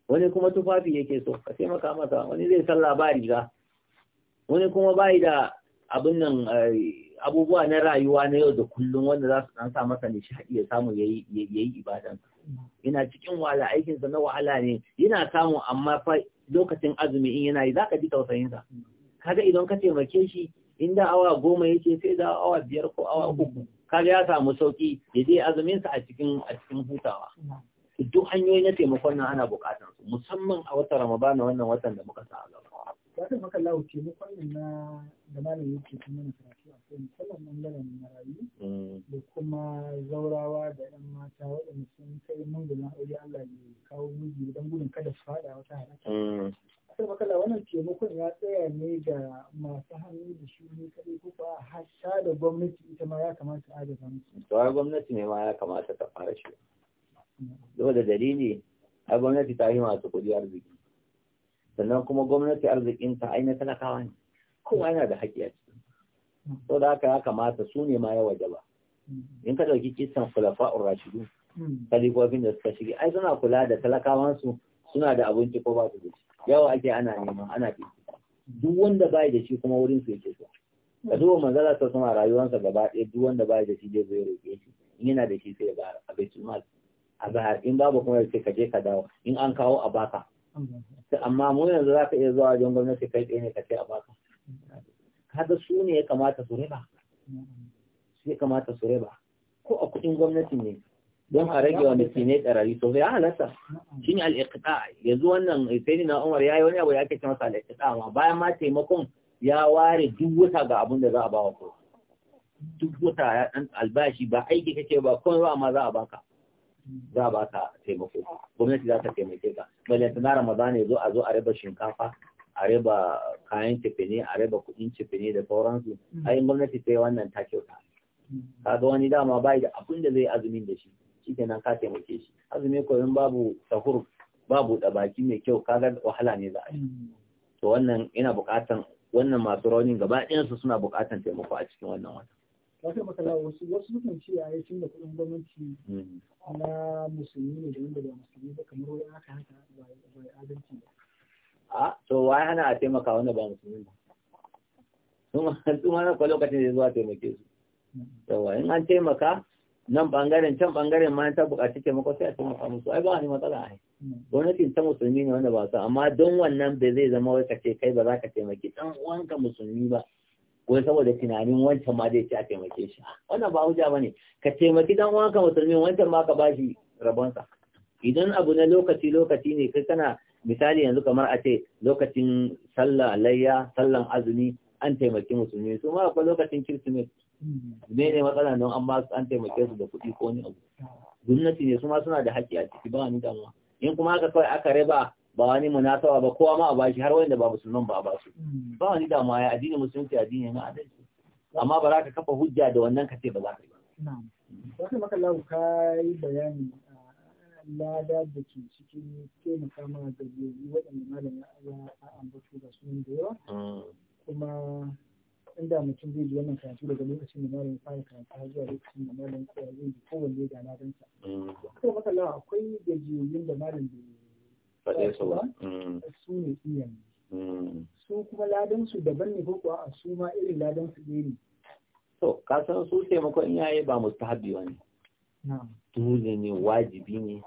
wani kuma tufafi yake so ka taimaka masa wani zai sallah ba riga wani kuma bayi da abin nan eh, abubuwa na rayuwa na yau da kullum wanda za su dan sa masa nishadi ya samu yayi yi ibadan Ina cikin wahala aikin sa na wahala ne yana samu amma fa lokacin azumi in yana yi Za ka ji tausayin sa kaga idan ka taimake shi inda awa goma yake sai da awa biyar ko awa uku kaga ya samu sauki ya je azumin sa a cikin a cikin hutawa duk hanyoyi na taimakon nan ana bukatan musamman a watan ramadana wannan watan da muka sa a gaba ba ta maka lawo ce mu kwanin na da malam yake kuma mana karatu a kai musamman bangaren marayu mm. da kuma zaurawa da yan mata waɗanda sun kai da na aure Allah ya kawo miji don gudun kada su faɗa wata haraka. Sai mm. makala wannan taimakon ya tsaya ne ga masu hannu da shi ne kaɗai ko ba hasha da gwamnati ita ma ya kamata a adaza musu. Tsawar gwamnati ne ma ya kamata ta fara shi. Dole mm. da dalili, a gwamnati ta yi masu kuɗi arziki. sannan kuma gwamnati arzikin ta aina talakawa ne kowa hmm. yana da haƙƙi a ciki so da haka ya kamata su ne ma yawa jaba hmm. in ka ɗauki kisan kulafa rashidu hmm. kalifofin da suka shige ai suna kula da talakawansu suna da abinci ko ba su da yawa ake ana nema ana fi duk wanda bai da shi kuma wurin su yake zuwa ka duba manzala ta suna rayuwarsa gaba ɗaya duk wanda bai da shi zai zai roƙe shi in yana da shi sai ya bayar a baitul a bayar in babu kuma sai ka je ka dawo in an kawo a baka amma mu yanzu za ka iya zuwa wajen gwamnati kai tsaye ne ka ce a baka kada su ne ya kamata su riba su ya kamata su riba ko a kudin gwamnati ne don a rage wanda ke ne tsarari to ya halatta shi ne al'iqta yanzu wannan sai na umar ya yi wani abu ya ke cewa masa al'iqta amma bayan ma taimakon ya ware duk wuta ga abin da za a ba wa kowa duk wuta ya ɗan albashi ba aiki kake ba komai ba amma za a baka za a ka taimako gwamnati za ta taimake ka balanta na ramadan ya zo a zo a raba shinkafa a raba kayan cefene a raba kuɗin cefene da sauransu mm. ai gwamnati ta yi wannan ta kyauta mm. ga wani dama bai da abin da zai azumin da shi shi nan ka taimake shi azumi koyon babu sahur babu da baki mai kyau Ka ga wahala ne za a yi mm. to wannan ina buƙatan wannan masu raunin gaba ɗayansu suna buƙatan taimako a cikin wannan wata wata makala wasu wasu sukan ce a yi cin da kudin gwamnati mm-hmm. na musulmi ne da wanda ba musulmi ba kamar wani aka haka ba ya adalci ba. a to wai hana a taimaka wanda ba musulmi ba su ma na kwa lokacin da zuwa taimake su mm-hmm. yawa in an taimaka nan bangaren can bangaren ma ta buƙaci taimako sai a taimaka musu ai ba wani matsala yi mm-hmm. gwamnatin ta musulmi ne wanda ba su amma don wannan bai zai zama wai ka ce kai ba za ka taimaki ɗan uwanka musulmi ba wai saboda tunanin wancan ma zai ci a taimake shi wannan ba hujja bane ka taimaki dan uwanka musulmi wancan ma ka bashi rabonsa idan abu na lokaci lokaci ne kai kana misali yanzu kamar a ce lokacin sallah layya sallan azumi an taimaki musulmi su ma akwai lokacin kirsimeti me ne matsala don an ba an taimake su da kuɗi ko wani abu gwamnati ne su ma suna da haƙƙi a ciki ba ni damuwa in kuma haka kawai aka raba ba wani munasaba ba kowa ma a bashi har wanda ba musulman ba a su ba wani damuwa ya addini musulunci addini na adalci amma ba za ka kafa hujja da wannan ka ce ba za ka yi ba. Wasu lau ka yi bayani ah, lada da ke cikin taimaka da gajiyoyi waɗanda malam ya ambatu da su da yawa hmm. kuma inda mutum zai ji wannan karatu daga lokacin da malam fara karatu har zuwa lokacin da malam ya zai ji kowanne da ladansa. Hmm. maka lau akwai gajiyoyin da malam bai faɗe su ba mm. su ne mm. su kuma ladan su daban ne ko a su irin ladan su ne to ka san su taimakon iyaye ba mustahabi wani dole ne wajibi ne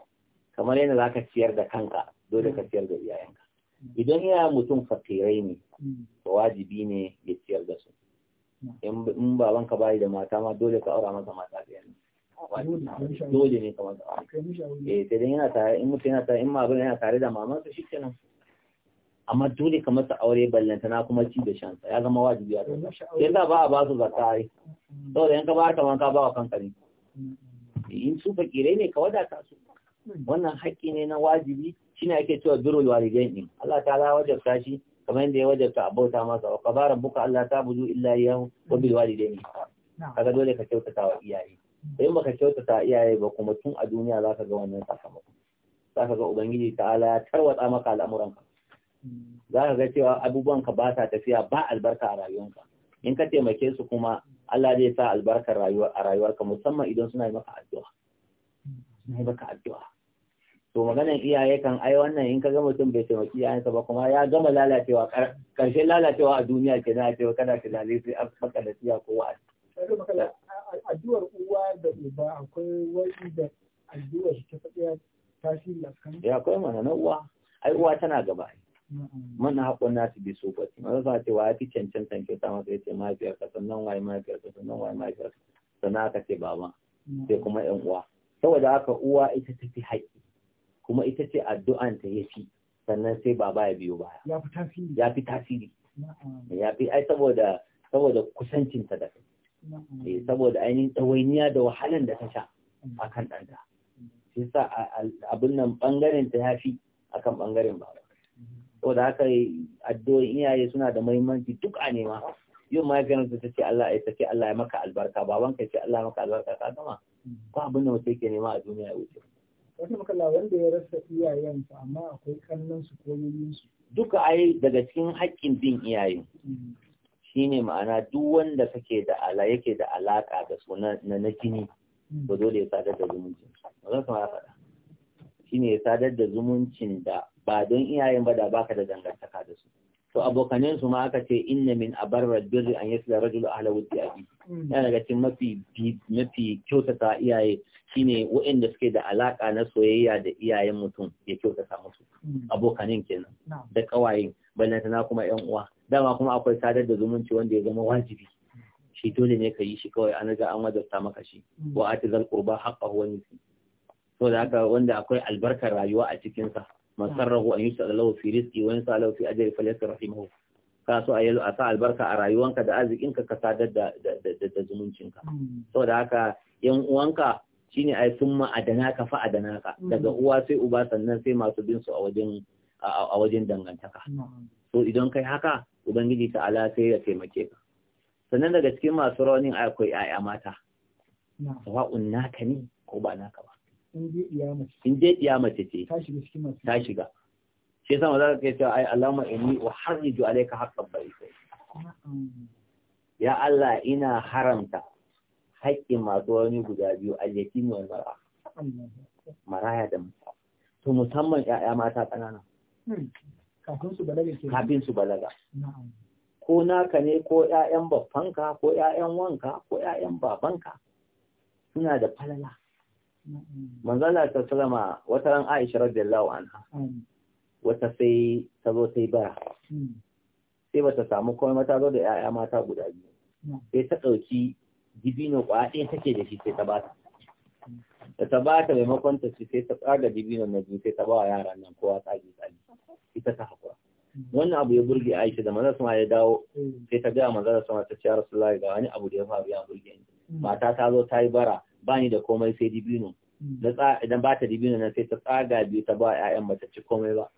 kamar yadda za ka ciyar da kanka dole ka ciyar da iyayenka mm. idan iyayen mutum fakirai ne ba wajibi ne ya ciyar da su in babanka bayi da mata ma dole ka aura masa mata ɗaya ne dole ne kamar da eh sai dai yana tare in mutum yana tare in ma yana tare da mamansa shi kenan amma dole ka masa aure ballantana kuma ci da shansa ya zama wajibi a tsaye. sai ba a ba su zakka ai Dole yanka ba ta wanka ba wa kanka ne eh, in su fakirai ne ka wadata su wannan haƙƙi ne na wajibi shi ne ake cewa birul walidain din Allah ta ta'ala wajabta shi kamar yadda ya wajabta a bauta masa wa buka Allah ta ta'budu illa iyyahu wa bil walidain kaga dole ka kyautata wa iyaye in baka kyautata iyaye ba kuma tun a duniya za ka ga wannan sakamako za ka ga ubangiji ta'ala ya tarwatsa maka al'amuranka za ka ga cewa abubuwanka ba ta tafiya ba albarka a rayuwanka in ka taimake su kuma Allah zai sa albarkar rayuwa a rayuwarka musamman idan suna yi maka addu'a suna yi maka addu'a to maganan iyaye kan ai wannan in ka ga mutum bai taimaki iyayensa ba kuma ya gama lalacewa karshen lalacewa a duniya ke na cewa kana tunani sai a makalaciya ko wa'azi addu'ar uwa da uba akwai wani da addu'ar ta faɗiya tasiri a kan ya akwai mana na uwa ai uwa tana gaba mana haƙon nasu bi su ba ma za ce wa ya fi cancantan kyauta masa yace ce ka sannan waye ka sannan waye mahaifiyarka sannan aka ce baba sai kuma yan uwa saboda haka uwa ita ta fi haƙƙi kuma ita ce addu'anta ya fi sannan sai baba ya biyo baya ya fi tasiri ya fi tasiri ya fi ai saboda saboda kusancinta da kai eh saboda ainihin ɗawainiya da wahalan da ta sha a kan ɗanta shi sa abin nan ɓangaren ta ya fi a kan ɓangaren ba saboda haka addu'o'in iyaye suna da muhimmanci duk a nema yau mahaifiyar ta ce Allah ya sake Allah ya maka albarka baban ka ce Allah ya maka albarka ka gama ba abin da mutum ke nema a duniya ya wuce Wani makalla wanda ya rasa iyayen su amma akwai su ko su. duka ai daga cikin haƙƙin bin iyaye shine ma'ana duk wanda kake da ala yake da alaka da su na na jini ba dole ya sadar da zumuncin wannan kuma ya shine ya sadar da zumuncin da ba don iyayen ba da baka da dangantaka da su to abokanen su ma aka ce inna min abarra birri an yasla rajulu ahla wuddi abi hmm. yana daga cikin mafi mafi kyautata iyaye shine waɗanda suke da alaka na soyayya da iyayen mutum ya kyautata musu hmm. abokanin kenan da kawayen ballantana kuma yan uwa dama kuma akwai sadar da zumunci wanda ya zama wajibi shi dole ne ka yi shi kawai an riga an wajabta maka shi wa ati zal qurba haqqahu wa nisi to da haka wanda akwai albarkar rayuwa a cikin sa masarrahu an yusa lahu fi rizqi wa su lahu fi ajri falyasir rahimahu ka so a yalo a sa albarka a rayuwanka da arzikinka ka sadar da da zumuncinka da haka yan uwanka shine ai sun ma'adana ka fa adana ka daga uwa sai uba sannan sai masu bin su a wajen a wajen dangantaka so idan kai haka ubangiji ta ala sai ya taimake ka sannan daga cikin masu raunin akwai yaya mata sawa'un naka ne ko ba naka ba in dai iya mace ce ta shiga shi yasa maza ka ce ai alama inni wa harriju alayka haqqan bari ya Allah ina haramta haƙƙin masu wani guda biyu a yakin wal mara maraya da mutum to musamman ƴaƴa mata ƙanana hmm. kafin su balaga ko naka ne ko ƴaƴan babbanka ko ƴaƴan wanka ko ƴaƴan babanka suna da falala manzala ta salama wata ran Aisha radiyallahu anha wata sai ta zo sai bara hmm. sai bata samu komai mata zo da ƴaƴa mata guda biyu sai ta ɗauki dibino kwa ɗaya take da shi sai ta ba ta. da ta ba ta maimakon ta ce, sai ta tsaga dibino na biyu sai ta ba wa yaran nan kowa tsagi tsagi ita ta haƙura wannan abu ya burge aisha da manzon sama ya dawo sai ta ga manzon sama ta ce ya rasulullahi ga wani abu da ya faru ya burge ni mm. mata ta zo ta yi bara ba ni da komai sai dibino mm. idan ba ta dibino na sai ta tsaga biyu ta ba ‘ya’yan ba ta ci komai ba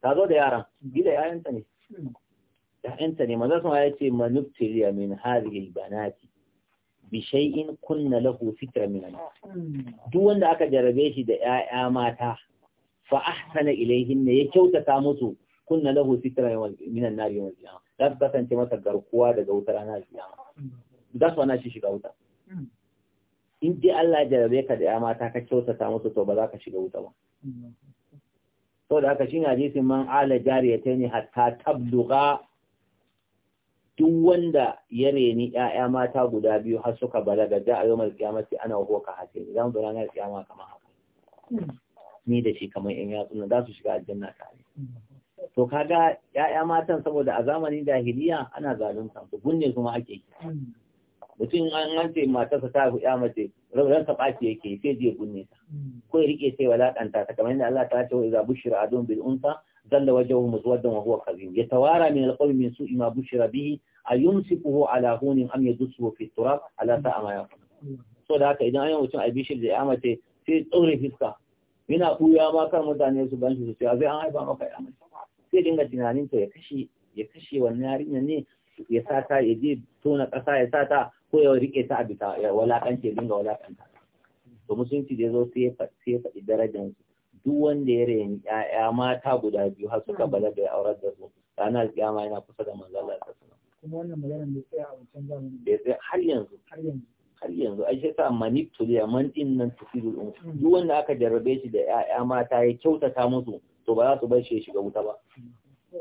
ta zo da yaran gida ya'yanta mm. ne Ya'yanta ne manzon sama ya ce manuftiriya min hadhihi banati bi shay'in kunna lahu fitra min hmm. duk wanda aka jarabe shi da 'ya'ya mata fa ahsana ilayhin ya kyautata musu kunna lahu fitra min an-nar yawm da qiyamah za su kasance masa garkuwa daga wutar ana al da za su ana shi shiga wuta hmm. in dai Allah jarabe ka da 'ya'ya mata ka kyautata musu to ba za ka shiga wuta ba hmm. saboda haka shi ne hadisin man ala jariyatayn hatta tabluga duk wanda ya reni ‘ya'ya mata guda biyu har suka balaga da a yawon kiyamati ana huwa ka hasi za mu ranar kiyama kamar haka ni da shi kamar ‘yan yatsu za su shiga aljanna tare to kaga ‘ya'ya matan saboda a zamanin jahiliya ana zalunta su gunne kuma ake mutum an hance matarsa ta haifi ƴa mace rabaran ta ɓaci yake sai je gunne ta ko ya rike sai walaƙanta ta kamar yadda Allah ta ce wa iza bushira adun bil unsa ظل وجهه مسودا وهو كظيم يتوارى من القوم من سوء ما بشر به أيمسكه على هون am يدسه في التراب على ساء ما يقول so da haka idan an yi mutum a bishir da ya mace sai tsore fiska yana ɓuya ma kar mutane su ban shi su ce zai an haifa maka ya mace sai dinga tunanin to ya kashe ya kashe wannan yarinya ne ya sa ta ya je tona ƙasa ya sa ta ko ya riƙe ta a bisa ya walakance dinga walakanta to musulunci da ya zo sai ya faɗi darajar duk wanda ya rayu ƴaƴa mata guda biyu har suka hmm. bala da aurar da su ranar kiyama yana kusa da manzon Allah alaihi wasallam kuma wannan magana bai tsaya a wancan zamani da tsaya har yanzu har yanzu har yanzu ai sai sa manipulate man din nan tufidul um duk wanda aka jarrabe shi da ƴaƴa mata ya kyautata musu to ba za su bar shi ya shiga wuta ba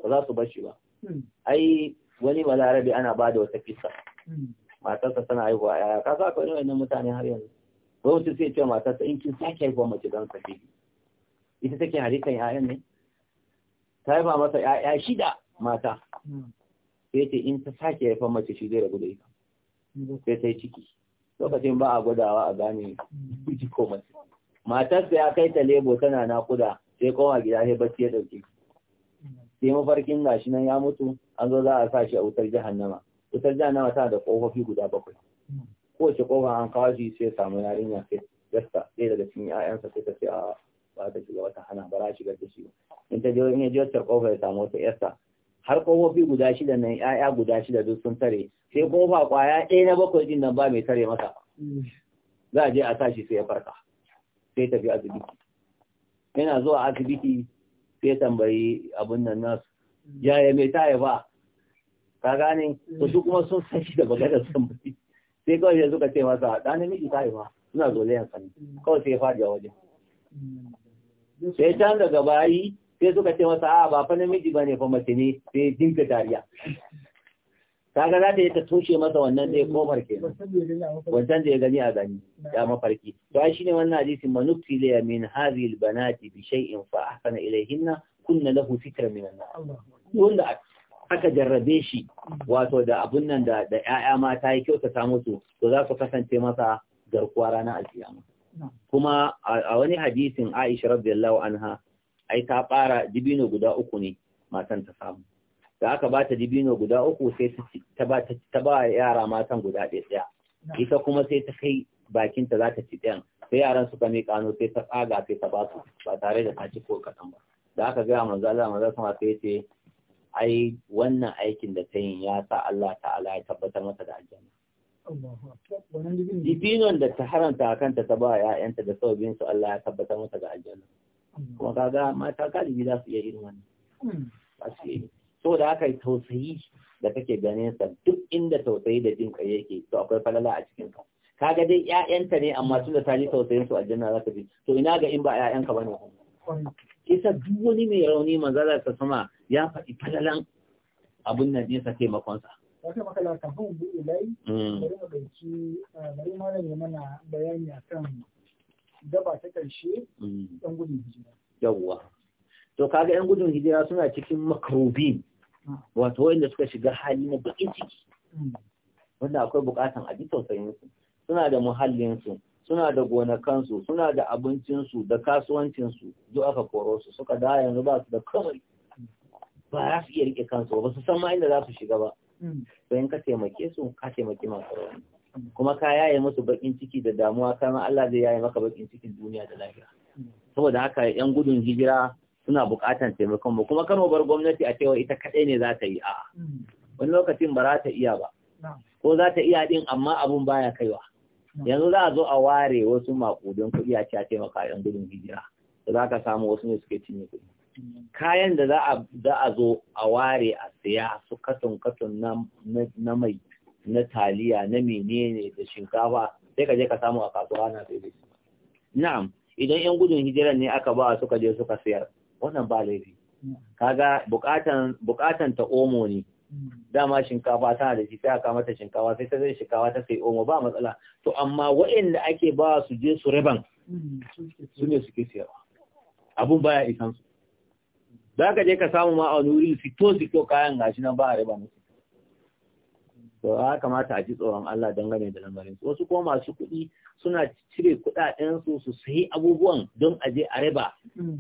ba za su bar shi ba hmm. ai wani balarabe ana bada wata kissa matarsa tana haihuwa ƴaƴa ka sa akwai wannan mutane har yanzu gwamnati sai ce matarsa in kin sake haihuwa mace zan sa ki ita take halittar ‘ya'yan ne ta haifa masa ‘ya'ya shida mata sai ce in ta sake haifan mace shi zai rabu da ita sai yi ciki lokacin ba a gwadawa a gane ciki ko mace matarsa ya kai ta lebo tana nakuda sai koma gida sai bacci ya dauke sai mafarkin gashi nan ya mutu an zo za a sa shi a wutar jahannama wutar jahannama tana da kofofi guda bakwai kowace kofa an kawo shi sai samu yarinya sai yasta sai daga cikin 'ya'yansa sai ta sai a ba ta shiga wata hana ba za shigar da shi in ta je in ya je wata kofa ya samu wata yarsa har kofofi guda shida nan ƴaƴa guda shida duk sun tare sai kofa kwaya ɗaya na bakwai din nan ba mai tare masa za a je a tashi sai ya farka sai tafi asibiti yana zuwa asibiti sai tambayi abin nan nasu yaya mai tare ba ka gane to su kuma sun san shi da bagada sun bai sai kawai ya suka ce masa ɗanin namiji tare ba suna zolayen sani kawai sai ya faɗi a wajen sai can daga bayi sai suka ce masa a ba fa namiji ba ne fa mace ne sai dinka dariya kaga za ta yi ta tushe masa wannan ɗaya kofar ke wancan da ya gani a gani ya mafarki to ai ne wannan hadisi manufi la min hadhihi albanati bi shay'in fa ahsana ilayhinna kunna lahu fitra min an wanda aka jarrabe shi wato da abun nan da da ƴaƴa mata ya kyauta ta musu to za su kasance masa garkuwa ranar alkiyama kuma a wani hadisin Aisha radiyallahu anha ai ta fara dibino guda uku ne matan ta samu da aka ba ta dibino guda uku sai ta ba ta ba yara matan guda ɗaya ita kuma sai ta kai bakin ta za ta ci ɗayan sai yaran suka mika kano sai ta tsaga sai ta ba ba tare da ta ci ko kaɗan ba da aka ga manzo Allah manzo sama sai ce ai wannan aikin da ta yin ya sa Allah ta'ala ya tabbatar mata da aljanna Dibino da ta haranta a kanta ta ba ‘ya'yanta da sau su Allah ya tabbatar mata ga aljanna. Kuma kaga mata galibi za su iya irin wannan. Ba So da aka yi tausayi da kake ganin sa duk inda tausayi da jin kai yake to akwai falala a cikin ka. ga dai ‘ya'yanta ne amma tun da ta yi tausayin su aljanna za ta bi. To ina ga in ba ‘ya'yanka ba ne. Isa duk wani mai rauni manzala ta sama ya faɗi falalan abin nan ɗinsa taimakonsa. wata makala kafin bi ilai mm. bari mu dauki eh, bari malam ne mana bayani akan daba ta karshe yan mm. gudun hijira yawwa to kaga yan gudun hijira suna cikin makarubin mm. wato wanda suka shiga hali na bakin ciki wanda akwai bukatan a ji tausayin su suna da muhallin su suna da gonakansu suna da abincinsu da kasuwancinsu duk aka koro su suka da yanzu ba su da kamar ba za su iya rike kansu ba su san ma inda za su shiga ba to in ka taimake su ka taimaki masu kuma ka yaye musu bakin ciki da damuwa kama Allah zai yaye maka bakin cikin duniya da lahira saboda haka yan gudun hijira suna bukatan taimakon mu kuma kano bar gwamnati a cewa ita kadai ne za ta yi a wani lokacin ba za ta iya ba ko za ta iya din amma abun baya kaiwa yanzu za a zo a ware wasu makudan kuɗi a ce a taimaka yan gudun hijira da za ka samu wasu ne suke cinye kuɗi kayan da za a zo a ware a siya su katon-katon na mai na taliya na menene da shinkafa sai ka je ka samu a kasuwa na sai na'am idan yan gudun hijiran ne aka ba suka je suka siyar wannan ba laifi kaga bukatan bukatan ta omo ne dama shinkafa tana da shi sai aka mata shinkafa sai ta zai shinkafa ta sai omo ba matsala to amma waɗanda ake ba su je su riban mm, su ne suke siyarwa abun baya isan za ka je ka samu ma a nuri fito-fito kayan gashi nan ba a riba musu to ya kamata a ji tsoron Allah dangane da lamarin wasu kuma masu kuɗi suna cire kuɗaɗen su sayi abubuwan don a je a riba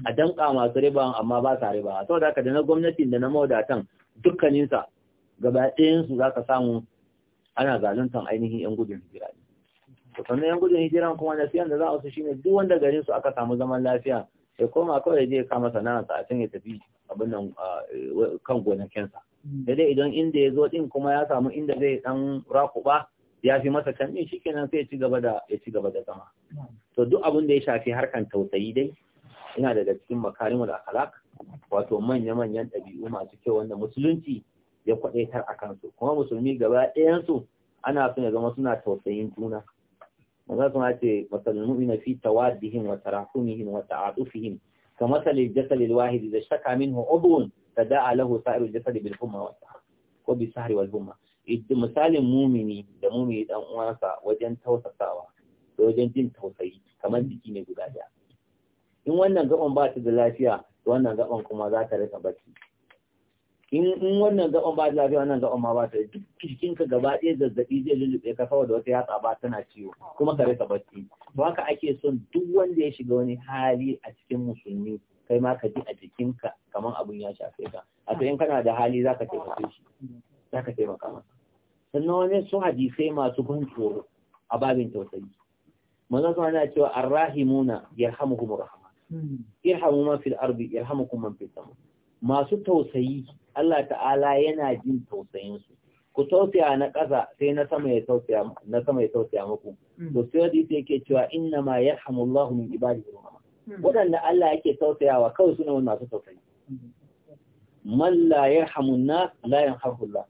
a danka masu riba amma ba sa riba saboda ka da na gwamnati da na mawadatan dukkaninsa gaba ɗayansu za ka samu ana zaluntan ainihin yan gudun hijira ne. To yan gudun hijira kuma na siyan da za a su shine duk wanda garin su aka samu zaman lafiya ya koma kawai zai kama sana'arsa a can ya tafi abin nan kan gonakinsa da hmm. dai idan inda ya zo din kuma ya samu inda zai dan rakuba ya fi masa can din shikenan sai ya ci gaba da ya ci gaba da zama hmm. to duk abin da ya shafi harkan tausayi dai ina daga cikin makarimul akhlaq wato manya manyan dabi'u masu kyau wanda musulunci ya kwadaitar a kansu kuma musulmi gaba ɗayan su ana son ya zama suna tausayin juna maza sun ce masalin mu'mina fi tawaddihim wa tarahumihim wa ta'atufihim ka masalin jasalil wahidi da shaka min minhu ta da'a lahu sa'irul jasadi bil humma wa ko bi sahri wal humma misalin mumini da mumini dan uwansa wajen tausasawa da wajen jin tausayi kamar jiki ne guda daya in wannan gaban ba ta da lafiya da wannan gaban kuma za ta rika barci in wannan gaban ba lafiya wannan gaban ma ba ta duk cikin ka gaba ɗaya zazzabi zai lullube ka saboda wata yatsa ba tana ciwo kuma ka rasa bacci to haka ake son duk wanda ya shiga wani hali a cikin musulmi kai ma ka ji a ka kamar abun ya shafe ka a to in kana da hali ka taimake shi ka taimaka masa sannan wani su hadisai masu ban tsoro a babin tausayi manzo kuma na cewa arrahimuna yarhamuhumur rahman hmm. irhamu ma fil ardi yarhamukum man fis sama masu tausayi Allah ta'ala yana jin tausayin su ku tausaya na ƙasa sai na sama ya tausaya na sama ya tausaya muku hmm. to sai wadi sai yake cewa inna ma yarhamullahu min ibadihi rahama hmm. wadanda Allah yake tausayawa kawai suna masu tausayi hmm. man la yarhamu nas la Allah.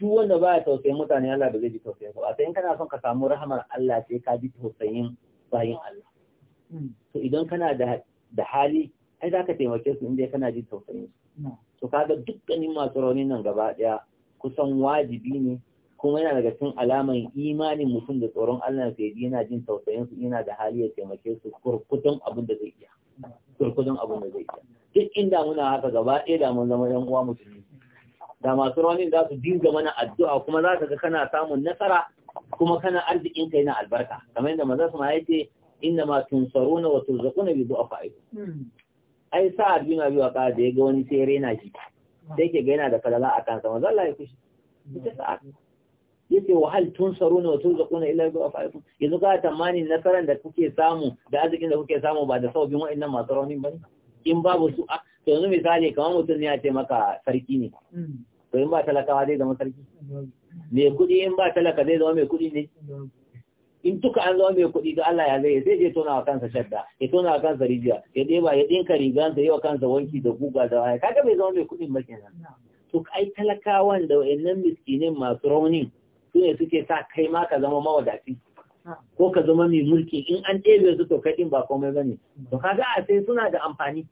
duk wanda baya tausayin mutane Allah ba zai ji tausayin ba sai in kana son ka samu rahamar Allah sai ka ji tausayin bayin Allah to idan kana da da hali ai zaka taimake su inda kana ji tausayin su to kaga dukkanin masu raunin nan gaba ɗaya kusan wajibi ne kuma yana daga cikin alaman imanin mutum da tsoron Allah yi yana jin tausayin su yana da hali ya taimake su kurkudun abin da zai iya kurkudun abin da zai iya duk inda muna haka gaba ɗaya da mun zama ɗan uwa musulmi da masu raunin za su dinga mana addu'a kuma za ka ga kana samun nasara kuma kana arzikin kai na albarka kamar yadda maza su ma yace inna ma tunsaruna wa turzaquna bi du'afaikum ai sa'ad bin abi waqas da ya ga wani sai rena shi sai ke gaina da falala a kansa wanzu Allah ya kushi ita sa'ad yace wa hal tunsaruna wa turzaquna illa bi afaikum yanzu ka tamani nasaran da kuke samu da arzikin da kuke samu ba da wa'in wa'annan masu raunin ne? in babu su a to yanzu misali kamar mutum ne ya ce maka sarki ne hmm. to in ba talakawa zai zama sarki mai hmm. kuɗi in ba talaka zai zama mai kuɗi ne hmm. in duka an zama mai kuɗi to Allah ya zai zai je tona wa kansa shadda ya tona wa kansa rijiya ya ɗeba ya ɗinka rigansa ya wa kansa wanki da guga da waya kaga bai zama mai kuɗin ba kenan to ai talakawan da wayannan miskinin masu rauni su ne suke sa kai ma ka zama mawadaci ko ka zama mai mulki in an ɗebe su to kaɗin ba komai ba ne to kaga a sai suna da amfani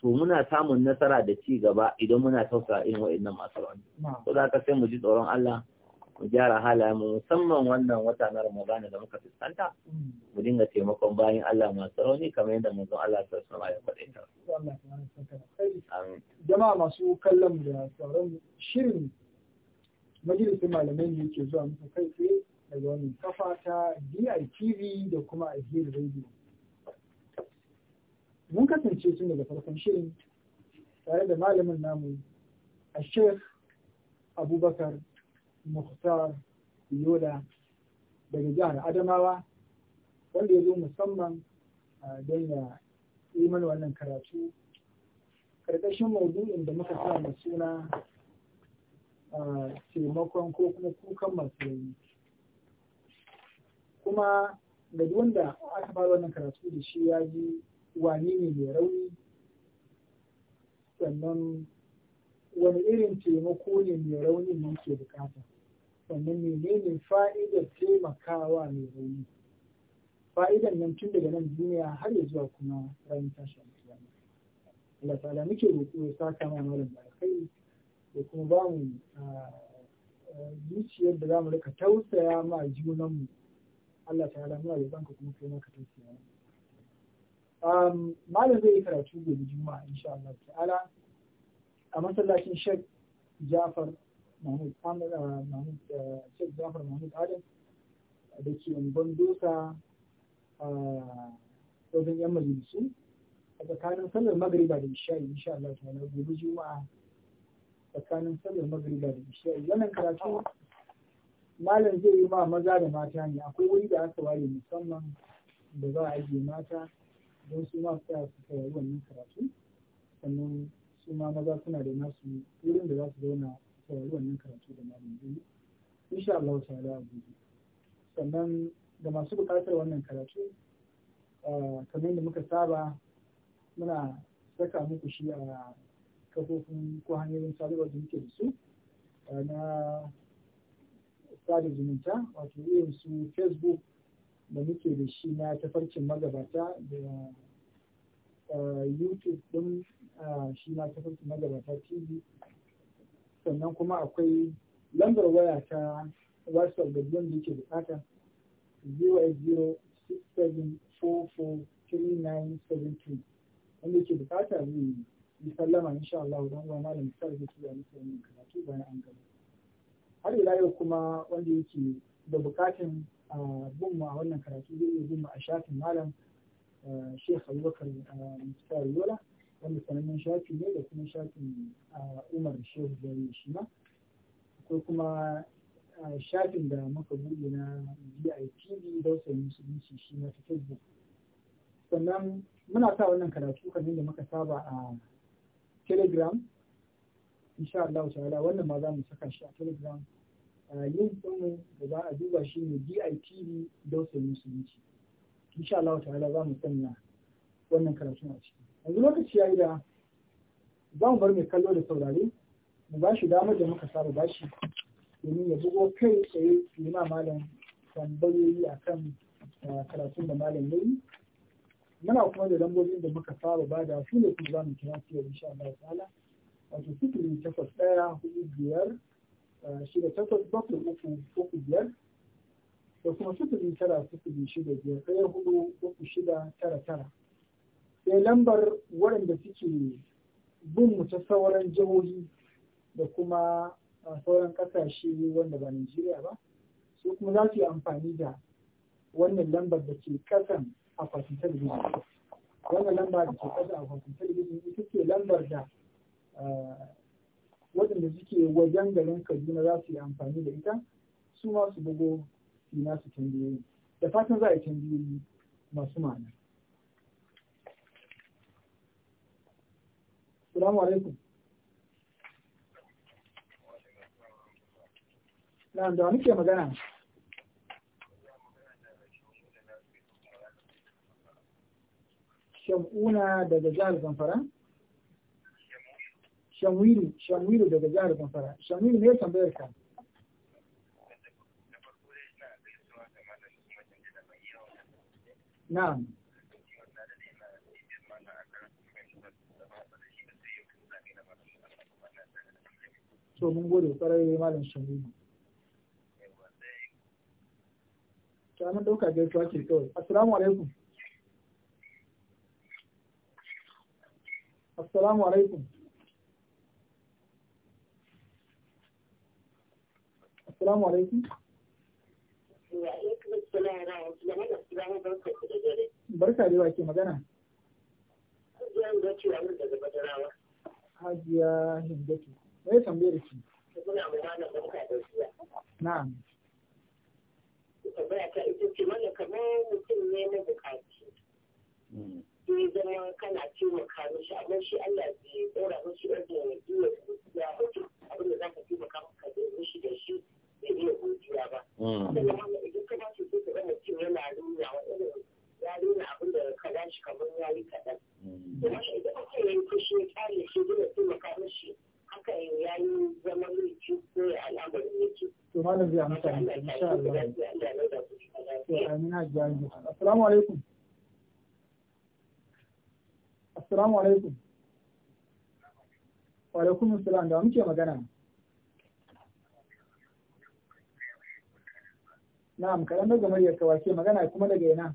to muna samun nasara da ci gaba idan muna tausa irin wa'annan masu rauni to za ka sai mu ji tsoron Allah mu gyara halaye mu musamman wannan wata na Ramadana da muka fuskanta mu dinga taimakon bayan Allah masu rauni kamar yadda zo Allah ta sama ya faɗe ta jama'a masu kallon da sauran shirin majalisar malamai ne yake zuwa muku kai tsaye daga wani kafa ta DITV da kuma Alheri Radio mun kasance tun daga farkon shirin tare da malamin namu a Sheikh Abubakar Muhtar yoda daga jihar Adamawa wanda ya zo musamman don ya yi mana wannan karatu karkashin maudu'in da muka sa suna taimakon ko kuma kukan masu rauni kuma ga wanda aka fara wannan karatu da shi ya ji wani ne mai rauni sannan wani irin taimako ne mai rauni ne ke bukata sannan menene fa'idar taimakawa mai rauni fa'idan nan tun daga nan duniya har ya zuwa kuma ranar tashin kiyama Allah ta'ala muke roƙo ya saka ma malam da kai, da kuma ba mu ah, zuciyar da za mu rika tausaya ma junanmu Allah ta'ala muna roƙon ka kuma kai maka tausaya malam zai yi karatu gobe juma'a insha Allah ta'ala a masallacin Sheikh Jafar mahmud samura mahmud eh, sheikh jafar mahmud adam da ke ban dosa a wajen yan majalisu a tsakanin sallar magariba da isha'i insha Allah ta wani gobe juma'a tsakanin sallar magariba da isha'i wannan karatu malam zai yi ma maza da mata ne akwai wuri da aka ware musamman da za a yi mata don su ma tsaya su kai wannan karatu sannan su ma maza suna da nasu wurin da za su zauna saurari wannan karatu da malam biyu? insha Allah ta'ala a gobe sannan da masu buƙatar wannan karatu kamar yadda muka saba muna saka muku shi a kafofin ko hanyoyin sadarwa da muke da su na sada zumunta wato irin su facebook da muke da shi na tafarkin magabata da youtube din shi na tafarkin magabata tv sannan kuma akwai lambar waya ta whatsapp da biyan da yake bukata 08067443972 wanda yake bukata zai yi sallama insha Allah don wa malam sar da suwa nufi wannan karatu bayan an gama har ila yau kuma wanda yake da bukatan bin mu a wannan karatu zai iya bin mu a shafin malam Sheikh Abubakar Mustapha Yola wanda sanannen shafi ne da kuma shafin umar shehu jari shi ma ko kuma shafin da muka buɗe na DITV don sayi musulunci shi na facebook sannan muna sa wannan karatu kamar da muka saba a telegram insha Allah ta'ala wannan ma za mu saka shi a telegram yin tsumu da za a duba shi ne DITV don sayi musulunci insha Allah ta'ala za mu sanya wannan karatun a ciki yanzu lokaci ya yi da za mu bar mai kallo da saurari. mu ba shi damar da muka saba ba shi domin ya bugo kai tsaye yi ma malam tambayoyi a kan eh, karatun da malam ya yi muna kuma da lambobin da muka saba ba da su ne kuma za mu kira su yau insha Allah ta'ala wato sifili takwas ɗaya hudu biyar eh, shida takwas bakwai uku uku biyar da kuma sifili tara sifili shida biyar ɗaya hudu uku shida tara tara sai lambar waɗanda suke bin mu ta sauran jihohi da kuma sauran ƙasashe wanda ba Najeriya ba su kuma za su yi amfani da wannan lambar da ke ƙasan akwatin talabijin wannan lambar da ke ƙasan akwatin talabijin ita ce lambar da waɗanda suke wajen garin kaduna za su yi amfani da ita su ma su bugo su nasu tambayoyi da fatan za a yi tambayoyi masu ma'ana Salamu alaikum. Na'am da muke magana. Shamuna daga jihar Zamfara? Shamwiru, Shamwiru daga jihar Zamfara. Shamwiru ne tambayar ka? so mun gode kwarai shanu ne. ta mun dauka gaisuwa ce kawai assalamu alaikum assalamu alaikum assalamu alaikum barka da ke magana hajiya hindatu Me tambayar ki? Na'am. Tambaya ta ita ce mana kamar mutum ne na bukaci. Sai hmm. zama kana taimaka shi amma shi Allah bai ɗora mishi ɗauke ya iya ya mutu abin da za ka taimaka maka da shi da shi bai iya godiya ba. Sannan hmm. kuma idan ka dace sai ka ga cewa yana nuna wa irin ya nuna abin da ka dace kamar ya yi kaɗan. Hmm. Kuma idan aka yi fushi ya kyale shi zai taimaka mishi. haka ya yi zama mulki ko ya al'amari yake. To malam zai amsa ne insha Allah. To amin Assalamu alaikum. Assalamu alaikum. Wa alaikum assalam da muke magana. Na'am, kaɗan daga muryar ka wace magana kuma daga ina.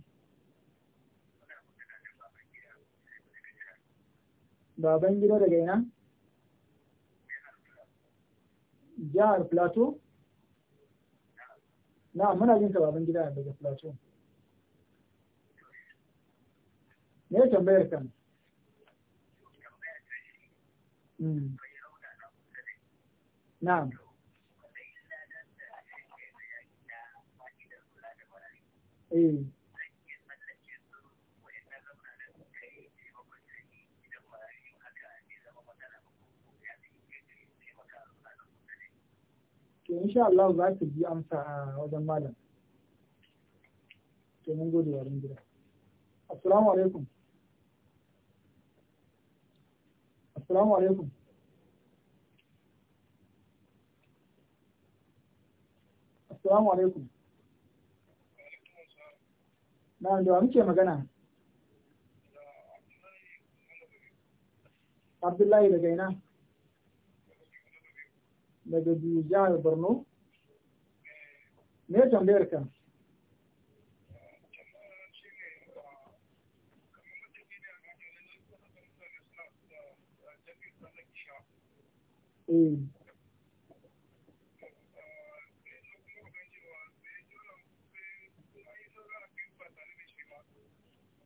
Baban gida daga ina? jihar plateau na muna jin ka gida gida daga plateau me tambayar kan hmm. na'am eh to insha Allah za ka ji amsa a wajen malam to mun gode wa gida assalamu alaikum assalamu alaikum assalamu alaikum na da wa muke magana Abdullahi daga ina. daga jihar borno ne tambayar ka eh.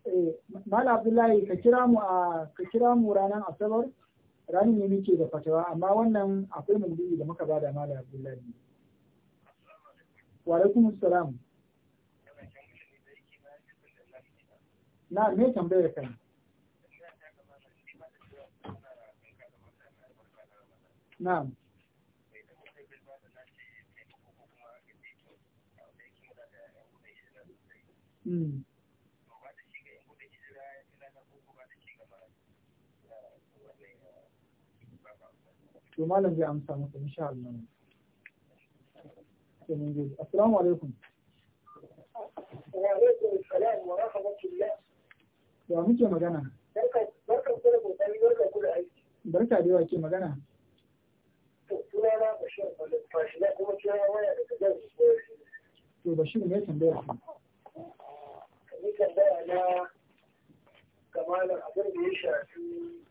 eh, Mala Abdullahi ka kira mu ka kira mu ranar Asabar Rani ne muke da fatawa amma wannan akwai maudu'i da muka bada da abdullahi wa alaikum salam na me tambayar kan na'am Mm. to malam zai amsa maka insha Allah assalamu alaikum wa muke magana barka da kokari barka kula aiki barka da yawa ke magana to kuma na bashir kuma daga to tambaya ku ni tambaya na kamalan abin da ya shafi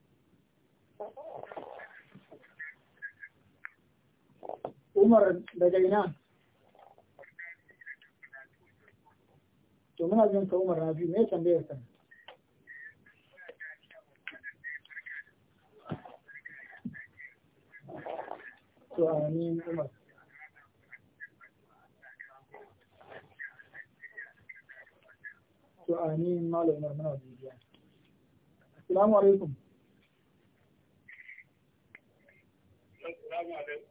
Umar daga ina? To muna jin ka Umar Rabi me tambayar ka? To ni Umar. To amin Malam Umar muna bibiya. Assalamu alaikum. Assalamu alaikum.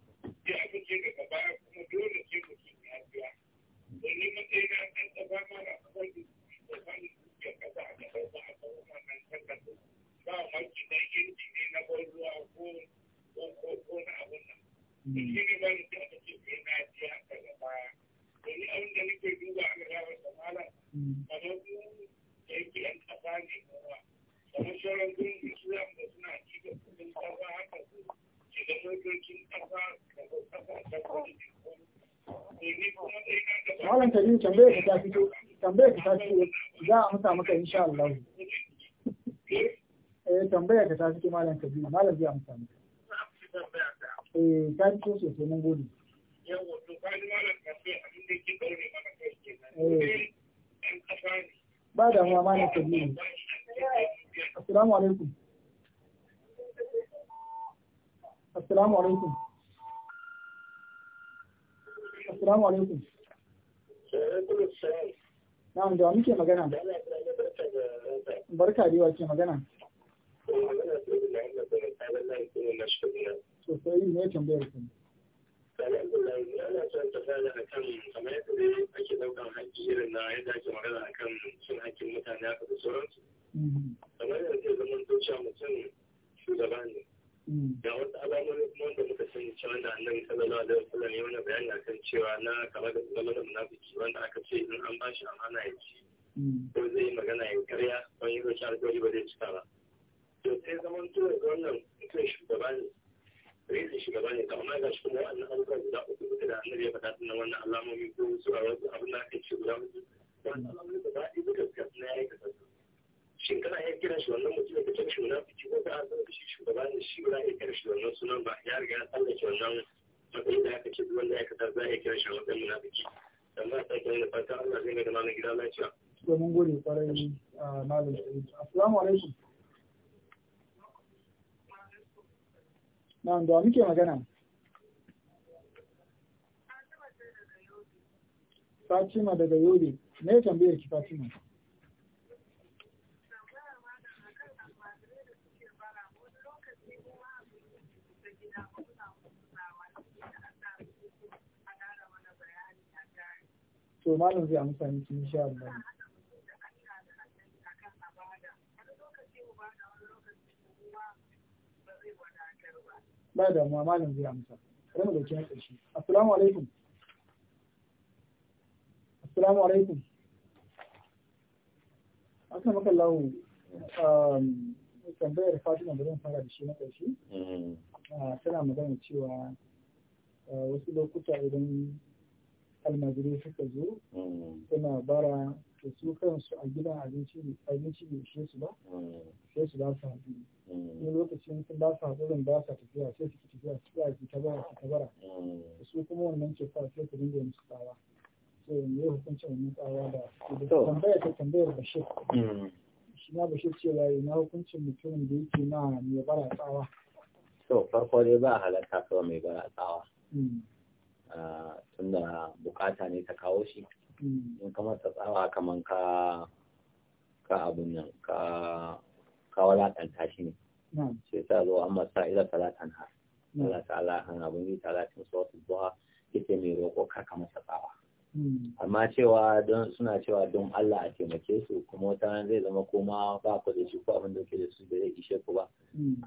sai aka je daga baya kuma dole sai mutum ya biya don ni mun ɗaya na ɗan ɗaba mara kawai da tsakanin dukiyar ƙasa a ƙasar ba a kawo wannan takardun ba maki na inji ne na ban ruwa ko ko ko na abun nan. Hmm. Shi ne ba ni sai aka ce sai na biya daga baya. Don ni abin da nake a ga wata mala hmm. kamar mu da yake ‘yan ƙasa ne kowa. Kamar sauran gurin da su suna ci da kuɗin ƙasa haka su Malam ka ta fito ka ta fito za a amsa maka insha Allah. Eh tambaye ka ta fito Malam Kabiru Malam zai amsa maka. Eh ta fito sosai mun gode. da ke mana Ba damuwa Malam Assalamu alaikum. assalamu alaikum assalamu alaikum na'am da muke magana barka da yawa ke magana sosai ne tambayar ku ana son ta fara kan kamar yadda ake daukan haƙƙi irin na yadda ake magana a kan cin haƙƙin mutane haka da sauransu mm-hmm. kamar yadda zai zama zuciya mutum shugaba ne Mm. da wasu alamomi kuma wanda muka sani cewa da annan sallallahu alaihi wasallam ya wani bayani akan cewa na kama da zama da munafiki wanda aka ce in an ba shi amana ya ci mm. ko zai yi magana ya karya wani yin rashin alkawari ba zai cika ba to sai zaman to da wannan mutum shugaba ne rizin shugaba ne to amma ga shi kuma wannan abubuwa guda uku da annabi ya faɗa tunan wannan alamomi ko su a wasu abin da aka ce guda uku wannan alamomi guda uku da gaskiya suna ya yi kasance shin kana iya kiran shi wannan mutum da kace shi munafiki ko da an san shi shugaba ne shi ba iya kiran shi wannan sunan ba ya riga ya shi wannan matsayin da aka ce duk wanda ya kasar za a iya kiran shi wannan munafiki amma a tsakin da fata Allah zai mai da mana gida lafiya to mun gode kwarai malam assalamu alaikum nan da muke magana Fatima daga Yobe, me tambayar ki Fatima? to malam zai amsa sun sha Allah ba da mu malam zai amsa bari mu dauki na ƙarshe assalamu alaikum assalamu alaikum akan maka lawo um, tambayar fatima da zan fara da shi na ƙarshe mm-hmm. uh, tana magana cewa uh, wasu lokuta idan almajirai suka zo mm. suna bara da su kansu a gidan abinci abinci ne shi su ba mm. sai su ba su haɗu mm. ne lokacin sun ba su haɗurin ba su tafiya sai su tafiya su ba su tabara su tabara su kuma wannan ke sa sai su dinga yin su tsawa so ne hukuncin wannan tsawa da tambaya ta tambayar bashir shi na bashir cewa na hukuncin mutumin da yake na mai bara tsawa to farko dai ba halatta kawai mai bara tsawa tunda bukata ne ta kawo shi mm. in kamar ta tsawa kamar ka ka abun nan ka ka walakanta shi ne mm. sai ta zo an masa ila talatan Ala mm. Allah ala an abun yi talatin su zuwa ita mai roƙo ka kamar ta tsawa amma cewa don suna cewa don Allah a taimake su kuma wata ran zai zama koma ba ku da shi ko abin da ke da su da zai ishe ku ba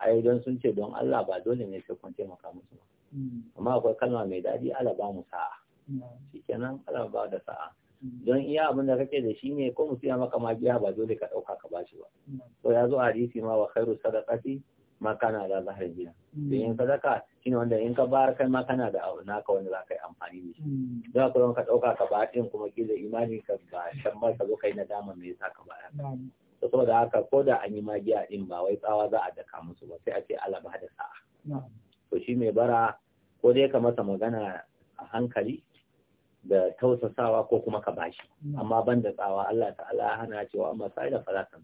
ai don sun ce don Allah ba dole ne sai kun taimaka musu ba Hmm. amma akwai kalma mai daɗi ala ba mu sa'a hmm. kenan ala ba da sa'a hmm. don iya abin da kake da shi ne ko mu siya maka magiya ba dole ka ɗauka ka bashi ba to ya zo a hadisi ma wa khairu sadaqati ma kana da zahar jiya. to in sadaka shine wanda in ka bayar kai ma kana da abu naka wanda za ka yi amfani da shi za ka ka ɗauka ka ba ɗin kuma kila imani ka ba shan ba ka zo kai na dama me yasa ka bayar to saboda haka ko da an yi magiya ɗin ba wai tsawa za a daka musu ba sai a ce ala ba da sa'a to shi mai bara ko dai ka masa magana a hankali da tausasawa ko kuma ka bashi mm. amma ban da tsawa Allah ta'ala hana cewa amma sai da fara ta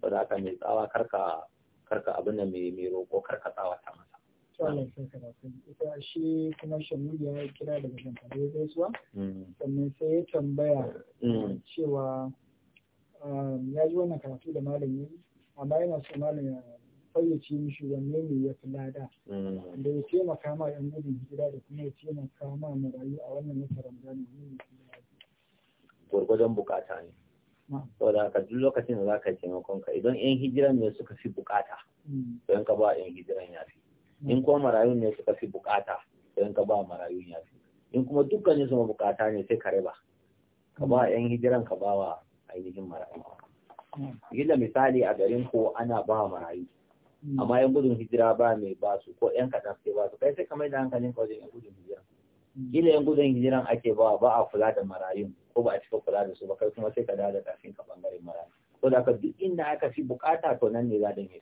ba za ka mai tsawa karka karka abin da mai mai roƙo karka tsawa ta masa tsallan sai ka rasu ita shi kuma shamil ya kira daga shankare gaisuwa mm. sannan sai ya tambaya mm. cewa um, ya ji wannan karatu da malam amma yana so malam fayyace mishi wanne ne ya fi lada mm. da ya taimaka ma yan gudun hijira da kuma ya taimaka ma marayu a wannan nasarar ramadan ne ne fi gwargwadon bukata ne saboda haka duk lokacin da zaka taimakon ka idan yan hijiran ne suka fi bukata mm. to ka ba yan hijiran ya fi in kuma marayun ne suka fi bukata to ka ba marayun ya fi in kuma dukkanin su bukata ne sai ka riba ka ba mm. yan hijiran ka ba wa ainihin marayu gida misali a garin ko ana ba marayu Hmm. a yan gudun hijira ba mai ba su ko yan kaɗan sai ba su kai sai kamar da hankalin ka wajen yan gudun hijira gila hmm. yan gudun hijiran ake ba ba a kula da marayun ko ba a cika kula da su ba kai kuma sai ka dawo da kafin ka bangaren marayu ko da ka duk inda aka fi bukata to nan ne za da yi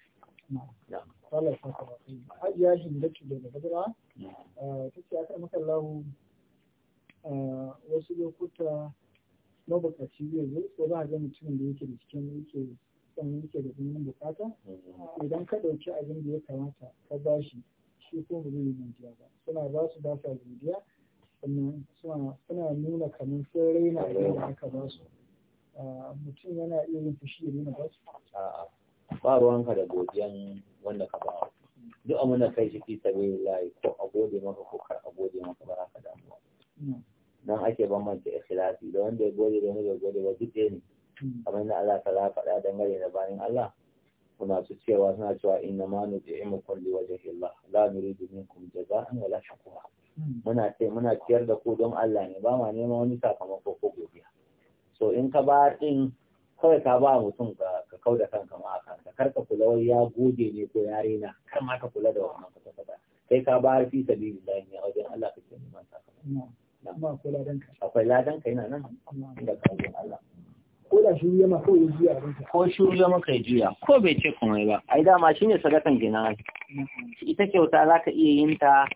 Hajiya daga eh, ta ce aka maka lahu eh, wasu lokuta mabukaci zai zo ko za a ga mutumin da yake da cikin yake kan yake da sunan bukata mm-hmm. idan ka ɗauki abin da ya kamata ka ba shi shi ko ba zai yi godiya ba suna ba su ba sa godiya sannan suna nuna kamar sun raina abin da aka ba su ah, mutum yana iya yin fushi ya nuna ba su ba ruwanka da godiyan wanda ka ba duk abin da kai shi fi sabi layi ko a gode maka ko kar a gode maka ba za ka damuwa mm. nan ake bambanta ikhlasi da wanda ya gode da wanda ya gode ba duk ɗaya ne Hmm. kamar na Allah ta faɗa dangane da bayan Allah kuna su cewa suna cewa inna ma wajhi Allah la nuridu minkum jazaa'an la shukura hmm. muna ce muna ciyar da ku don Allah ne ba ma neman wani sakamako ko godiya so in ka ba din kawai ka ba mutum ka kau da kanka ma aka ka karka kula wai ya gode ne ko ya rena kar ma ka kula da wannan ka saka kai ka ba fi sabilillah ne wajen Allah kake neman sakamako hmm. akwai ladan ka yana nan inda ka Allah ko da shiru ya maka yi juya ko shiru ya maka bai ce kuma ba ai dama shine sadakan gina ita kyauta za ka iya yin ta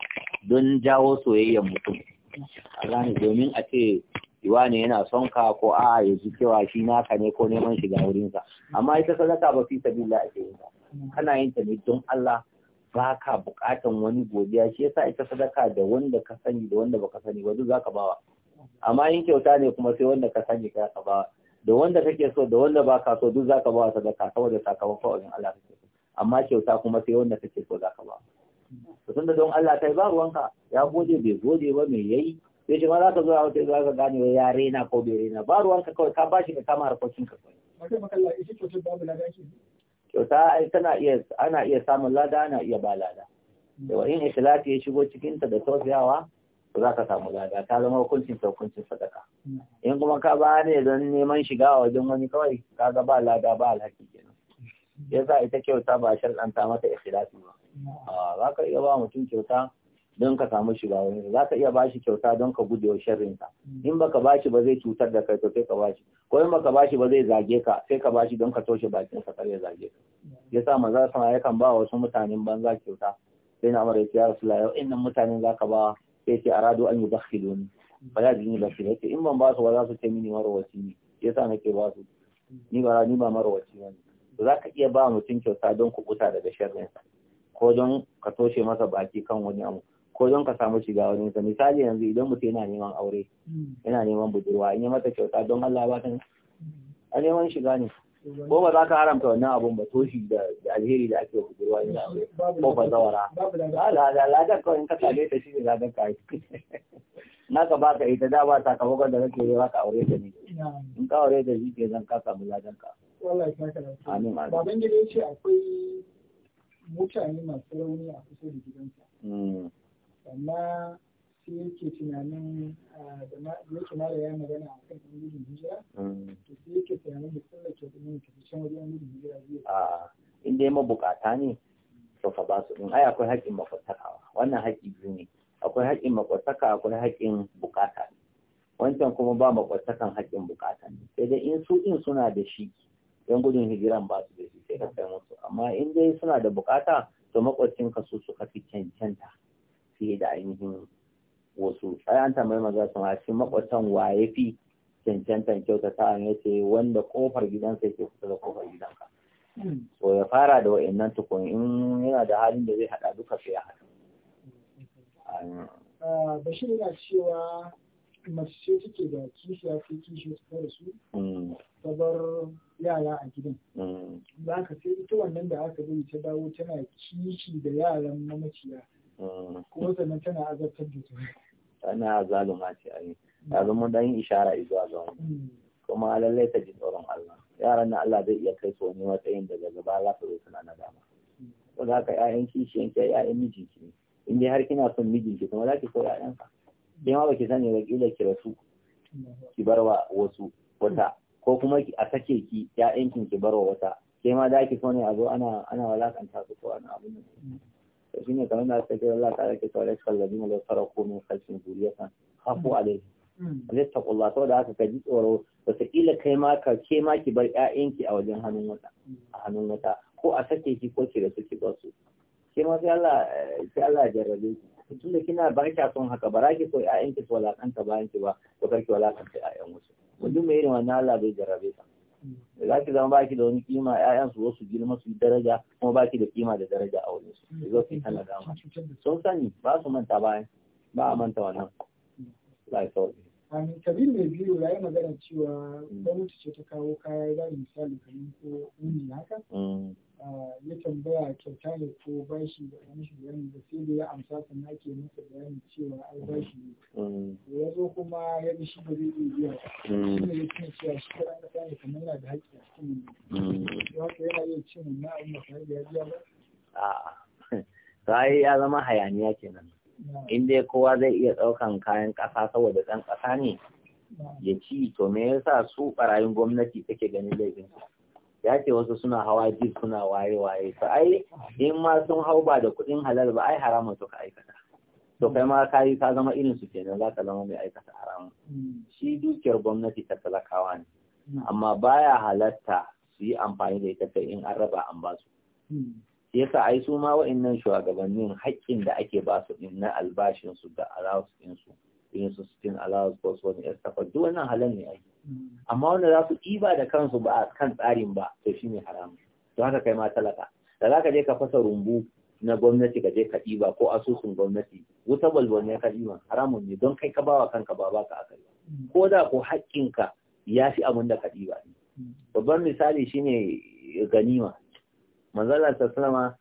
don jawo soyayyar mutum a domin a ce iwa yana son ka ko a ya ji cewa shi naka ne ko neman shiga wurinsa amma ita sadaka ba fi sabila ake yi ta kana yin ta ne don Allah ba ka bukatan wani godiya shi yasa ita sadaka da wanda ka sani da wanda baka sani ba duk ka bawa amma yin kyauta ne kuma sai wanda ka sani ka ka bawa da wanda kake so da wanda baka so duk zaka ba sadaka saboda sakamako wajen Allah kake so amma kyauta kuma sai wanda kake so zaka ba to tunda don Allah kai ba ruwanka ya gode bai gode ba mai yayi sai shi ma zaka zo a wata zaka gane wai ya rena ko bai rena ba ruwanka kawai ka bashi ka kama harkokin ka kyauta ai tana iya ana iya samun lada ana iya ba lada da in ikhlasi ya shigo cikin ta da tausayawa ba za ka samu lada ta zama hukuncin ta hukuncin sadaka mm. in kuma ka ba ne don neman shiga a wajen wani kawai ka ga ba lada ba alhaki kenan mm. ya sa ita kyauta ba sharɗanta mata ikhlasi ba mm. za ka iya ba mutum kyauta don ka samu shiga wani za ka iya bashi kyauta don ka guje wa ka in baka bashi ba zai cutar da kai to sai ka bashi ko in baka bashi ba zai zage ka sai ka bashi don ka toshe bakin sa kar ya zage ka ya yasa maza sama yakan ba wasu mutanen banza kyauta sai na amara ya rasu la in innan mutanen za ka ba sai ce arado an yi doni ba ya jini bakhil yake in ban ba su ba za su ce mini marowaci ne ya yasa nake ba su ni ba ni ba ne ba za ka iya ba mutum kyauta don kubuta daga sharrin ko don ka toshe masa baki kan wani abu ko don ka samu shiga wani sa misali yanzu idan mutum yana neman aure hmm. yana neman budurwa in yi mata kyauta don Allah ba ta ne a neman shiga ne ko ba za ka haramta wannan abun ba toshi da alheri da ake budurwa ne ko ba zawara ladar kawai in ka same ta shi ne ladar ka yi naka ba ka ita da ba sakamakon da kake yi ba ka aure ta ne in ka aure ta shi ke zan ka samu ladan ka amin amin ban gida ya ce akwai mutane masu rauni a kusa da ka hmm. amma sai yake tunanin ah, da yake mara ya magana a kan yan gudun hijira hmm. to sai yake tunanin da tsallake kudin ka fi can wajen yan gudun hijira zai a in dai mabukata ne to fa ba su din ai akwai haƙƙin makwatakawa wannan haƙƙi biyu ne akwai haƙƙin makwataka akwai haƙƙin bukata ne wancan kuma ba makwatakan haƙƙin bukata ne sai dai in su din suna da shi yan gudun hijiran ba su da shi sai ka kai musu amma in dai suna da bukata to makwacinka su suka fi cancanta fiye da ainihin wasu ai an tambayi maza su ma shi makwatan wa ya fi cancantan kyautata an ce wanda kofar gidansa yake kusa da kofar gidanka so ya fara da wa'annan tukun in yana da halin da zai hada duka sai ya hada bashir yana cewa mace suke da kishiya sai kishi su da su mm. bar yara a gidan mm. za ka sai ita wannan da aka zai ta dawo tana kishi da yaran mamaciya kuma sannan tana azabtar da su tana zaluma ce ai mm. yanzu mun dan yi ishara zuwa ga wani mm. kuma lallai ta ji tsoron Allah yaran na Allah zai iya kai su wani matsayin daga gaba za su zo suna na dama ko za ka ƴaƴan kishiyanki ƴaƴan mijinki ne in dai har kina son mijinki kuma za ki so ƴaƴanka dai ma baki sani ba kila ki rasu ki bar wa wasu wata ko kuma a sake ki ƴaƴankin ki bar wa wata ke ma da ki so ne a zo ana ana walakanta su ko ana abu. nan mm. to shine kamar da aka kira Allah ta'ala ke cewa laifin ladina la saraku min khalfin a khafu alayhi hmm. littaqullah da haka ka ji tsoro wataƙila kai ma ka ke ma ki bar ƴaƴanki a wajen hannun wata a hannun wata ko a sake ki ko ke da suke ba su ke ma sai Allah sai Allah jarrabe ki tunda kina ba a son haka ba ki so ƴaƴanki su walakanta bayan ki ba ko karki walakanta ƴaƴan wasu wanda mai irin wannan Allah bai jarrabe ka za ki zama ba ki da wani kima ƴaƴan su wasu girma su daraja kuma ba ki da kima da daraja a wurin su da zo ki tana sun sani ba su manta bayan ba a manta wannan ba ya sauki amin kabir mai biyu ya yi magana cewa gwamnati ce ta kawo kaya ya ba misali kamar ko wani haka mm. ya tambaya kyauta ne ko bashi da wani shi bayanin da sai da ya amsa sannan ake masa bayani cewa ai bashi ne da ya zo kuma ya bi shi da zai iya biya shi ne ya ce cewa shi kuɗin ƙasa ne kamar yana da haƙƙi a cikin ya haka yana iya cin na abin da kare da ya biya ba. a'a sai ya zama hayaniya kenan in dai kowa zai iya ɗaukan kayan ƙasa saboda ɗan ƙasa ne ya ci to me yasa su ɓarayin gwamnati take ganin laifin su ya ce wasu suna hawa jib suna waye-waye ta ai in ma sun hau ba da kuɗin halal ba ai haramun suka aikata to kai ma ka yi ka zama irin su kenan za ka zama mai aikata haramun shi dukiyar gwamnati ta talakawa ne amma baya halatta su yi amfani da ita kai in an raba an ba su shi yasa ai su ma wa'annan shugabannin haƙƙin da ake ba su din na albashin su da allowance din su irin su cikin allowance ko su wani duk wannan halal ne ake amma wanda za su ɗiba da kansu ba a kan tsarin ba to shi ne haramu don haka kai ma talaka da za ka je ka fasa rumbu na gwamnati ka je ka ɗiba ko asusun gwamnati wuta balbal ne ka ɗiba haramun ne don kai ka bawa kanka ba ka aka yi ko da ko haƙƙinka ya fi abin da ka ɗiba babban misali shine ganima manzalar sassanama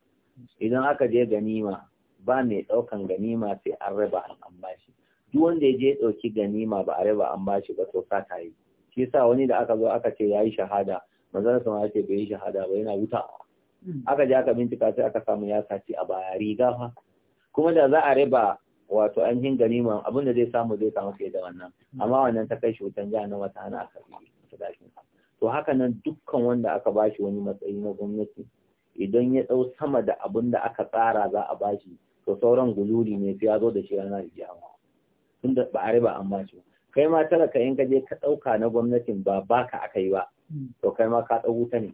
idan aka je ganima ba mai ɗaukan ganima sai an raba an bashi duk wanda ya je ɗauki ganima ba a raba an bashi ba to ta yi shi yasa wani da aka zo aka ce yayi shahada manzon sama ya ce bai yi shahada ba yana wuta hmm. aka je aka bincika sai aka samu ya saci a baya riga fa kuma da za a riba wato an ainihin ganima abin da zai samu zai samu fiye da wannan hmm. amma wannan ta kai shi wutan na wata hana aka yi sadakin to haka nan dukkan wanda aka bashi wani matsayi na gwamnati idan ya dau sama da abin da aka tsara za a bashi to sauran gululi ne sai ya zo da shi ranar kiyama tunda ba a riba an bashi kai ma talaka in ka je ka ɗauka na gwamnatin ba baka aka yi ba mm. to kai ma ka ɗau wuta ne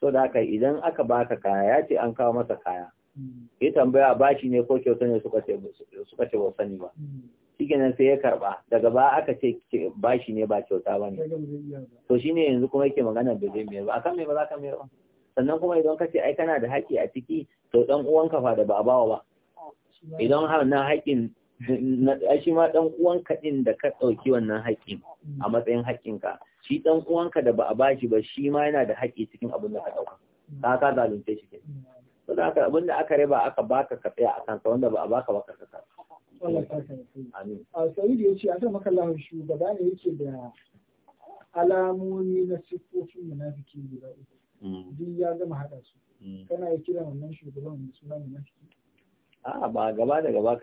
so da haka idan aka baka kaya ya ce an kawo masa kaya mm. ya tambaya bashi ne ko kyauta ne suka ce ba sani ba mm. shikenan sai ya karba daga ba aka ce bashi ne ba kyauta ba ne to shine yanzu kuma yake magana da zai mayar ba akan mai ba za ka mayar ba sannan kuma idan ka ce ai kana da haƙƙi a ciki to ɗan uwanka fa da ba a bawa ba oh, idan har na haƙƙin ai shi ma dan uwanka ɗin da ka ɗauki wannan haƙƙin a matsayin haƙƙinka shi dan uwanka da ba a bashi ba shi ma yana da haƙƙi cikin abin da ka dauka ka ka zalunce shi ke to da haka abin da aka riba aka baka ka tsaya a kansa wanda ba a baka ba ka saka amin a sa'idu ya ce a kan makallahu shugaba ne yake da alamomi na siffofin munafiki guda uku mm. duk ya gama haɗa su mm. kana ya kira wannan shugaban da suna munafiki A'a ba gaba da gaba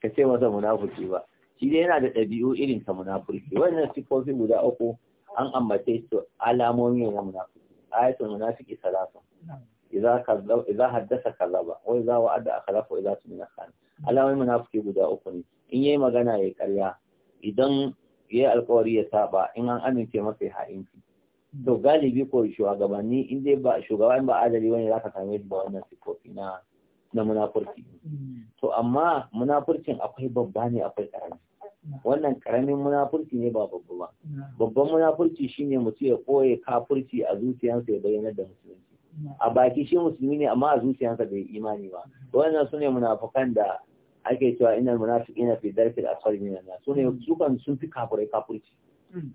ka ce masa munafuki ba shi dai yana da ɗabi'u irin ta munafuki wannan sifofi guda uku an ambace su alamomi na munafuki ayatul munafiki salasa idza kadzaba idza haddasa kallaba wa idza wa'ada akhlafa idza tumina khana Alamomi munafiki guda uku ne in yayi magana yayi ƙarya idan yayi alƙawari ya saba in an amince masa ya ha'inci to galibi ko shugabanni in dai ba shugaban ba adali wani zaka same shi ba wannan sifofi na na munafurci to amma munafurcin akwai babba ne akwai ƙarami wannan ƙaramin munafurci ne ba babba ba babban munafurci shine mutum ya koye kafurci a zuciyarsa ya bayyana da musulunci a baki shi musulmi ne amma a zuciyarsa bai imani ba wannan sune munafukan da ake cewa inal na fi darkil asfali minan su sune sukan sun fi kafurai kafurci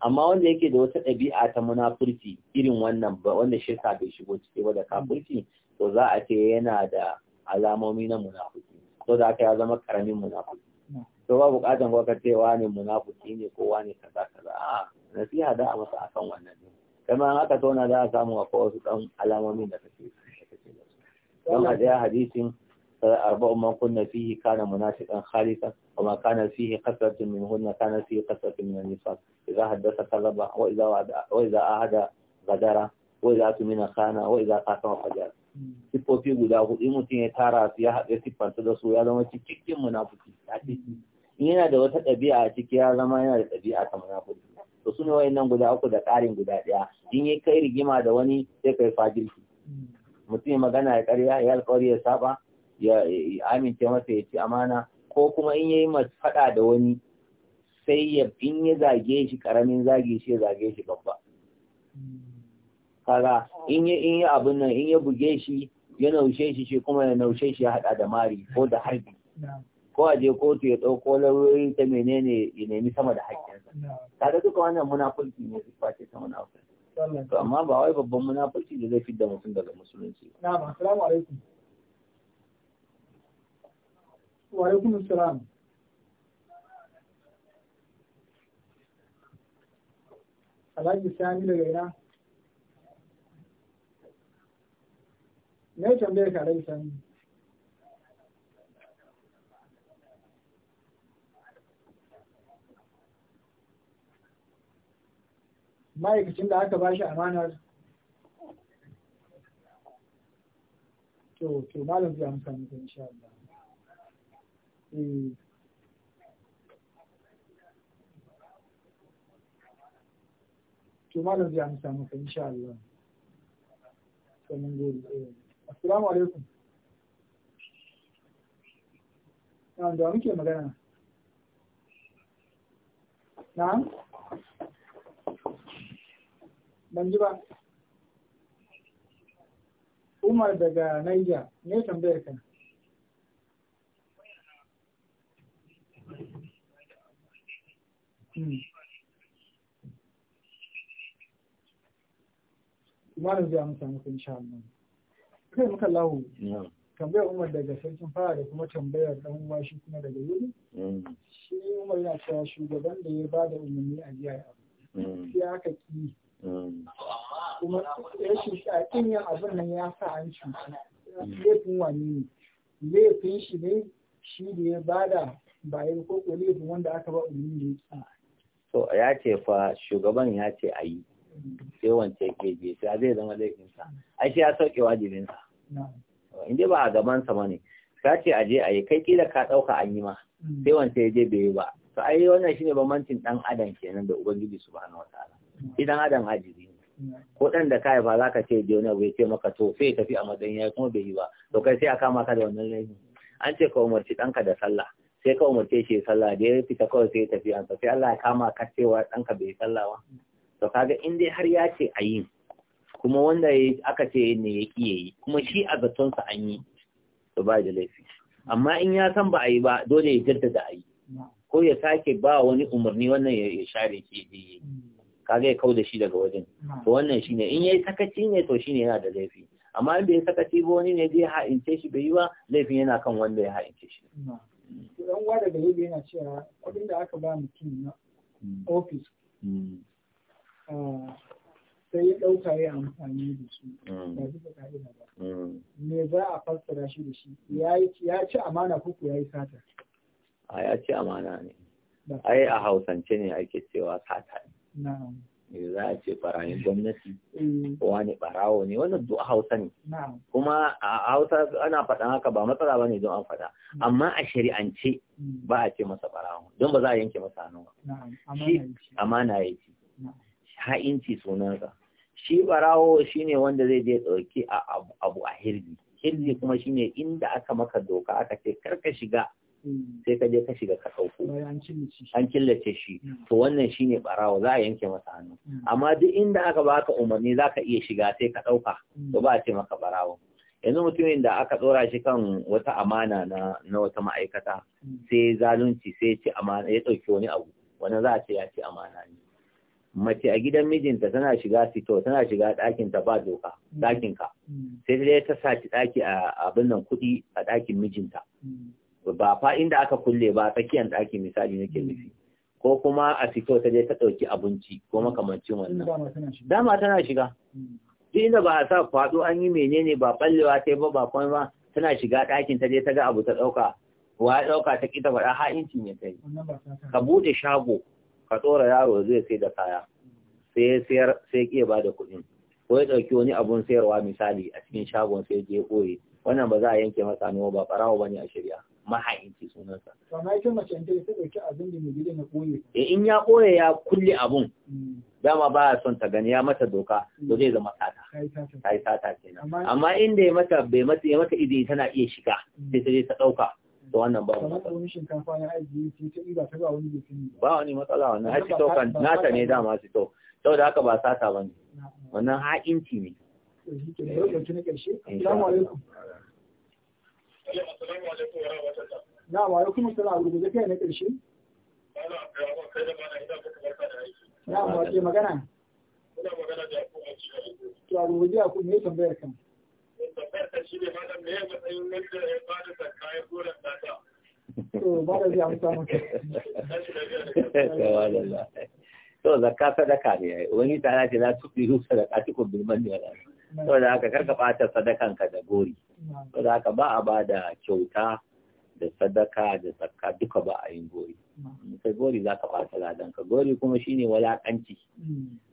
amma wanda yake da wata ɗabi'a ta munafurci irin wannan ba wanda shirka bai shigo ciki ba da kafurci to za a ce yana da alamomi na munafuki ko da aka ya zama karamin munafuki to ba bukatan ko ka ce wani munafuki ne ko wani kaza kaza a nasiha da a masa akan wannan ne kamar an aka tona da a samu a ko su dan alamomi da kake kake da su don a daya hadisin arba umman kunna fihi kana munafiqan khalisan wama kana fihi qasatun min hunna kana fihi qasatun min nifaq idza haddatha kadhaba wa idza wa idza ahada ghadara wa idza tumina khana wa idza qasama fajara siffofi guda hudu mutum ya tara su ya haɗe siffanta da su ya zama cikin munafuki a ciki in yana da wata ɗabi'a a ciki ya zama yana da ɗabi'a ta munafuki to su ne wayannan guda uku da ƙarin guda ɗaya in ya kai rigima da wani sai kai fajirki mutum ya magana ya ƙarya ya alƙawari ya saba ya amince masa ya ci amana ko kuma in yayi masa faɗa da wani sai ya in ya zage shi ƙaramin zage shi ya zage shi babba kaga in ya in ya abin nan in ya buge shi ya naushe shi shi kuma ya naushe shi ya hada da mari ko da harbi ko a je kotu ya dauko lauyoyi ta menene ya nemi sama da haƙƙinsa kaga duka wannan munafurci ne su face ta munafurci to amma ba wai babban munafurci da zai fidda mutum daga musulunci na'am assalamu alaikum wa alaikum assalam Alhaji Sani daga ina Me tambaye ka rai sani. Ma'aikacin da aka bashi amanar to to malam zai amsa muku insha Allah. Eh. to malam zai amsa maka insha Allah. Sai mun gode. assalamu alaikum na da muke magana na ban ji ba umar daga Naija ne tambayar ka hmm. Malam zai amsa muku insha Allah. kai muka lahu tambayar umar daga sarkin fara da kuma tambayar dan uwa shi kuma daga yuri mm. shi umar yana cewa shugaban da ya ba da umarni a jiya abu mm. sai aka ki mm. kuma rashin shi a kin yin abin nan ya sa an cuci laifin wani ne laifin shi ne shi da ya ba da ya ko laifin wanda aka ba umarni da ya so ya ce fa shugaban ya ce a yi sai wance ke je sai zai zama laifinsa ai shi ya sauke wajibinsa inda ba a gabansa ba ne ka ce a je a yi kai kila ka ɗauka an yi ma mm. sai wanda ya je bai yi ba to ai wannan shine bambancin dan adam kenan da ubangiji subhanahu wataala mm. idan adam ajizi ne mm. ko dan da kai ba za ka ce je wani ce maka to sai tafi a matsayin yayi kuma bai yi ba to kai sai a kama ka da wannan laifin an ce ka umarci ɗanka da sallah sai ka umarce shi sallah da ya fita kawai sai tafi an sai Allah ya kama ka cewa ɗanka bai sallah ba to kaga in dai har ya ce a yi kuma wanda aka ce ne ya ƙi yi kuma shi a zatonsa an yi to ba da laifi amma in ya san ba a yi ba dole ya jaddada a yi ko ya sake ba wani umarni wannan ya share shi da yi kaga kau da shi daga wajen to wannan shine in yayi sakaci ne to shine yana da laifi amma in bai sakaci ba wani ne zai ha'ince shi bai yi ba laifin yana kan wanda ya ha'ince shi dan uwa daga yau yana cewa kudin da aka ba mutum na office hmm. eh, sai ya ɗauka ya amfani da su mm. ba bisa ka'ida ba mm. me za a fassara shi da shi ya ci amana ko ya yi sata a ya ci amana ne ai a hausance ne ake cewa sata ne za a ce barayin gwamnati kowa eh. ne barawo ne wannan duk hausa ne kuma a hausa ana faɗan haka ba matsala ba ne don an faɗa mm. amma a shari'ance ba a ce masa barawo don ba za a yanke masa hannu ba amana ya ci ha'inci sunansa shi barawo shine wanda zai je ɗauki abu a hirji hirji kuma shine inda aka maka doka aka ce kar ka shiga hmm. sai ka je ka shiga ka ɗauko an killace shi hmm. to wannan shine barawo za a yanke masa hannu hmm. amma duk inda aka baka umarni za ka iya shiga sai ka ɗauka to ba a ce maka barawo yanzu mutumin da aka ɗora shi kan wata amana na wata ma'aikata sai zalunci sai ya ce amana ya ɗauki wani abu Wani za a ce ya ce amana ne mace a gidan mijinta tana shiga sito tana shiga ɗakinta ba doka mm. ɗakinka mm. sai dai ta saci ɗaki a abin nan kuɗi a ɗakin mijinta mm. ba fa inda aka kulle ba tsakiyar ɗaki misali nake nufi ko kuma a sito ta je ta ɗauki abinci ko makamancin wannan dama tana shiga duk inda ba a sa faɗo an yi menene ba ɓallewa ta ba ba kuma ba tana shiga ɗakin ta je ta ga abu ta ɗauka wa ya ɗauka ta ƙi ta faɗa ha inci ne ta yi ka buɗe shago ka tsora yaro zai sai da kaya sai sayar sai ke ba da kuɗin ko ya ɗauki wani abun sayarwa misali a cikin shagon sai je ɓoye wannan ba za a yanke masa hannu ba farawa ba ne a shirya Mahaifin sunansa. In ya ɓoye ya kulle abun mm. dama ba son ta gani ya mata doka to zai zama sata. Ta yi sata kenan. Amma inda ya mata bai mata ya mata izini tana iya shiga mm. sai ta je ta ɗauka. to wannan ba mu wani shinkafa na aiki ce ta ta kan nata ne dama su to saboda haka ba sata bane wannan ne Assalamu alaikum. Na alaikum kai na ƙarshe. ke magana? Ina magana da a cikin. To a rubuce tambayar kan? da To bilman ne haka karka ɓata sadakanka da gori. da haka ba a ba da kyauta da sadaka da tsakka duka ba a yin gori kai gori za ka ɓata ladan ka gori kuma shine walakanci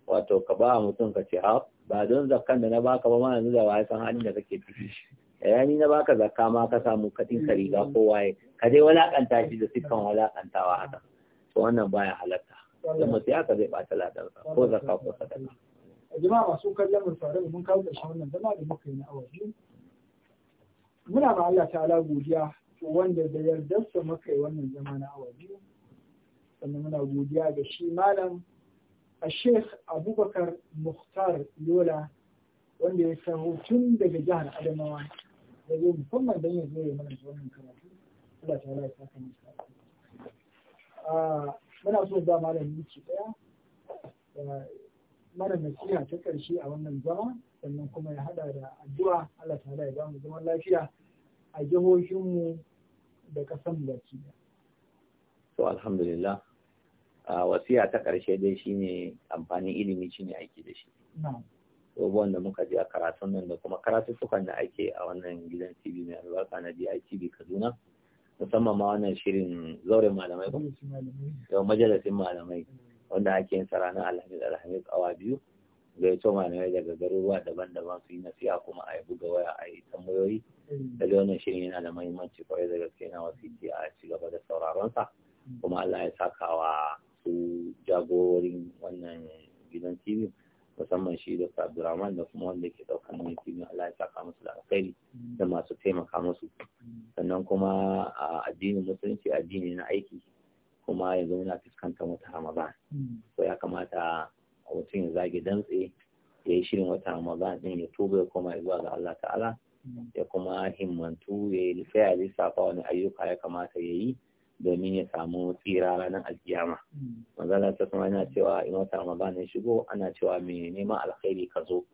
wato ka ba mutum ka ce hau ba don zakkan da na baka ba ma yanzu da waye san halin da kake ciki ya eh, ni na baka zakka ma ka samu kaɗin ka riga mm. ko waye ka dai walakanta shi da siffan walakantawa haka to wannan baya halatta da mutum ka zai ɓata ladan ko zakka ko sadaka jama'a masu kallon mu tare mun kawo ƙarshen wannan zama da muka yi na awa biyu muna ma Allah ta'ala godiya wanda da yardarsa maka yi wannan zama na awa biyu sannan muna godiya ga shi malam a sheikh abubakar muhtar yola wanda ya sahu tun daga jihar adamawa da zai musamman don ya zo ya mana wannan karatu Allah ta ya saka a muna so za malam miki daya mara nasiha ta karshe a wannan zama sannan kuma ya hada da addu'a Allah ta ya ba mu zaman lafiya a jihohinmu da kasan baki to alhamdulillah a wasiya ta ƙarshe dai shine amfanin ilimi shi ne aiki da shi abubuwan da muka ji a karatun nan da kuma karatuttukan da ake a wannan gidan tv mai albarka na DITV kaduna musamman ma wannan shirin zauren malamai ba yau majalisin malamai wanda ake yin sa alhamis alhamis awa biyu gaito malamai daga garuruwa daban-daban su yi nasiha kuma a yi buga waya a yi tambayoyi da mm. wannan shirin yana da mahimmanci kwarai da gaske na wasu ji a ci gaba da sa. Mm. kuma Allah ya saka wa su jagorin wannan gidan TV musamman shi da Abdulrahman da kuma wanda ke daukan mai TV Allah ya saka musu da alkhairi mm. da masu taimaka musu sannan kuma a addinin musulunci addini na aiki kuma yanzu muna fuskantar wata Ramadan to ya kamata mutum ya zage dantse ya yi shirin wata ramadan ɗin ya tuba ya koma zuwa ga Allah ta'ala ya kuma himmantu ya yi sai a lissafa wani ayyuka ya kamata ya yi domin ya samu tsira ranar alkiyama manzala ta kuma yana cewa in wata ramadan ya shigo ana cewa mai neman alkhairi ka zo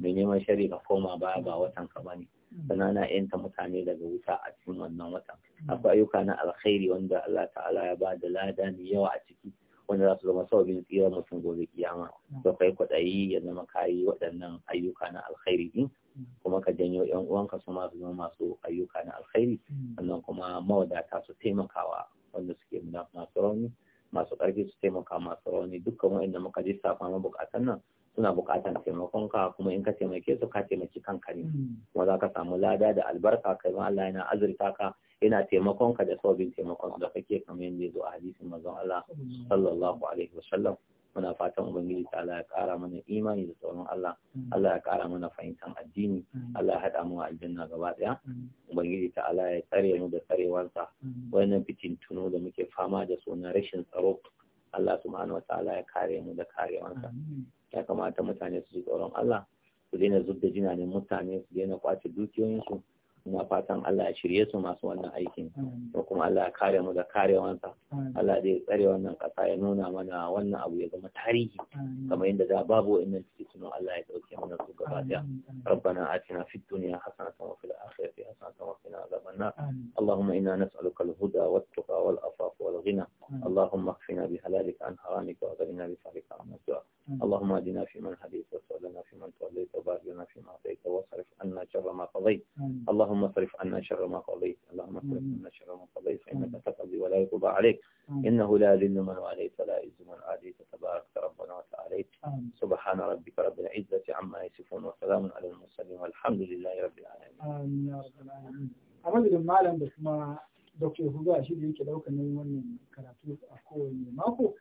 mai neman shari ka koma baya ba watan ka bane sannan ana yanta mutane daga wuta a cikin wannan watan akwai ayyuka na alkhairi wanda Allah ta'ala ya ba da lada mai yawa a ciki wanda za su zama sauƙin tsira mutum gobe kiyama Ka kai kwaɗayi ya zama kayi waɗannan ayyuka na alkhairi din kuma ka janyo yan uwanka su ma su zama masu ayyuka na alkhairi sannan kuma mawadata su taimakawa wanda suke masu rauni masu ƙarfi su taimaka masu rauni dukkan da muka lissafa mabuƙatan nan suna buƙatan taimakon ka kuma in ka taimake su ka taimaki kanka ne hmm. kuma za ka samu lada da albarka kai ma Allah yana azurta ka ina taimakon ka da sabbin taimakon da kake kamar yadda ya zo a hadisin mazan Allah sallallahu alaihi wasallam muna fatan ubangiji ta Allah ya kara mana imani da tsoron Allah Allah ya kara mana fahimtar addini Allah ya haɗa mu aljanna gaba ɗaya ubangiji ta Allah ya tsare mu da tsarewansa wannan fitin tuno da muke fama da su na rashin tsaro Allah subhanahu wa ta'ala ya kare mu da karewansa ya kamata mutane su ji tsoron Allah su daina zub da ne mutane su daina kwace dukiyoyinsu muna fatan Allah ya shirye su masu wannan aikin da kuma Allah ya kare mu da karewansa Allah zai tsare wannan kasa ya nuna mana wannan abu ya zama tarihi kamar yadda da babu wannan cikin Allah ya dauke mana su gaba daya rabbana atina fid dunya hasanatan wa fil akhirati hasanatan wa qina adhaban nar allahumma inna nas'aluka al huda wat tuqa wal afaf wal ghina allahumma اكفنا بحلالك عن حرامك وغننا بفضلك عن السوء اللهم اهدنا فيمن هديت وسؤالنا فيمن توليت fi لنا فيما اعطيت واصرف عنا شر ما قضيت اللهم اللهم اصرف عنا شر ما قضيت اللهم اصرف عنا شر ما قضيت فإنك تقضي ولا يقضى عليك إنه لا ذل من وليت ولا عز من عاديت تبارك ربنا وتعاليت سبحان ربك رب العزة عما يصفون وسلام على المرسلين والحمد لله رب العالمين آمين يا رب العالمين أمد malam da kuma Dr. Huga shi da yake daukar nauyin wannan karatu a kowane mako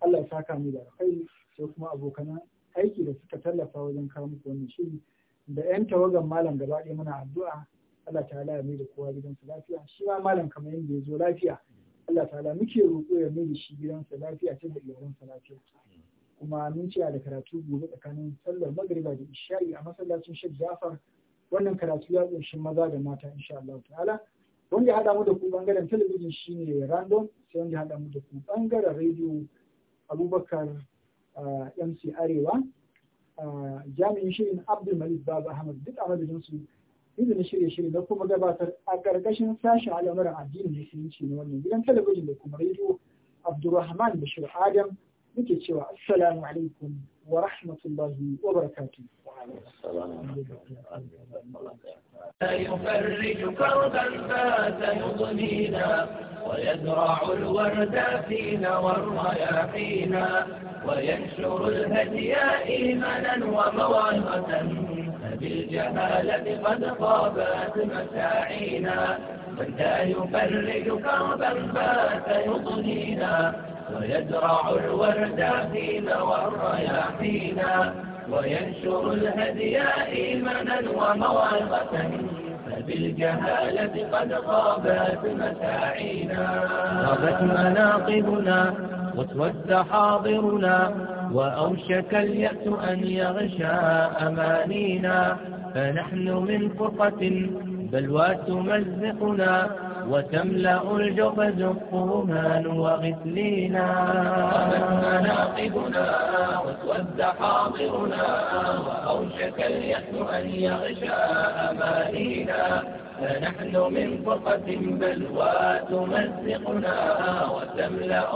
Allah ya saka mu da alkhairi sai kuma abokan aiki da suka tallafa wajen kawo muku wannan shiri da 'yan tawagan malam gaba ɗaya muna addu'a Allah ta ya mai da kowa gidansa lafiya shi ma malam kamar yadda ya zo lafiya Allah ta'ala muke roƙo ya mai da shi gidansa lafiya ta da iyalansa lafiya kuma mun ci da karatu gobe tsakanin sallar magriba da isha'i a masallacin Sheikh Jafar wannan karatu ya shi maza da mata insha Allah ta'ala wanda ya haɗa mu da ku bangaren talabijin shine random sai wanda ya haɗa mu da ku bangaren rediyo abubakar mc arewa jami'in shirin abdul malik baba ahmad duk a su izinin shirye-shirye da kuma gabatar a ƙarƙashin sashen al'amuran addinin musulunci na wannan gidan talabijin da kuma rediyo abdulrahman bashir adam muke cewa assalamu alaikum wa rahmatullahi wa barakatuh لا يفرج كربا فات يضنينا ويزرع الورد فينا والرياحينا وينشر الهدي إيمانا وموعظة بالجهالة قد طابت مساعينا من لا يفرج كربا بات يطنينا ويزرع الورد فينا والرياحينا وينشر الهدي إيمانا وموعظة فبالجهالة قد غابت مساعينا غابت مناقبنا وتود حاضرنا وأوشك اليأس أن يغشى أمانينا فنحن من فرقة بلوى تمزقنا وتملأ الجبز الطرمان وغسلينا أمن مناقبنا وتود حاضرنا وأوشك اليأس أن يغشى أمانينا فنحن من فرقة بلوى تمزقنا وتملأ